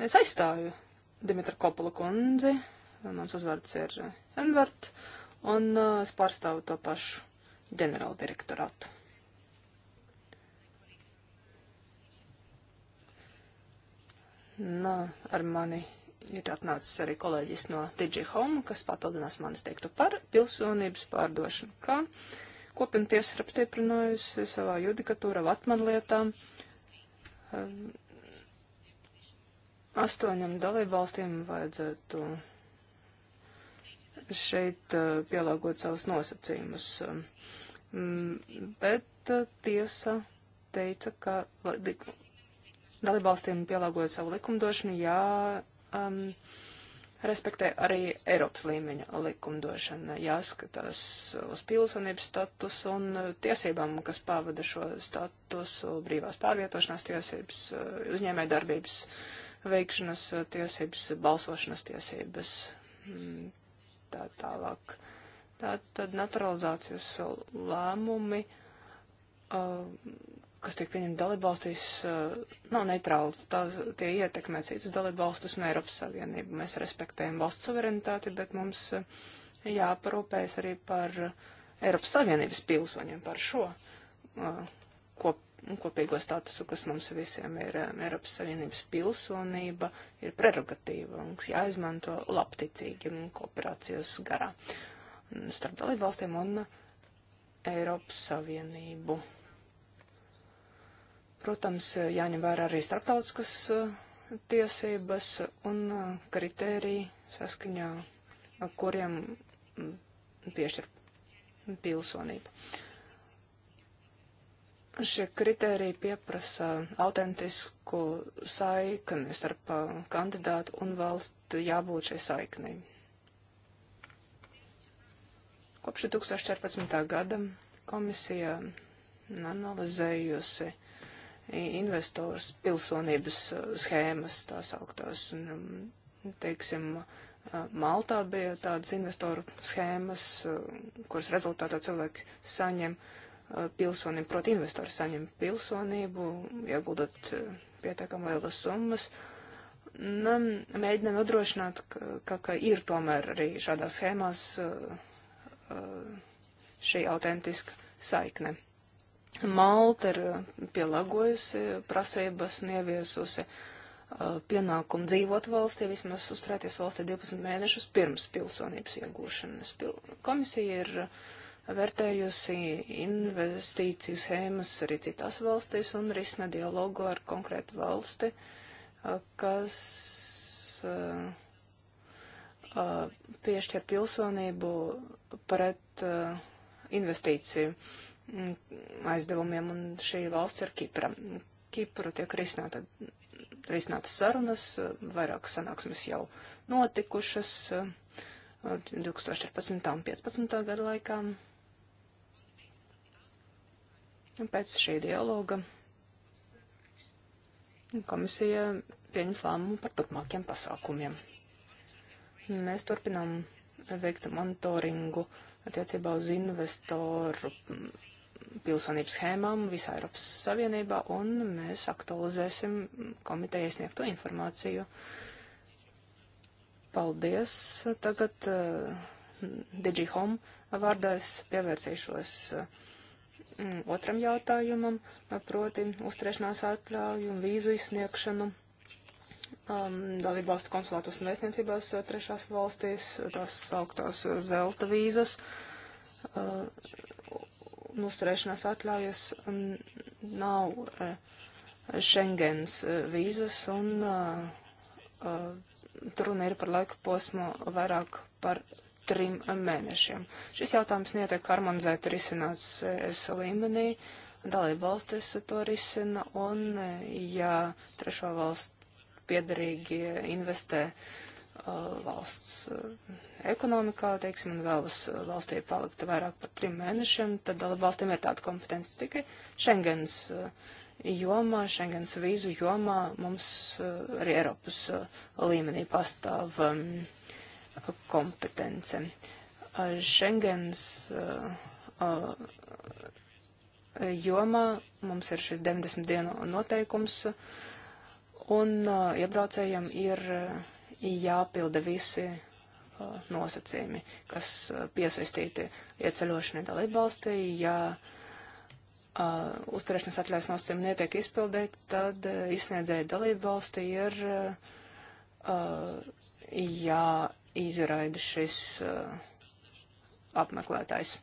Es aizstāju Dimitra Kopula kundzi, mans uzvārds ir Envert, un uh, es pārstāvu to pašu ģenerāla direktorātu. Nu, ar mani ir atnācis arī kolēģis no DigiHome, kas papildinās manis teiktu par pilsonības pārdošanu, kā uh, Kopiena tiesa ir apstiprinājusi savā judikatūrā Vatman lietām um, astoņam dalībvalstīm vajadzētu šeit uh, pielāgot savus nosacījumus. Um, bet uh, tiesa teica, ka dalībvalstīm pielāgojot savu likumdošanu, jā, um, jārespektē arī Eiropas līmeņa likumdošana, jāskatās uz pilsonības statusu un uh, tiesībām, kas pavada šo statusu, brīvās pārvietošanās tiesības, uh, uzņēmē darbības veikšanas uh, tiesības, balsošanas tiesības, mm, tā tālāk. Tā tad naturalizācijas lēmumi kas tiek pieņemti dalībvalstīs, eh, nav neitrāli. Tā, tie ietekmē citas dalībvalstus un Eiropas Savienību. Mēs respektējam valsts suverenitāti, bet mums eh, jāparūpējas arī par Eiropas Savienības pilsoņiem, par šo eh, kop, kopīgo statusu, kas mums visiem ir. Eiropas Savienības pilsonība ir prerogatīva, mums jāizmanto labticīgi kooperācijas garā starp dalībvalstiem un Eiropas Savienību. Protams, jāņem vērā arī starptautiskas eh, tiesības un eh, kritēriji saskaņā, kuriem mm, piešķir pilsonību. Šie kritēriji pieprasa autentisku saikni starp eh, kandidātu un valstu jābūt šai saiknei. Kopš 2014. gada komisija analizējusi investors pilsonības eh, schēmas tā sauktās. Un, um, teiksim, eh, Maltā bija tādas investoru schēmas, eh, kuras rezultātā cilvēki saņem pilsonību, proti investori saņem pilsonību, ieguldot pietiekam lielas summas. Mēģinām nodrošināt, ka, ka ir tomēr arī šādās schēmās šī autentiska saikne. Malta ir uh, pielāgojusi prasības un ieviesusi uh, pienākumu dzīvot valstī, vismaz uzturēties valstī 12 mēnešus pirms pilsonības iegūšanas. Pil komisija ir uh, vērtējusi investīciju schēmas arī citās valstīs un risina dialogu ar konkrētu valsti, uh, kas uh, uh piešķir pilsonību pret investīciju Mm, aizdevumiem, un šī valsts ir Kipra. Kipru tiek risināta, risinātas sarunas, vairākas sanāksmes jau notikušas 2014. Uh, un 2015. gada laikā. Un pēc šī dialoga komisija pieņems lēmumu par turpmākiem pasākumiem. Mēs turpinām veikt monitoringu attiecībā uz investoru pilsonības schēmām visā Eiropas Savienībā, un mēs aktualizēsim komiteja iesniegto informāciju. Paldies! Tagad uh, eh, DigiHome vārdā es pievērsīšos uh, otram jautājumam, proti uzturēšanās atļauju un vīzu izsniegšanu. Um, dalību valstu konsulātos un vēstniecībās eh, trešās valstīs, tās sauktās zelta vīzas. Uh, uzturēšanās atļaujas nav e, Schengens e, vīzas un e, tur runa ir par laika posmu vairāk par trim mēnešiem. Šis jautājums netiek harmonizēti risināts es līmenī, dalība valstis to risina un, ja trešo valstu piedarīgi investē uh, Uh, valsts uh, ekonomikā, teiksim, un vēlas uh, valstī palikt vairāk par trim mēnešiem, tad valstīm ir tāda kompetence tikai Schengens jomā, Schengens vīzu jomā. Mums arī Eiropas līmenī pastāv um, kompetence. Schengens jomā mums ir šis 90 dienu noteikums, un iebraucējiem ir jāpilda visi uh, nosacījumi, kas uh, piesaistīti ieceļošanai dalībvalstī. Ja uh, uzturēšanas atļaujas nosacījumi netiek izpildīti, tad uh, izsniedzēja dalībvalstī ir uh, jāizraida šis uh, apmeklētājs.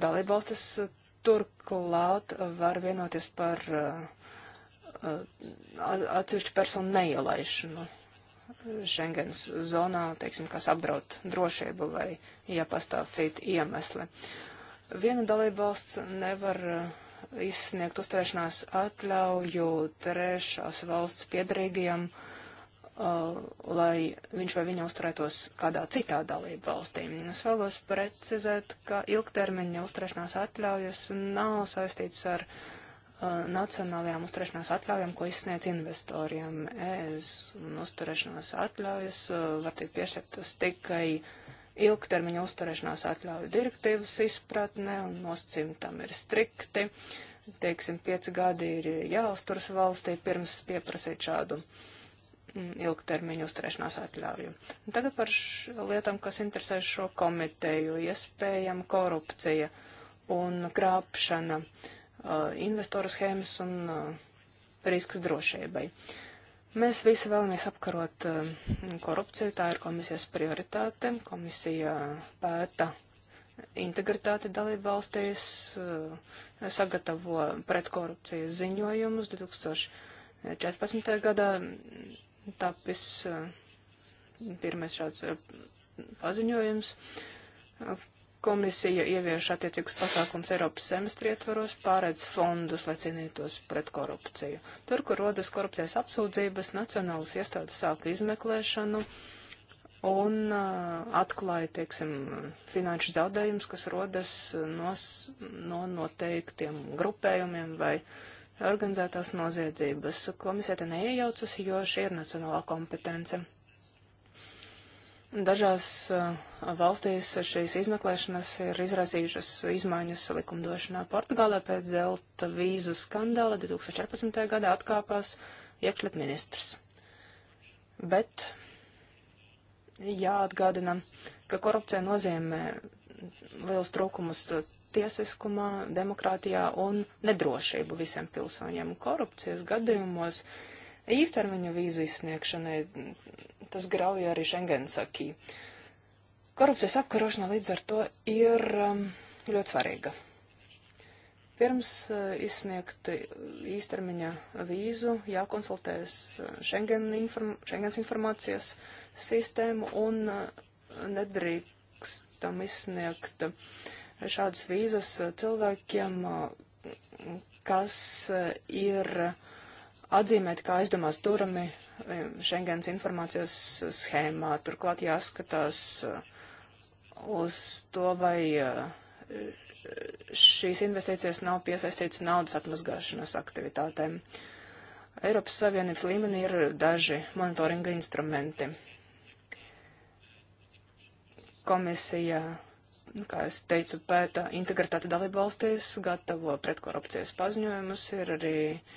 Dalībvalstis uh, turklāt var vienoties par uh, atsevišķu personu neielaišanu Schengens zonā, teiksim, kas apdraud drošību vai ja pastāv citi iemesli. Viena dalībvalsts nevar uh, izsniegt uzturēšanās atļauju trešās valsts piedarīgajam, uh, lai viņš vai viņa uzturētos kādā citā dalība valstī. Es vēlos precizēt, ka ilgtermiņa uzturēšanās atļaujas nav saistītas ar uh, nacionālajām uzturēšanās atļaujām, ko izsniedz investoriem. ES un uzturēšanās atļaujas uh, var tikt piešķirtas tikai ilgtermiņa uzturēšanās atļauju direktīvas izpratnē, un nosacījumi tam ir strikti. Teiksim, pieci gadi ir jāuzturas valstī pirms pieprasīt šādu mm, ilgtermiņa uzturēšanās atļauju. Un tagad par lietām, kas interesē šo komiteju, iespējama korupcija un krāpšana. Uh, Uh, investoru schēmas un uh, risks drošībai. Mēs visi vēlamies apkarot uh, korupciju, tā ir komisijas prioritāte. Komisija pēta integritāti dalību valstīs, sagatavo pretkorupcijas ziņojumus 2014. gadā. Tapis pirmais šāds paziņojums, Komisija ievieš attiecīgus pasākums Eiropas semestri ietvaros, pārēdz fondus, lai cīnītos pret korupciju. Tur, kur rodas korupcijas apsūdzības, nacionālas iestādes sāka izmeklēšanu un uh, atklāja, teiksim, finanšu zaudējumus, kas rodas uh, nos, no noteiktiem grupējumiem vai organizētās noziedzības. Komisija te neiejaucas, jo šī ir nacionālā kompetence. Dažās valstīs šīs izmeklēšanas ir izraisījušas izmaiņas likumdošanā. Portugālē pēc zelta vīzu skandāla 2014. gadā atkāpās iekšļiet ministrs. Bet jāatgādina, ka korupcija nozīmē liels trūkumus tiesiskumā, demokrātijā un nedrošību visiem pilsoņiem. Korupcijas gadījumos īstermiņa vīzu izsniegšanai tas grauja arī Schengens akī. Korupcijas apkarošana līdz ar to ir um, ļoti svarīga. Pirms uh, izsniegt īstermiņa vīzu jākonsultēs uh, Schengen inform Schengens informācijas sistēmu un uh, nedrīkstam izsniegt uh, šādas vīzas uh, cilvēkiem, uh, kas ir atzīmēti kā aizdomās turami Schengens informācijas schēmā. Turklāt jāskatās eh, uz to, vai eh, šīs investīcijas nav piesaistītas naudas atmazgāšanas aktivitātēm. Eiropas Savienības līmenī ir daži monitoringa instrumenti. Komisija, nu, kā es teicu, pēta integritāti dalībvalstīs, gatavo pretkorupcijas paziņojumus, ir arī uh,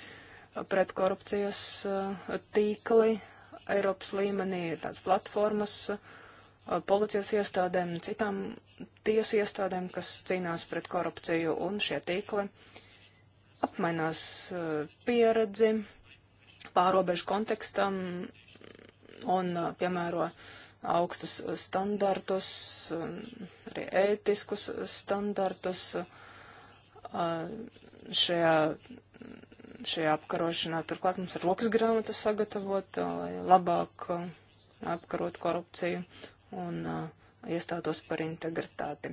pret korupcijas eh, tīkli Eiropas līmenī, ir tāds platformas eh, policijas iestādēm un citām tiesu iestādēm, kas cīnās pret korupciju un šie tīkli apmainās eh, pieredzi pārobežu kontekstam un piemēro augstus standartus, arī ētiskus standartus šajā šajā apkarošanā. Turklāt mums ir rokas grāmata sagatavota, lai labāk apkarot korupciju un uh, iestātos par integritāti.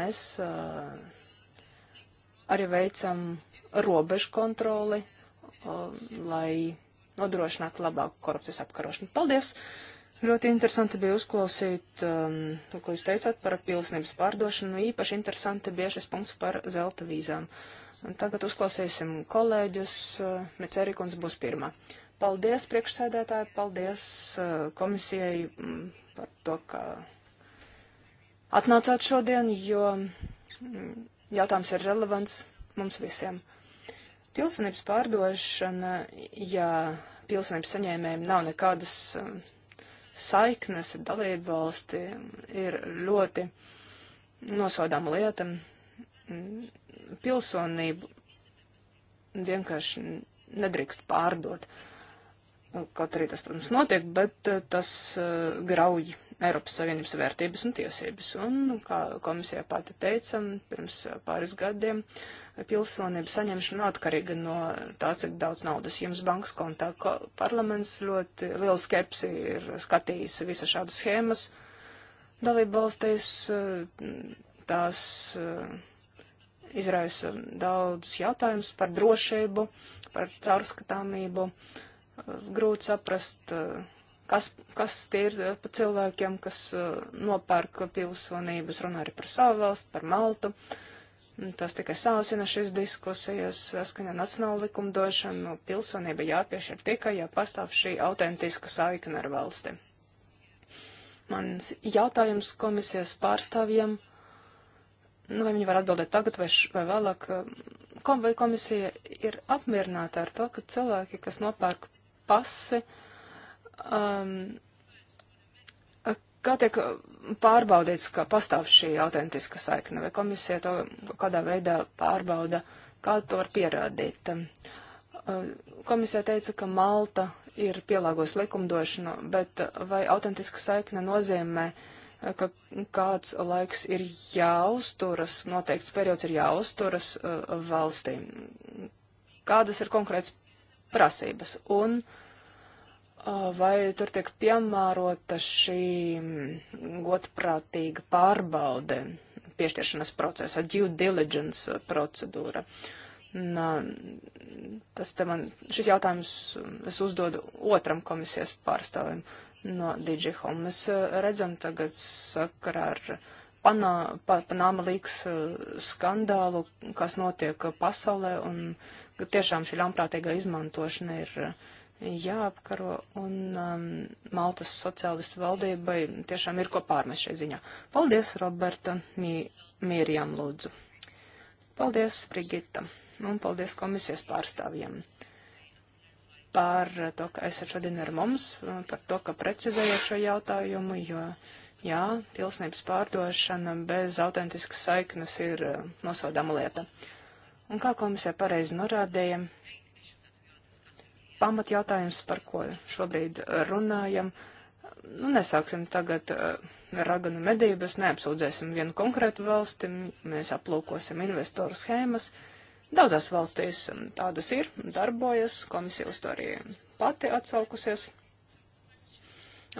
Mēs uh, arī veicam robežu kontroli, uh, lai nodrošinātu labāku korupcijas apkarošanu. Paldies! Ļoti interesanti bija uzklausīt um, to, ko jūs teicāt par pilsnības pārdošanu. Īpaši interesanti bija šis punkts par zelta vīzām. Uh, Un tagad uzklausīsim kolēģus. Eh, Mecerikums būs pirmā. Paldies priekšsēdētāji, paldies eh, komisijai mm, par to, ka atnācāt šodien, jo mm, jautājums ir relevants mums visiem. Pilsonības pārdošana, ja pilsonības saņēmējiem nav nekādas mm, saiknes ar dalību valsti, ir ļoti nosodām lietam pilsonību vienkārši nedrīkst pārdot. Kaut arī tas, protams, notiek, bet eh, tas uh, grauj Eiropas Savienības vērtības un tiesības. Un, kā komisija pati teica, pirms pāris gadiem pilsonība saņemšana atkarīga no tā, cik daudz naudas jums bankas kontā. Ko parlaments ļoti lielu skepsi ir skatījis visa šādas schēmas dalību valstīs. Eh, tās uh, izraisa daudzus jautājumus par drošību, par caurskatāmību. Eh, grūti saprast, eh, kas, kas tie ir eh, pa cilvēkiem, kas nopērk pilsonības, runā arī par savu valstu, par Maltu. Tas tikai sāsina šīs diskusijas, saskaņā nacionālu likumdošanu, pilsonība jāpiešķir tikai, ja pastāv šī autentiska saikne ar valsti. Mans jautājums komisijas pārstāvjiem. Uh, nu, vai viņi var atbildēt tagad vai, š, vai vēlāk, eh, kom, vai komisija ir apmierināta ar to, ka cilvēki, kas nopērk pasi, um, eh, kā tiek pārbaudīts, ka pastāv šī autentiska saikne, vai komisija to kādā veidā pārbauda, kā to var pierādīt. Um, komisija teica, ka Malta ir pielāgos likumdošanu, bet vai autentiska saikne nozīmē uh, ka kāds laiks ir jāuzturas, noteikts periods ir jāuzturas uh, valstī. Kādas ir konkrēts prasības? Un uh, vai tur tiek piemērota šī godprātīga pārbaude piešķiršanas procesa, due diligence procedūra? Nā, tas te man, šis jautājums es uzdodu otram komisijas pārstāvim. Uh, no Digihome. Mēs redzam tagad sakarā ar Panā, Panāma līgas uh, skandālu, kas notiek pasaulē, un tiešām šī ļaunprātīgā izmantošana ir uh, jāapkaro, un um, Maltas sociālistu valdībai tiešām ir ko pārmest šai ziņā. Paldies, Roberta Mī, Mīrijam Lūdzu. Paldies, Brigita, un paldies komisijas pārstāvjiem par to, ka esat šodien ar mums, par to, ka precizējat šo jautājumu, jo, jā, pilsnības pārdošana bez autentiskas saiknes ir eh, nosodama lieta. Un kā komisija pareizi norādīja, pamat jautājums, par ko šobrīd runājam, nu, nesāksim tagad eh, raganu medības, neapsūdzēsim vienu konkrētu valsti, mēs aplūkosim investoru schēmas. Uh, Daudzās valstīs um, tādas ir, darbojas, komisija uz to arī pati atsaukusies.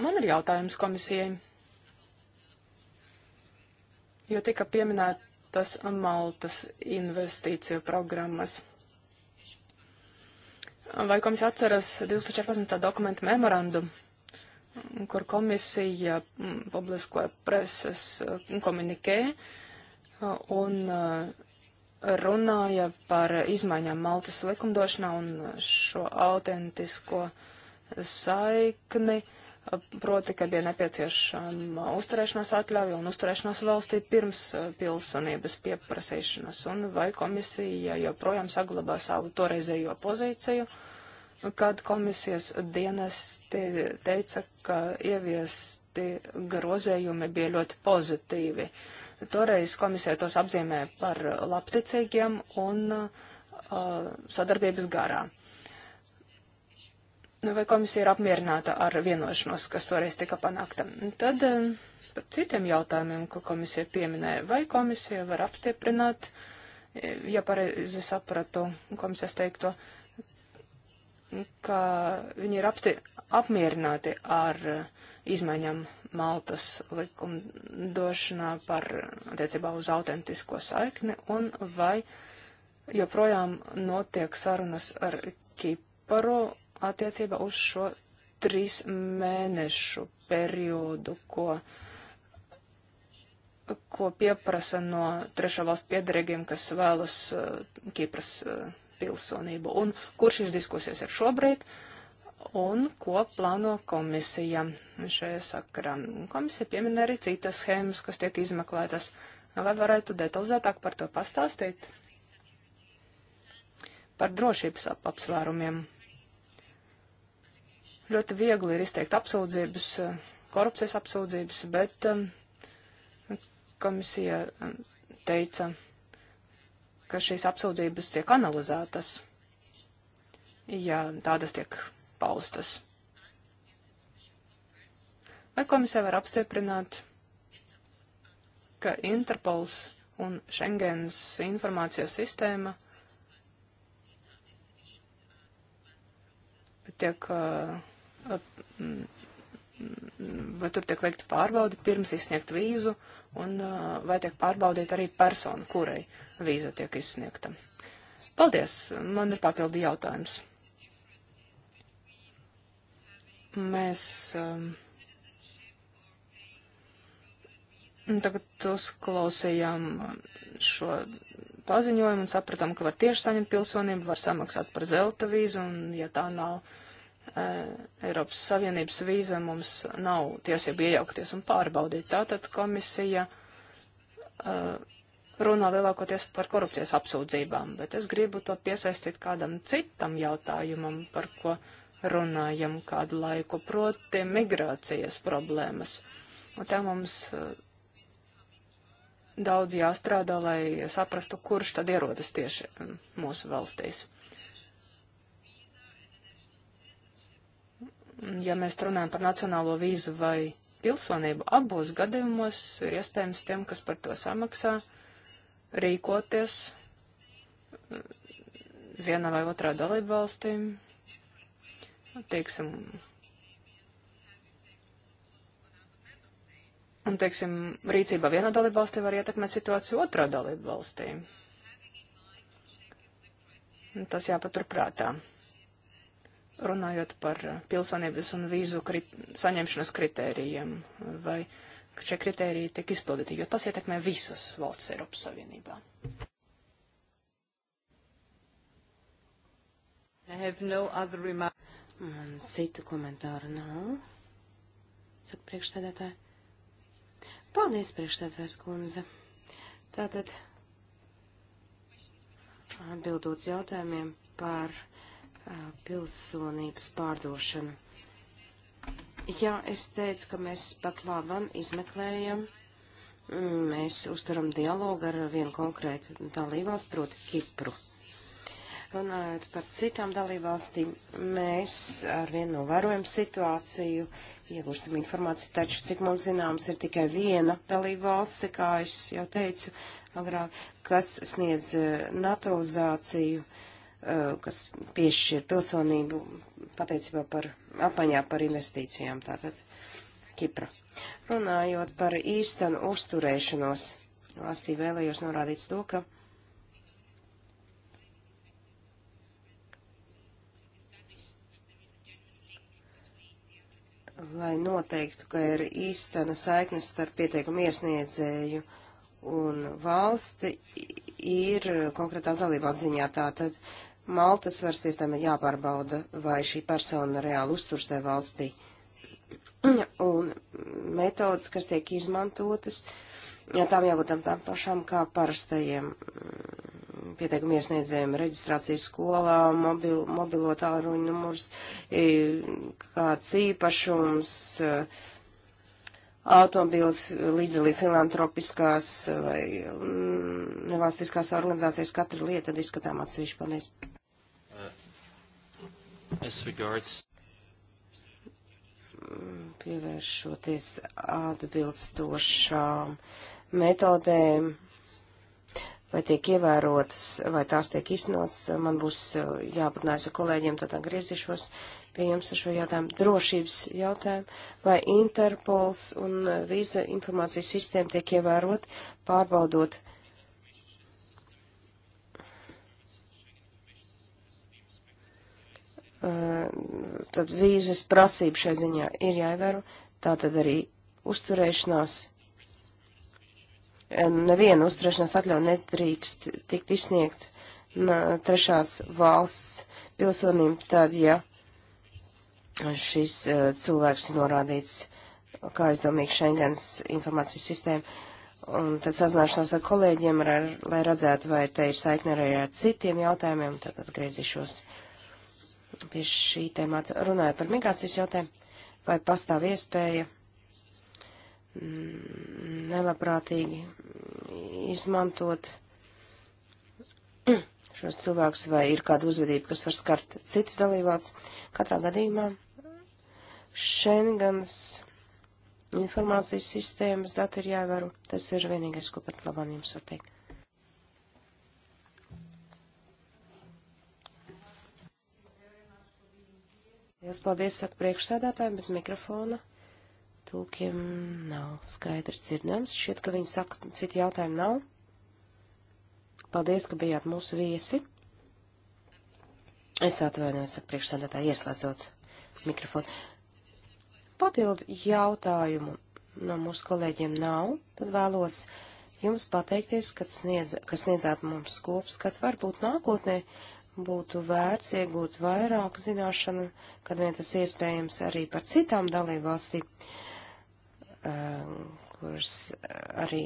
Man ir jautājums komisijai, jo tika pieminētas Maltas investīciju programmas. Vai komisija atceras 2014. dokumentu memorandu, kur komisija mm, publiskoja preses mm, komunikē un uh, runāja par izmaiņām Maltas likumdošanā un šo autentisko saikni, proti, ka bija nepieciešama uzturēšanās atļauja un uzturēšanās valstī pirms eh, pilsonības pieprasīšanas, un vai komisija joprojām saglabā savu toreizējo pozīciju, kad komisijas dienesti teica, ka ieviesti grozējumi bija ļoti pozitīvi. Uh, Toreiz komisija tos apzīmē par labticīgiem un uh, sadarbības garā. Nu, vai komisija ir apmierināta ar vienošanos, kas toreiz tika panākta? Tad uh, par citiem jautājumiem, ko komisija pieminēja, vai komisija var apstiprināt, ja pareizi sapratu komisijas teikto, ka viņi ir apsti apmierināti ar uh, izmaiņām Maltas likumdošanā par attiecībā uz autentisko saikni un vai joprojām notiek sarunas ar Kiparu attiecībā uz šo trīs mēnešu periodu, ko, ko pieprasa no trešo valstu piedarīgiem, kas vēlas uh, Kipras uh, pilsonību. Un kur šīs diskusijas ir šobrīd? Uh, un ko plāno komisija šajā sakarā. Komisija piemina arī citas schēmas, kas tiek izmeklētas. Vai varētu detalizētāk par to pastāstīt? Par drošības ap apsvērumiem. Ļoti viegli ir izteikt apsūdzības, korupcijas apsūdzības, bet um, komisija um, teica, ka šīs apsūdzības tiek analizētas. Ja tādas tiek paustas. Vai komisija var apstiprināt, ka Interpols un Schengens informācijas sistēma tiek, uh, mm, vai tur tiek veikta pārbaudi pirms izsniegt vīzu, un uh, vai tiek pārbaudīta arī persona, kurai vīza tiek izsniegta. Paldies, man ir papildi jautājums. Mēs um, tagad uzklausījām um, šo paziņojumu un sapratām, ka var tieši saņemt pilsonību, var samaksāt par zelta vīzu, un ja tā nav e, Eiropas Savienības vīza, mums nav tiesība iejaukties un pārbaudīt. Tātad komisija e, runā lielākoties par korupcijas apsūdzībām, bet es gribu to piesaistīt kādam citam jautājumam, par ko. E, runājam kādu laiku, proti migrācijas problēmas. Un tā mums eh, daudz jāstrādā, lai saprastu, kurš tad ierodas tieši mm, mūsu valstīs. Ja mēs runājam par nacionālo vīzu vai pilsonību, abos gadījumos ir iespējams tiem, kas par to samaksā, rīkoties mm, vienā vai otrā dalībvalstīm, Nu, teiksim, un, teiksim, rīcībā vienā dalībvalstī var ietekmēt situāciju otrā dalībvalstī. Tas jāpaturprātā. Runājot par pilsonības un vīzu krit saņemšanas kritērijiem, vai šie kritēriji tiek izpildīti, jo tas ietekmē visas valsts Eiropas Savienībā. No Man citu komentāru nav. Saka priekšsēdētāji. Paldies, priekšsēdētājs kundze. Tātad, atbildot jautājumiem par uh, pilsonības pārdošanu. Jā, es teicu, ka mēs pat labam izmeklējam, mēs uztaram dialogu ar vienu konkrētu dalībvalstu, proti Kipru. Runājot par citām dalībvalstīm, mēs arvien novērojam situāciju, iegūstam informāciju, taču, cik mums zināms, ir tikai viena dalībvalsts, kā es jau teicu agrāk, kas sniedz eh, naturalizāciju, eh, kas piešķir pilsonību pateicībā par apaņā par investīcijām, tātad Kipra. Runājot par īstenu uzturēšanos, valstī vēlējos norādīt to, ka lai noteiktu, ka ir īstena saiknes starp pieteikumu iesniedzēju un valsti, ir konkrētā dalība atziņā. Tātad Maltas varas tiesām ir jāpārbauda, vai šī persona reāli uzturs tajā valstī. un metodas, kas tiek izmantotas, ja tām jābūt tam pašām kā parastajiem pieteikumu iesniedzējiem reģistrācijas skolā, mobil, mobilo tāruņu numurs, kāds īpašums, automobīls līdzelī filantropiskās vai mm, nevalstiskās organizācijas, katra lieta, tad izskatām atsevišķi. Paldies. Uh, as regards pievēršoties atbilstošām metodēm, vai tiek ievērotas, vai tās tiek iznots. Man būs uh, jāparunājas ar kolēģiem, tad atgriezīšos pie jums ar šo jautājumu. Drošības jautājumu, vai Interpols un uh, vīza informācijas sistēma tiek ievērot, pārbaudot. Uh, tad vīzes prasība šai ziņā ir jāievēro, tā tad arī uzturēšanās neviena uzturēšanās atļauja nedrīkst tikt izsniegt na, trešās valsts pilsonim, tad, ja šis uh, cilvēks ir norādīts kā aizdomīgs Schengens informācijas sistēma, un tad sazināšanos ar kolēģiem, ar, lai redzētu, vai te ir saikne arī ar citiem jautājumiem, tad atgriezīšos pie šī tēmata. Runāju par migrācijas jautājumu, vai pastāv iespēja nelabprātīgi izmantot šos cilvēkus, vai ir kāda uzvedība, kas var skart citas dalībvalsts. Katrā gadījumā Schengens informācijas sistēmas dati ir jāvaro. Tas ir vienīgais, ko pat labāk jums var teikt. Lielas paldies, saka priekšsēdētājiem bez mikrofona. Tūkiem nav skaidri dzirdams. Šķiet, ka viņi saka, citu jautājumu nav. Paldies, ka bijāt mūsu viesi. Es atvainojos ar priekšsēdētāju ieslēdzot mikrofonu. Papildu jautājumu no mūsu kolēģiem nav, tad vēlos jums pateikties, kad sniedz, ka sniedzāt mums kopskat, varbūt nākotnē būtu vērts iegūt vairāk zināšanu, kad vien tas iespējams arī par citām dalībvalstīm kuras arī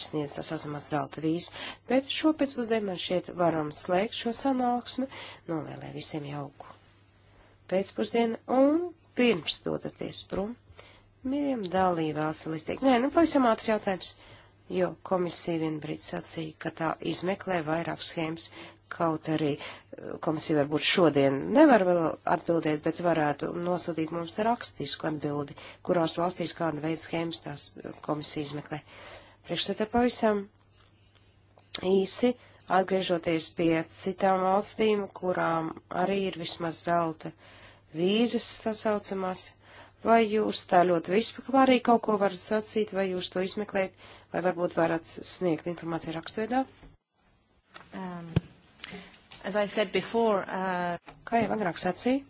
sniedz tā saucamās zelta vīzu, bet šo pēcpusdienu man šeit varam slēgt šo sanāksmi, novēlē visiem jauku pēcpusdienu un pirms dodaties prom. Mirjam Dālī vēlas līdzīgi. Nē, nu pavisam ātrs jautājums, jo komisija vienbrīd sacīja, ka tā izmeklē vairāk schēmas kaut arī eh, komisija varbūt šodien nevar vēl atbildēt, bet varētu nosūtīt mums rakstisku atbildi, kurās valstīs kāda veida schēmas tās eh, komisija izmeklē. Priekšsētā pavisam īsi, atgriežoties pie citām valstīm, kurām arī ir vismaz zelta vīzes tā saucamās, vai jūs tā ļoti vispārīgi kaut ko varat sacīt, vai jūs to izmeklējat, vai varbūt varat sniegt informāciju rakstveidā? Um. Before, uh... Kā jau agrāk sacīju,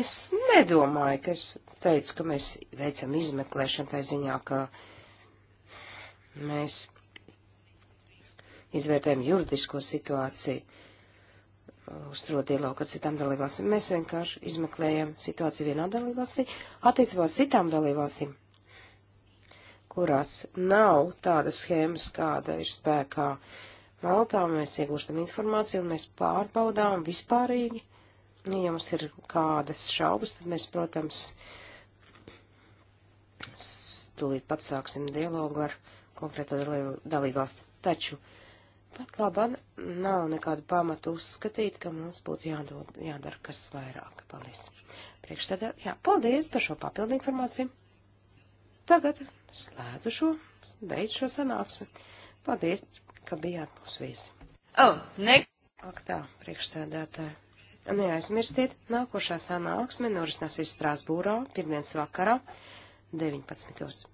es nedomāju, ka es teicu, ka mēs veicam izmeklēšanu tā ziņā, ka mēs izvērtējam juridisko situāciju, uzturot dialogu ar citām dalībvalstīm. Mēs vienkārši izmeklējam situāciju vienā dalībvalstī, attiecībā uz citām dalībvalstīm, kurās nav tādas schēmas, kāda ir spēkā uh, Maltā, mēs iegūstam informāciju un mēs pārbaudām vispārīgi. Ja mums ir kādas šaubas, tad mēs, protams, tūlīt pat sāksim dialogu ar konkrēto dalībvalstu. Taču pat labam nav nekādu pamatu uzskatīt, ka mums būtu jādod, jādara kas vairāk. Paldies. Priekšstādā, jā, paldies par šo papildu informāciju. Tagad slēdzu šo, beidz šo sanāksmi. Paldies ka bijāt būs visi. Oh, ne. Ak tā, priekšsēdētāji. Neaizmirstiet, nākošā sanāksme norisinās Strāsbūrā, pirmdienas vakarā, 19.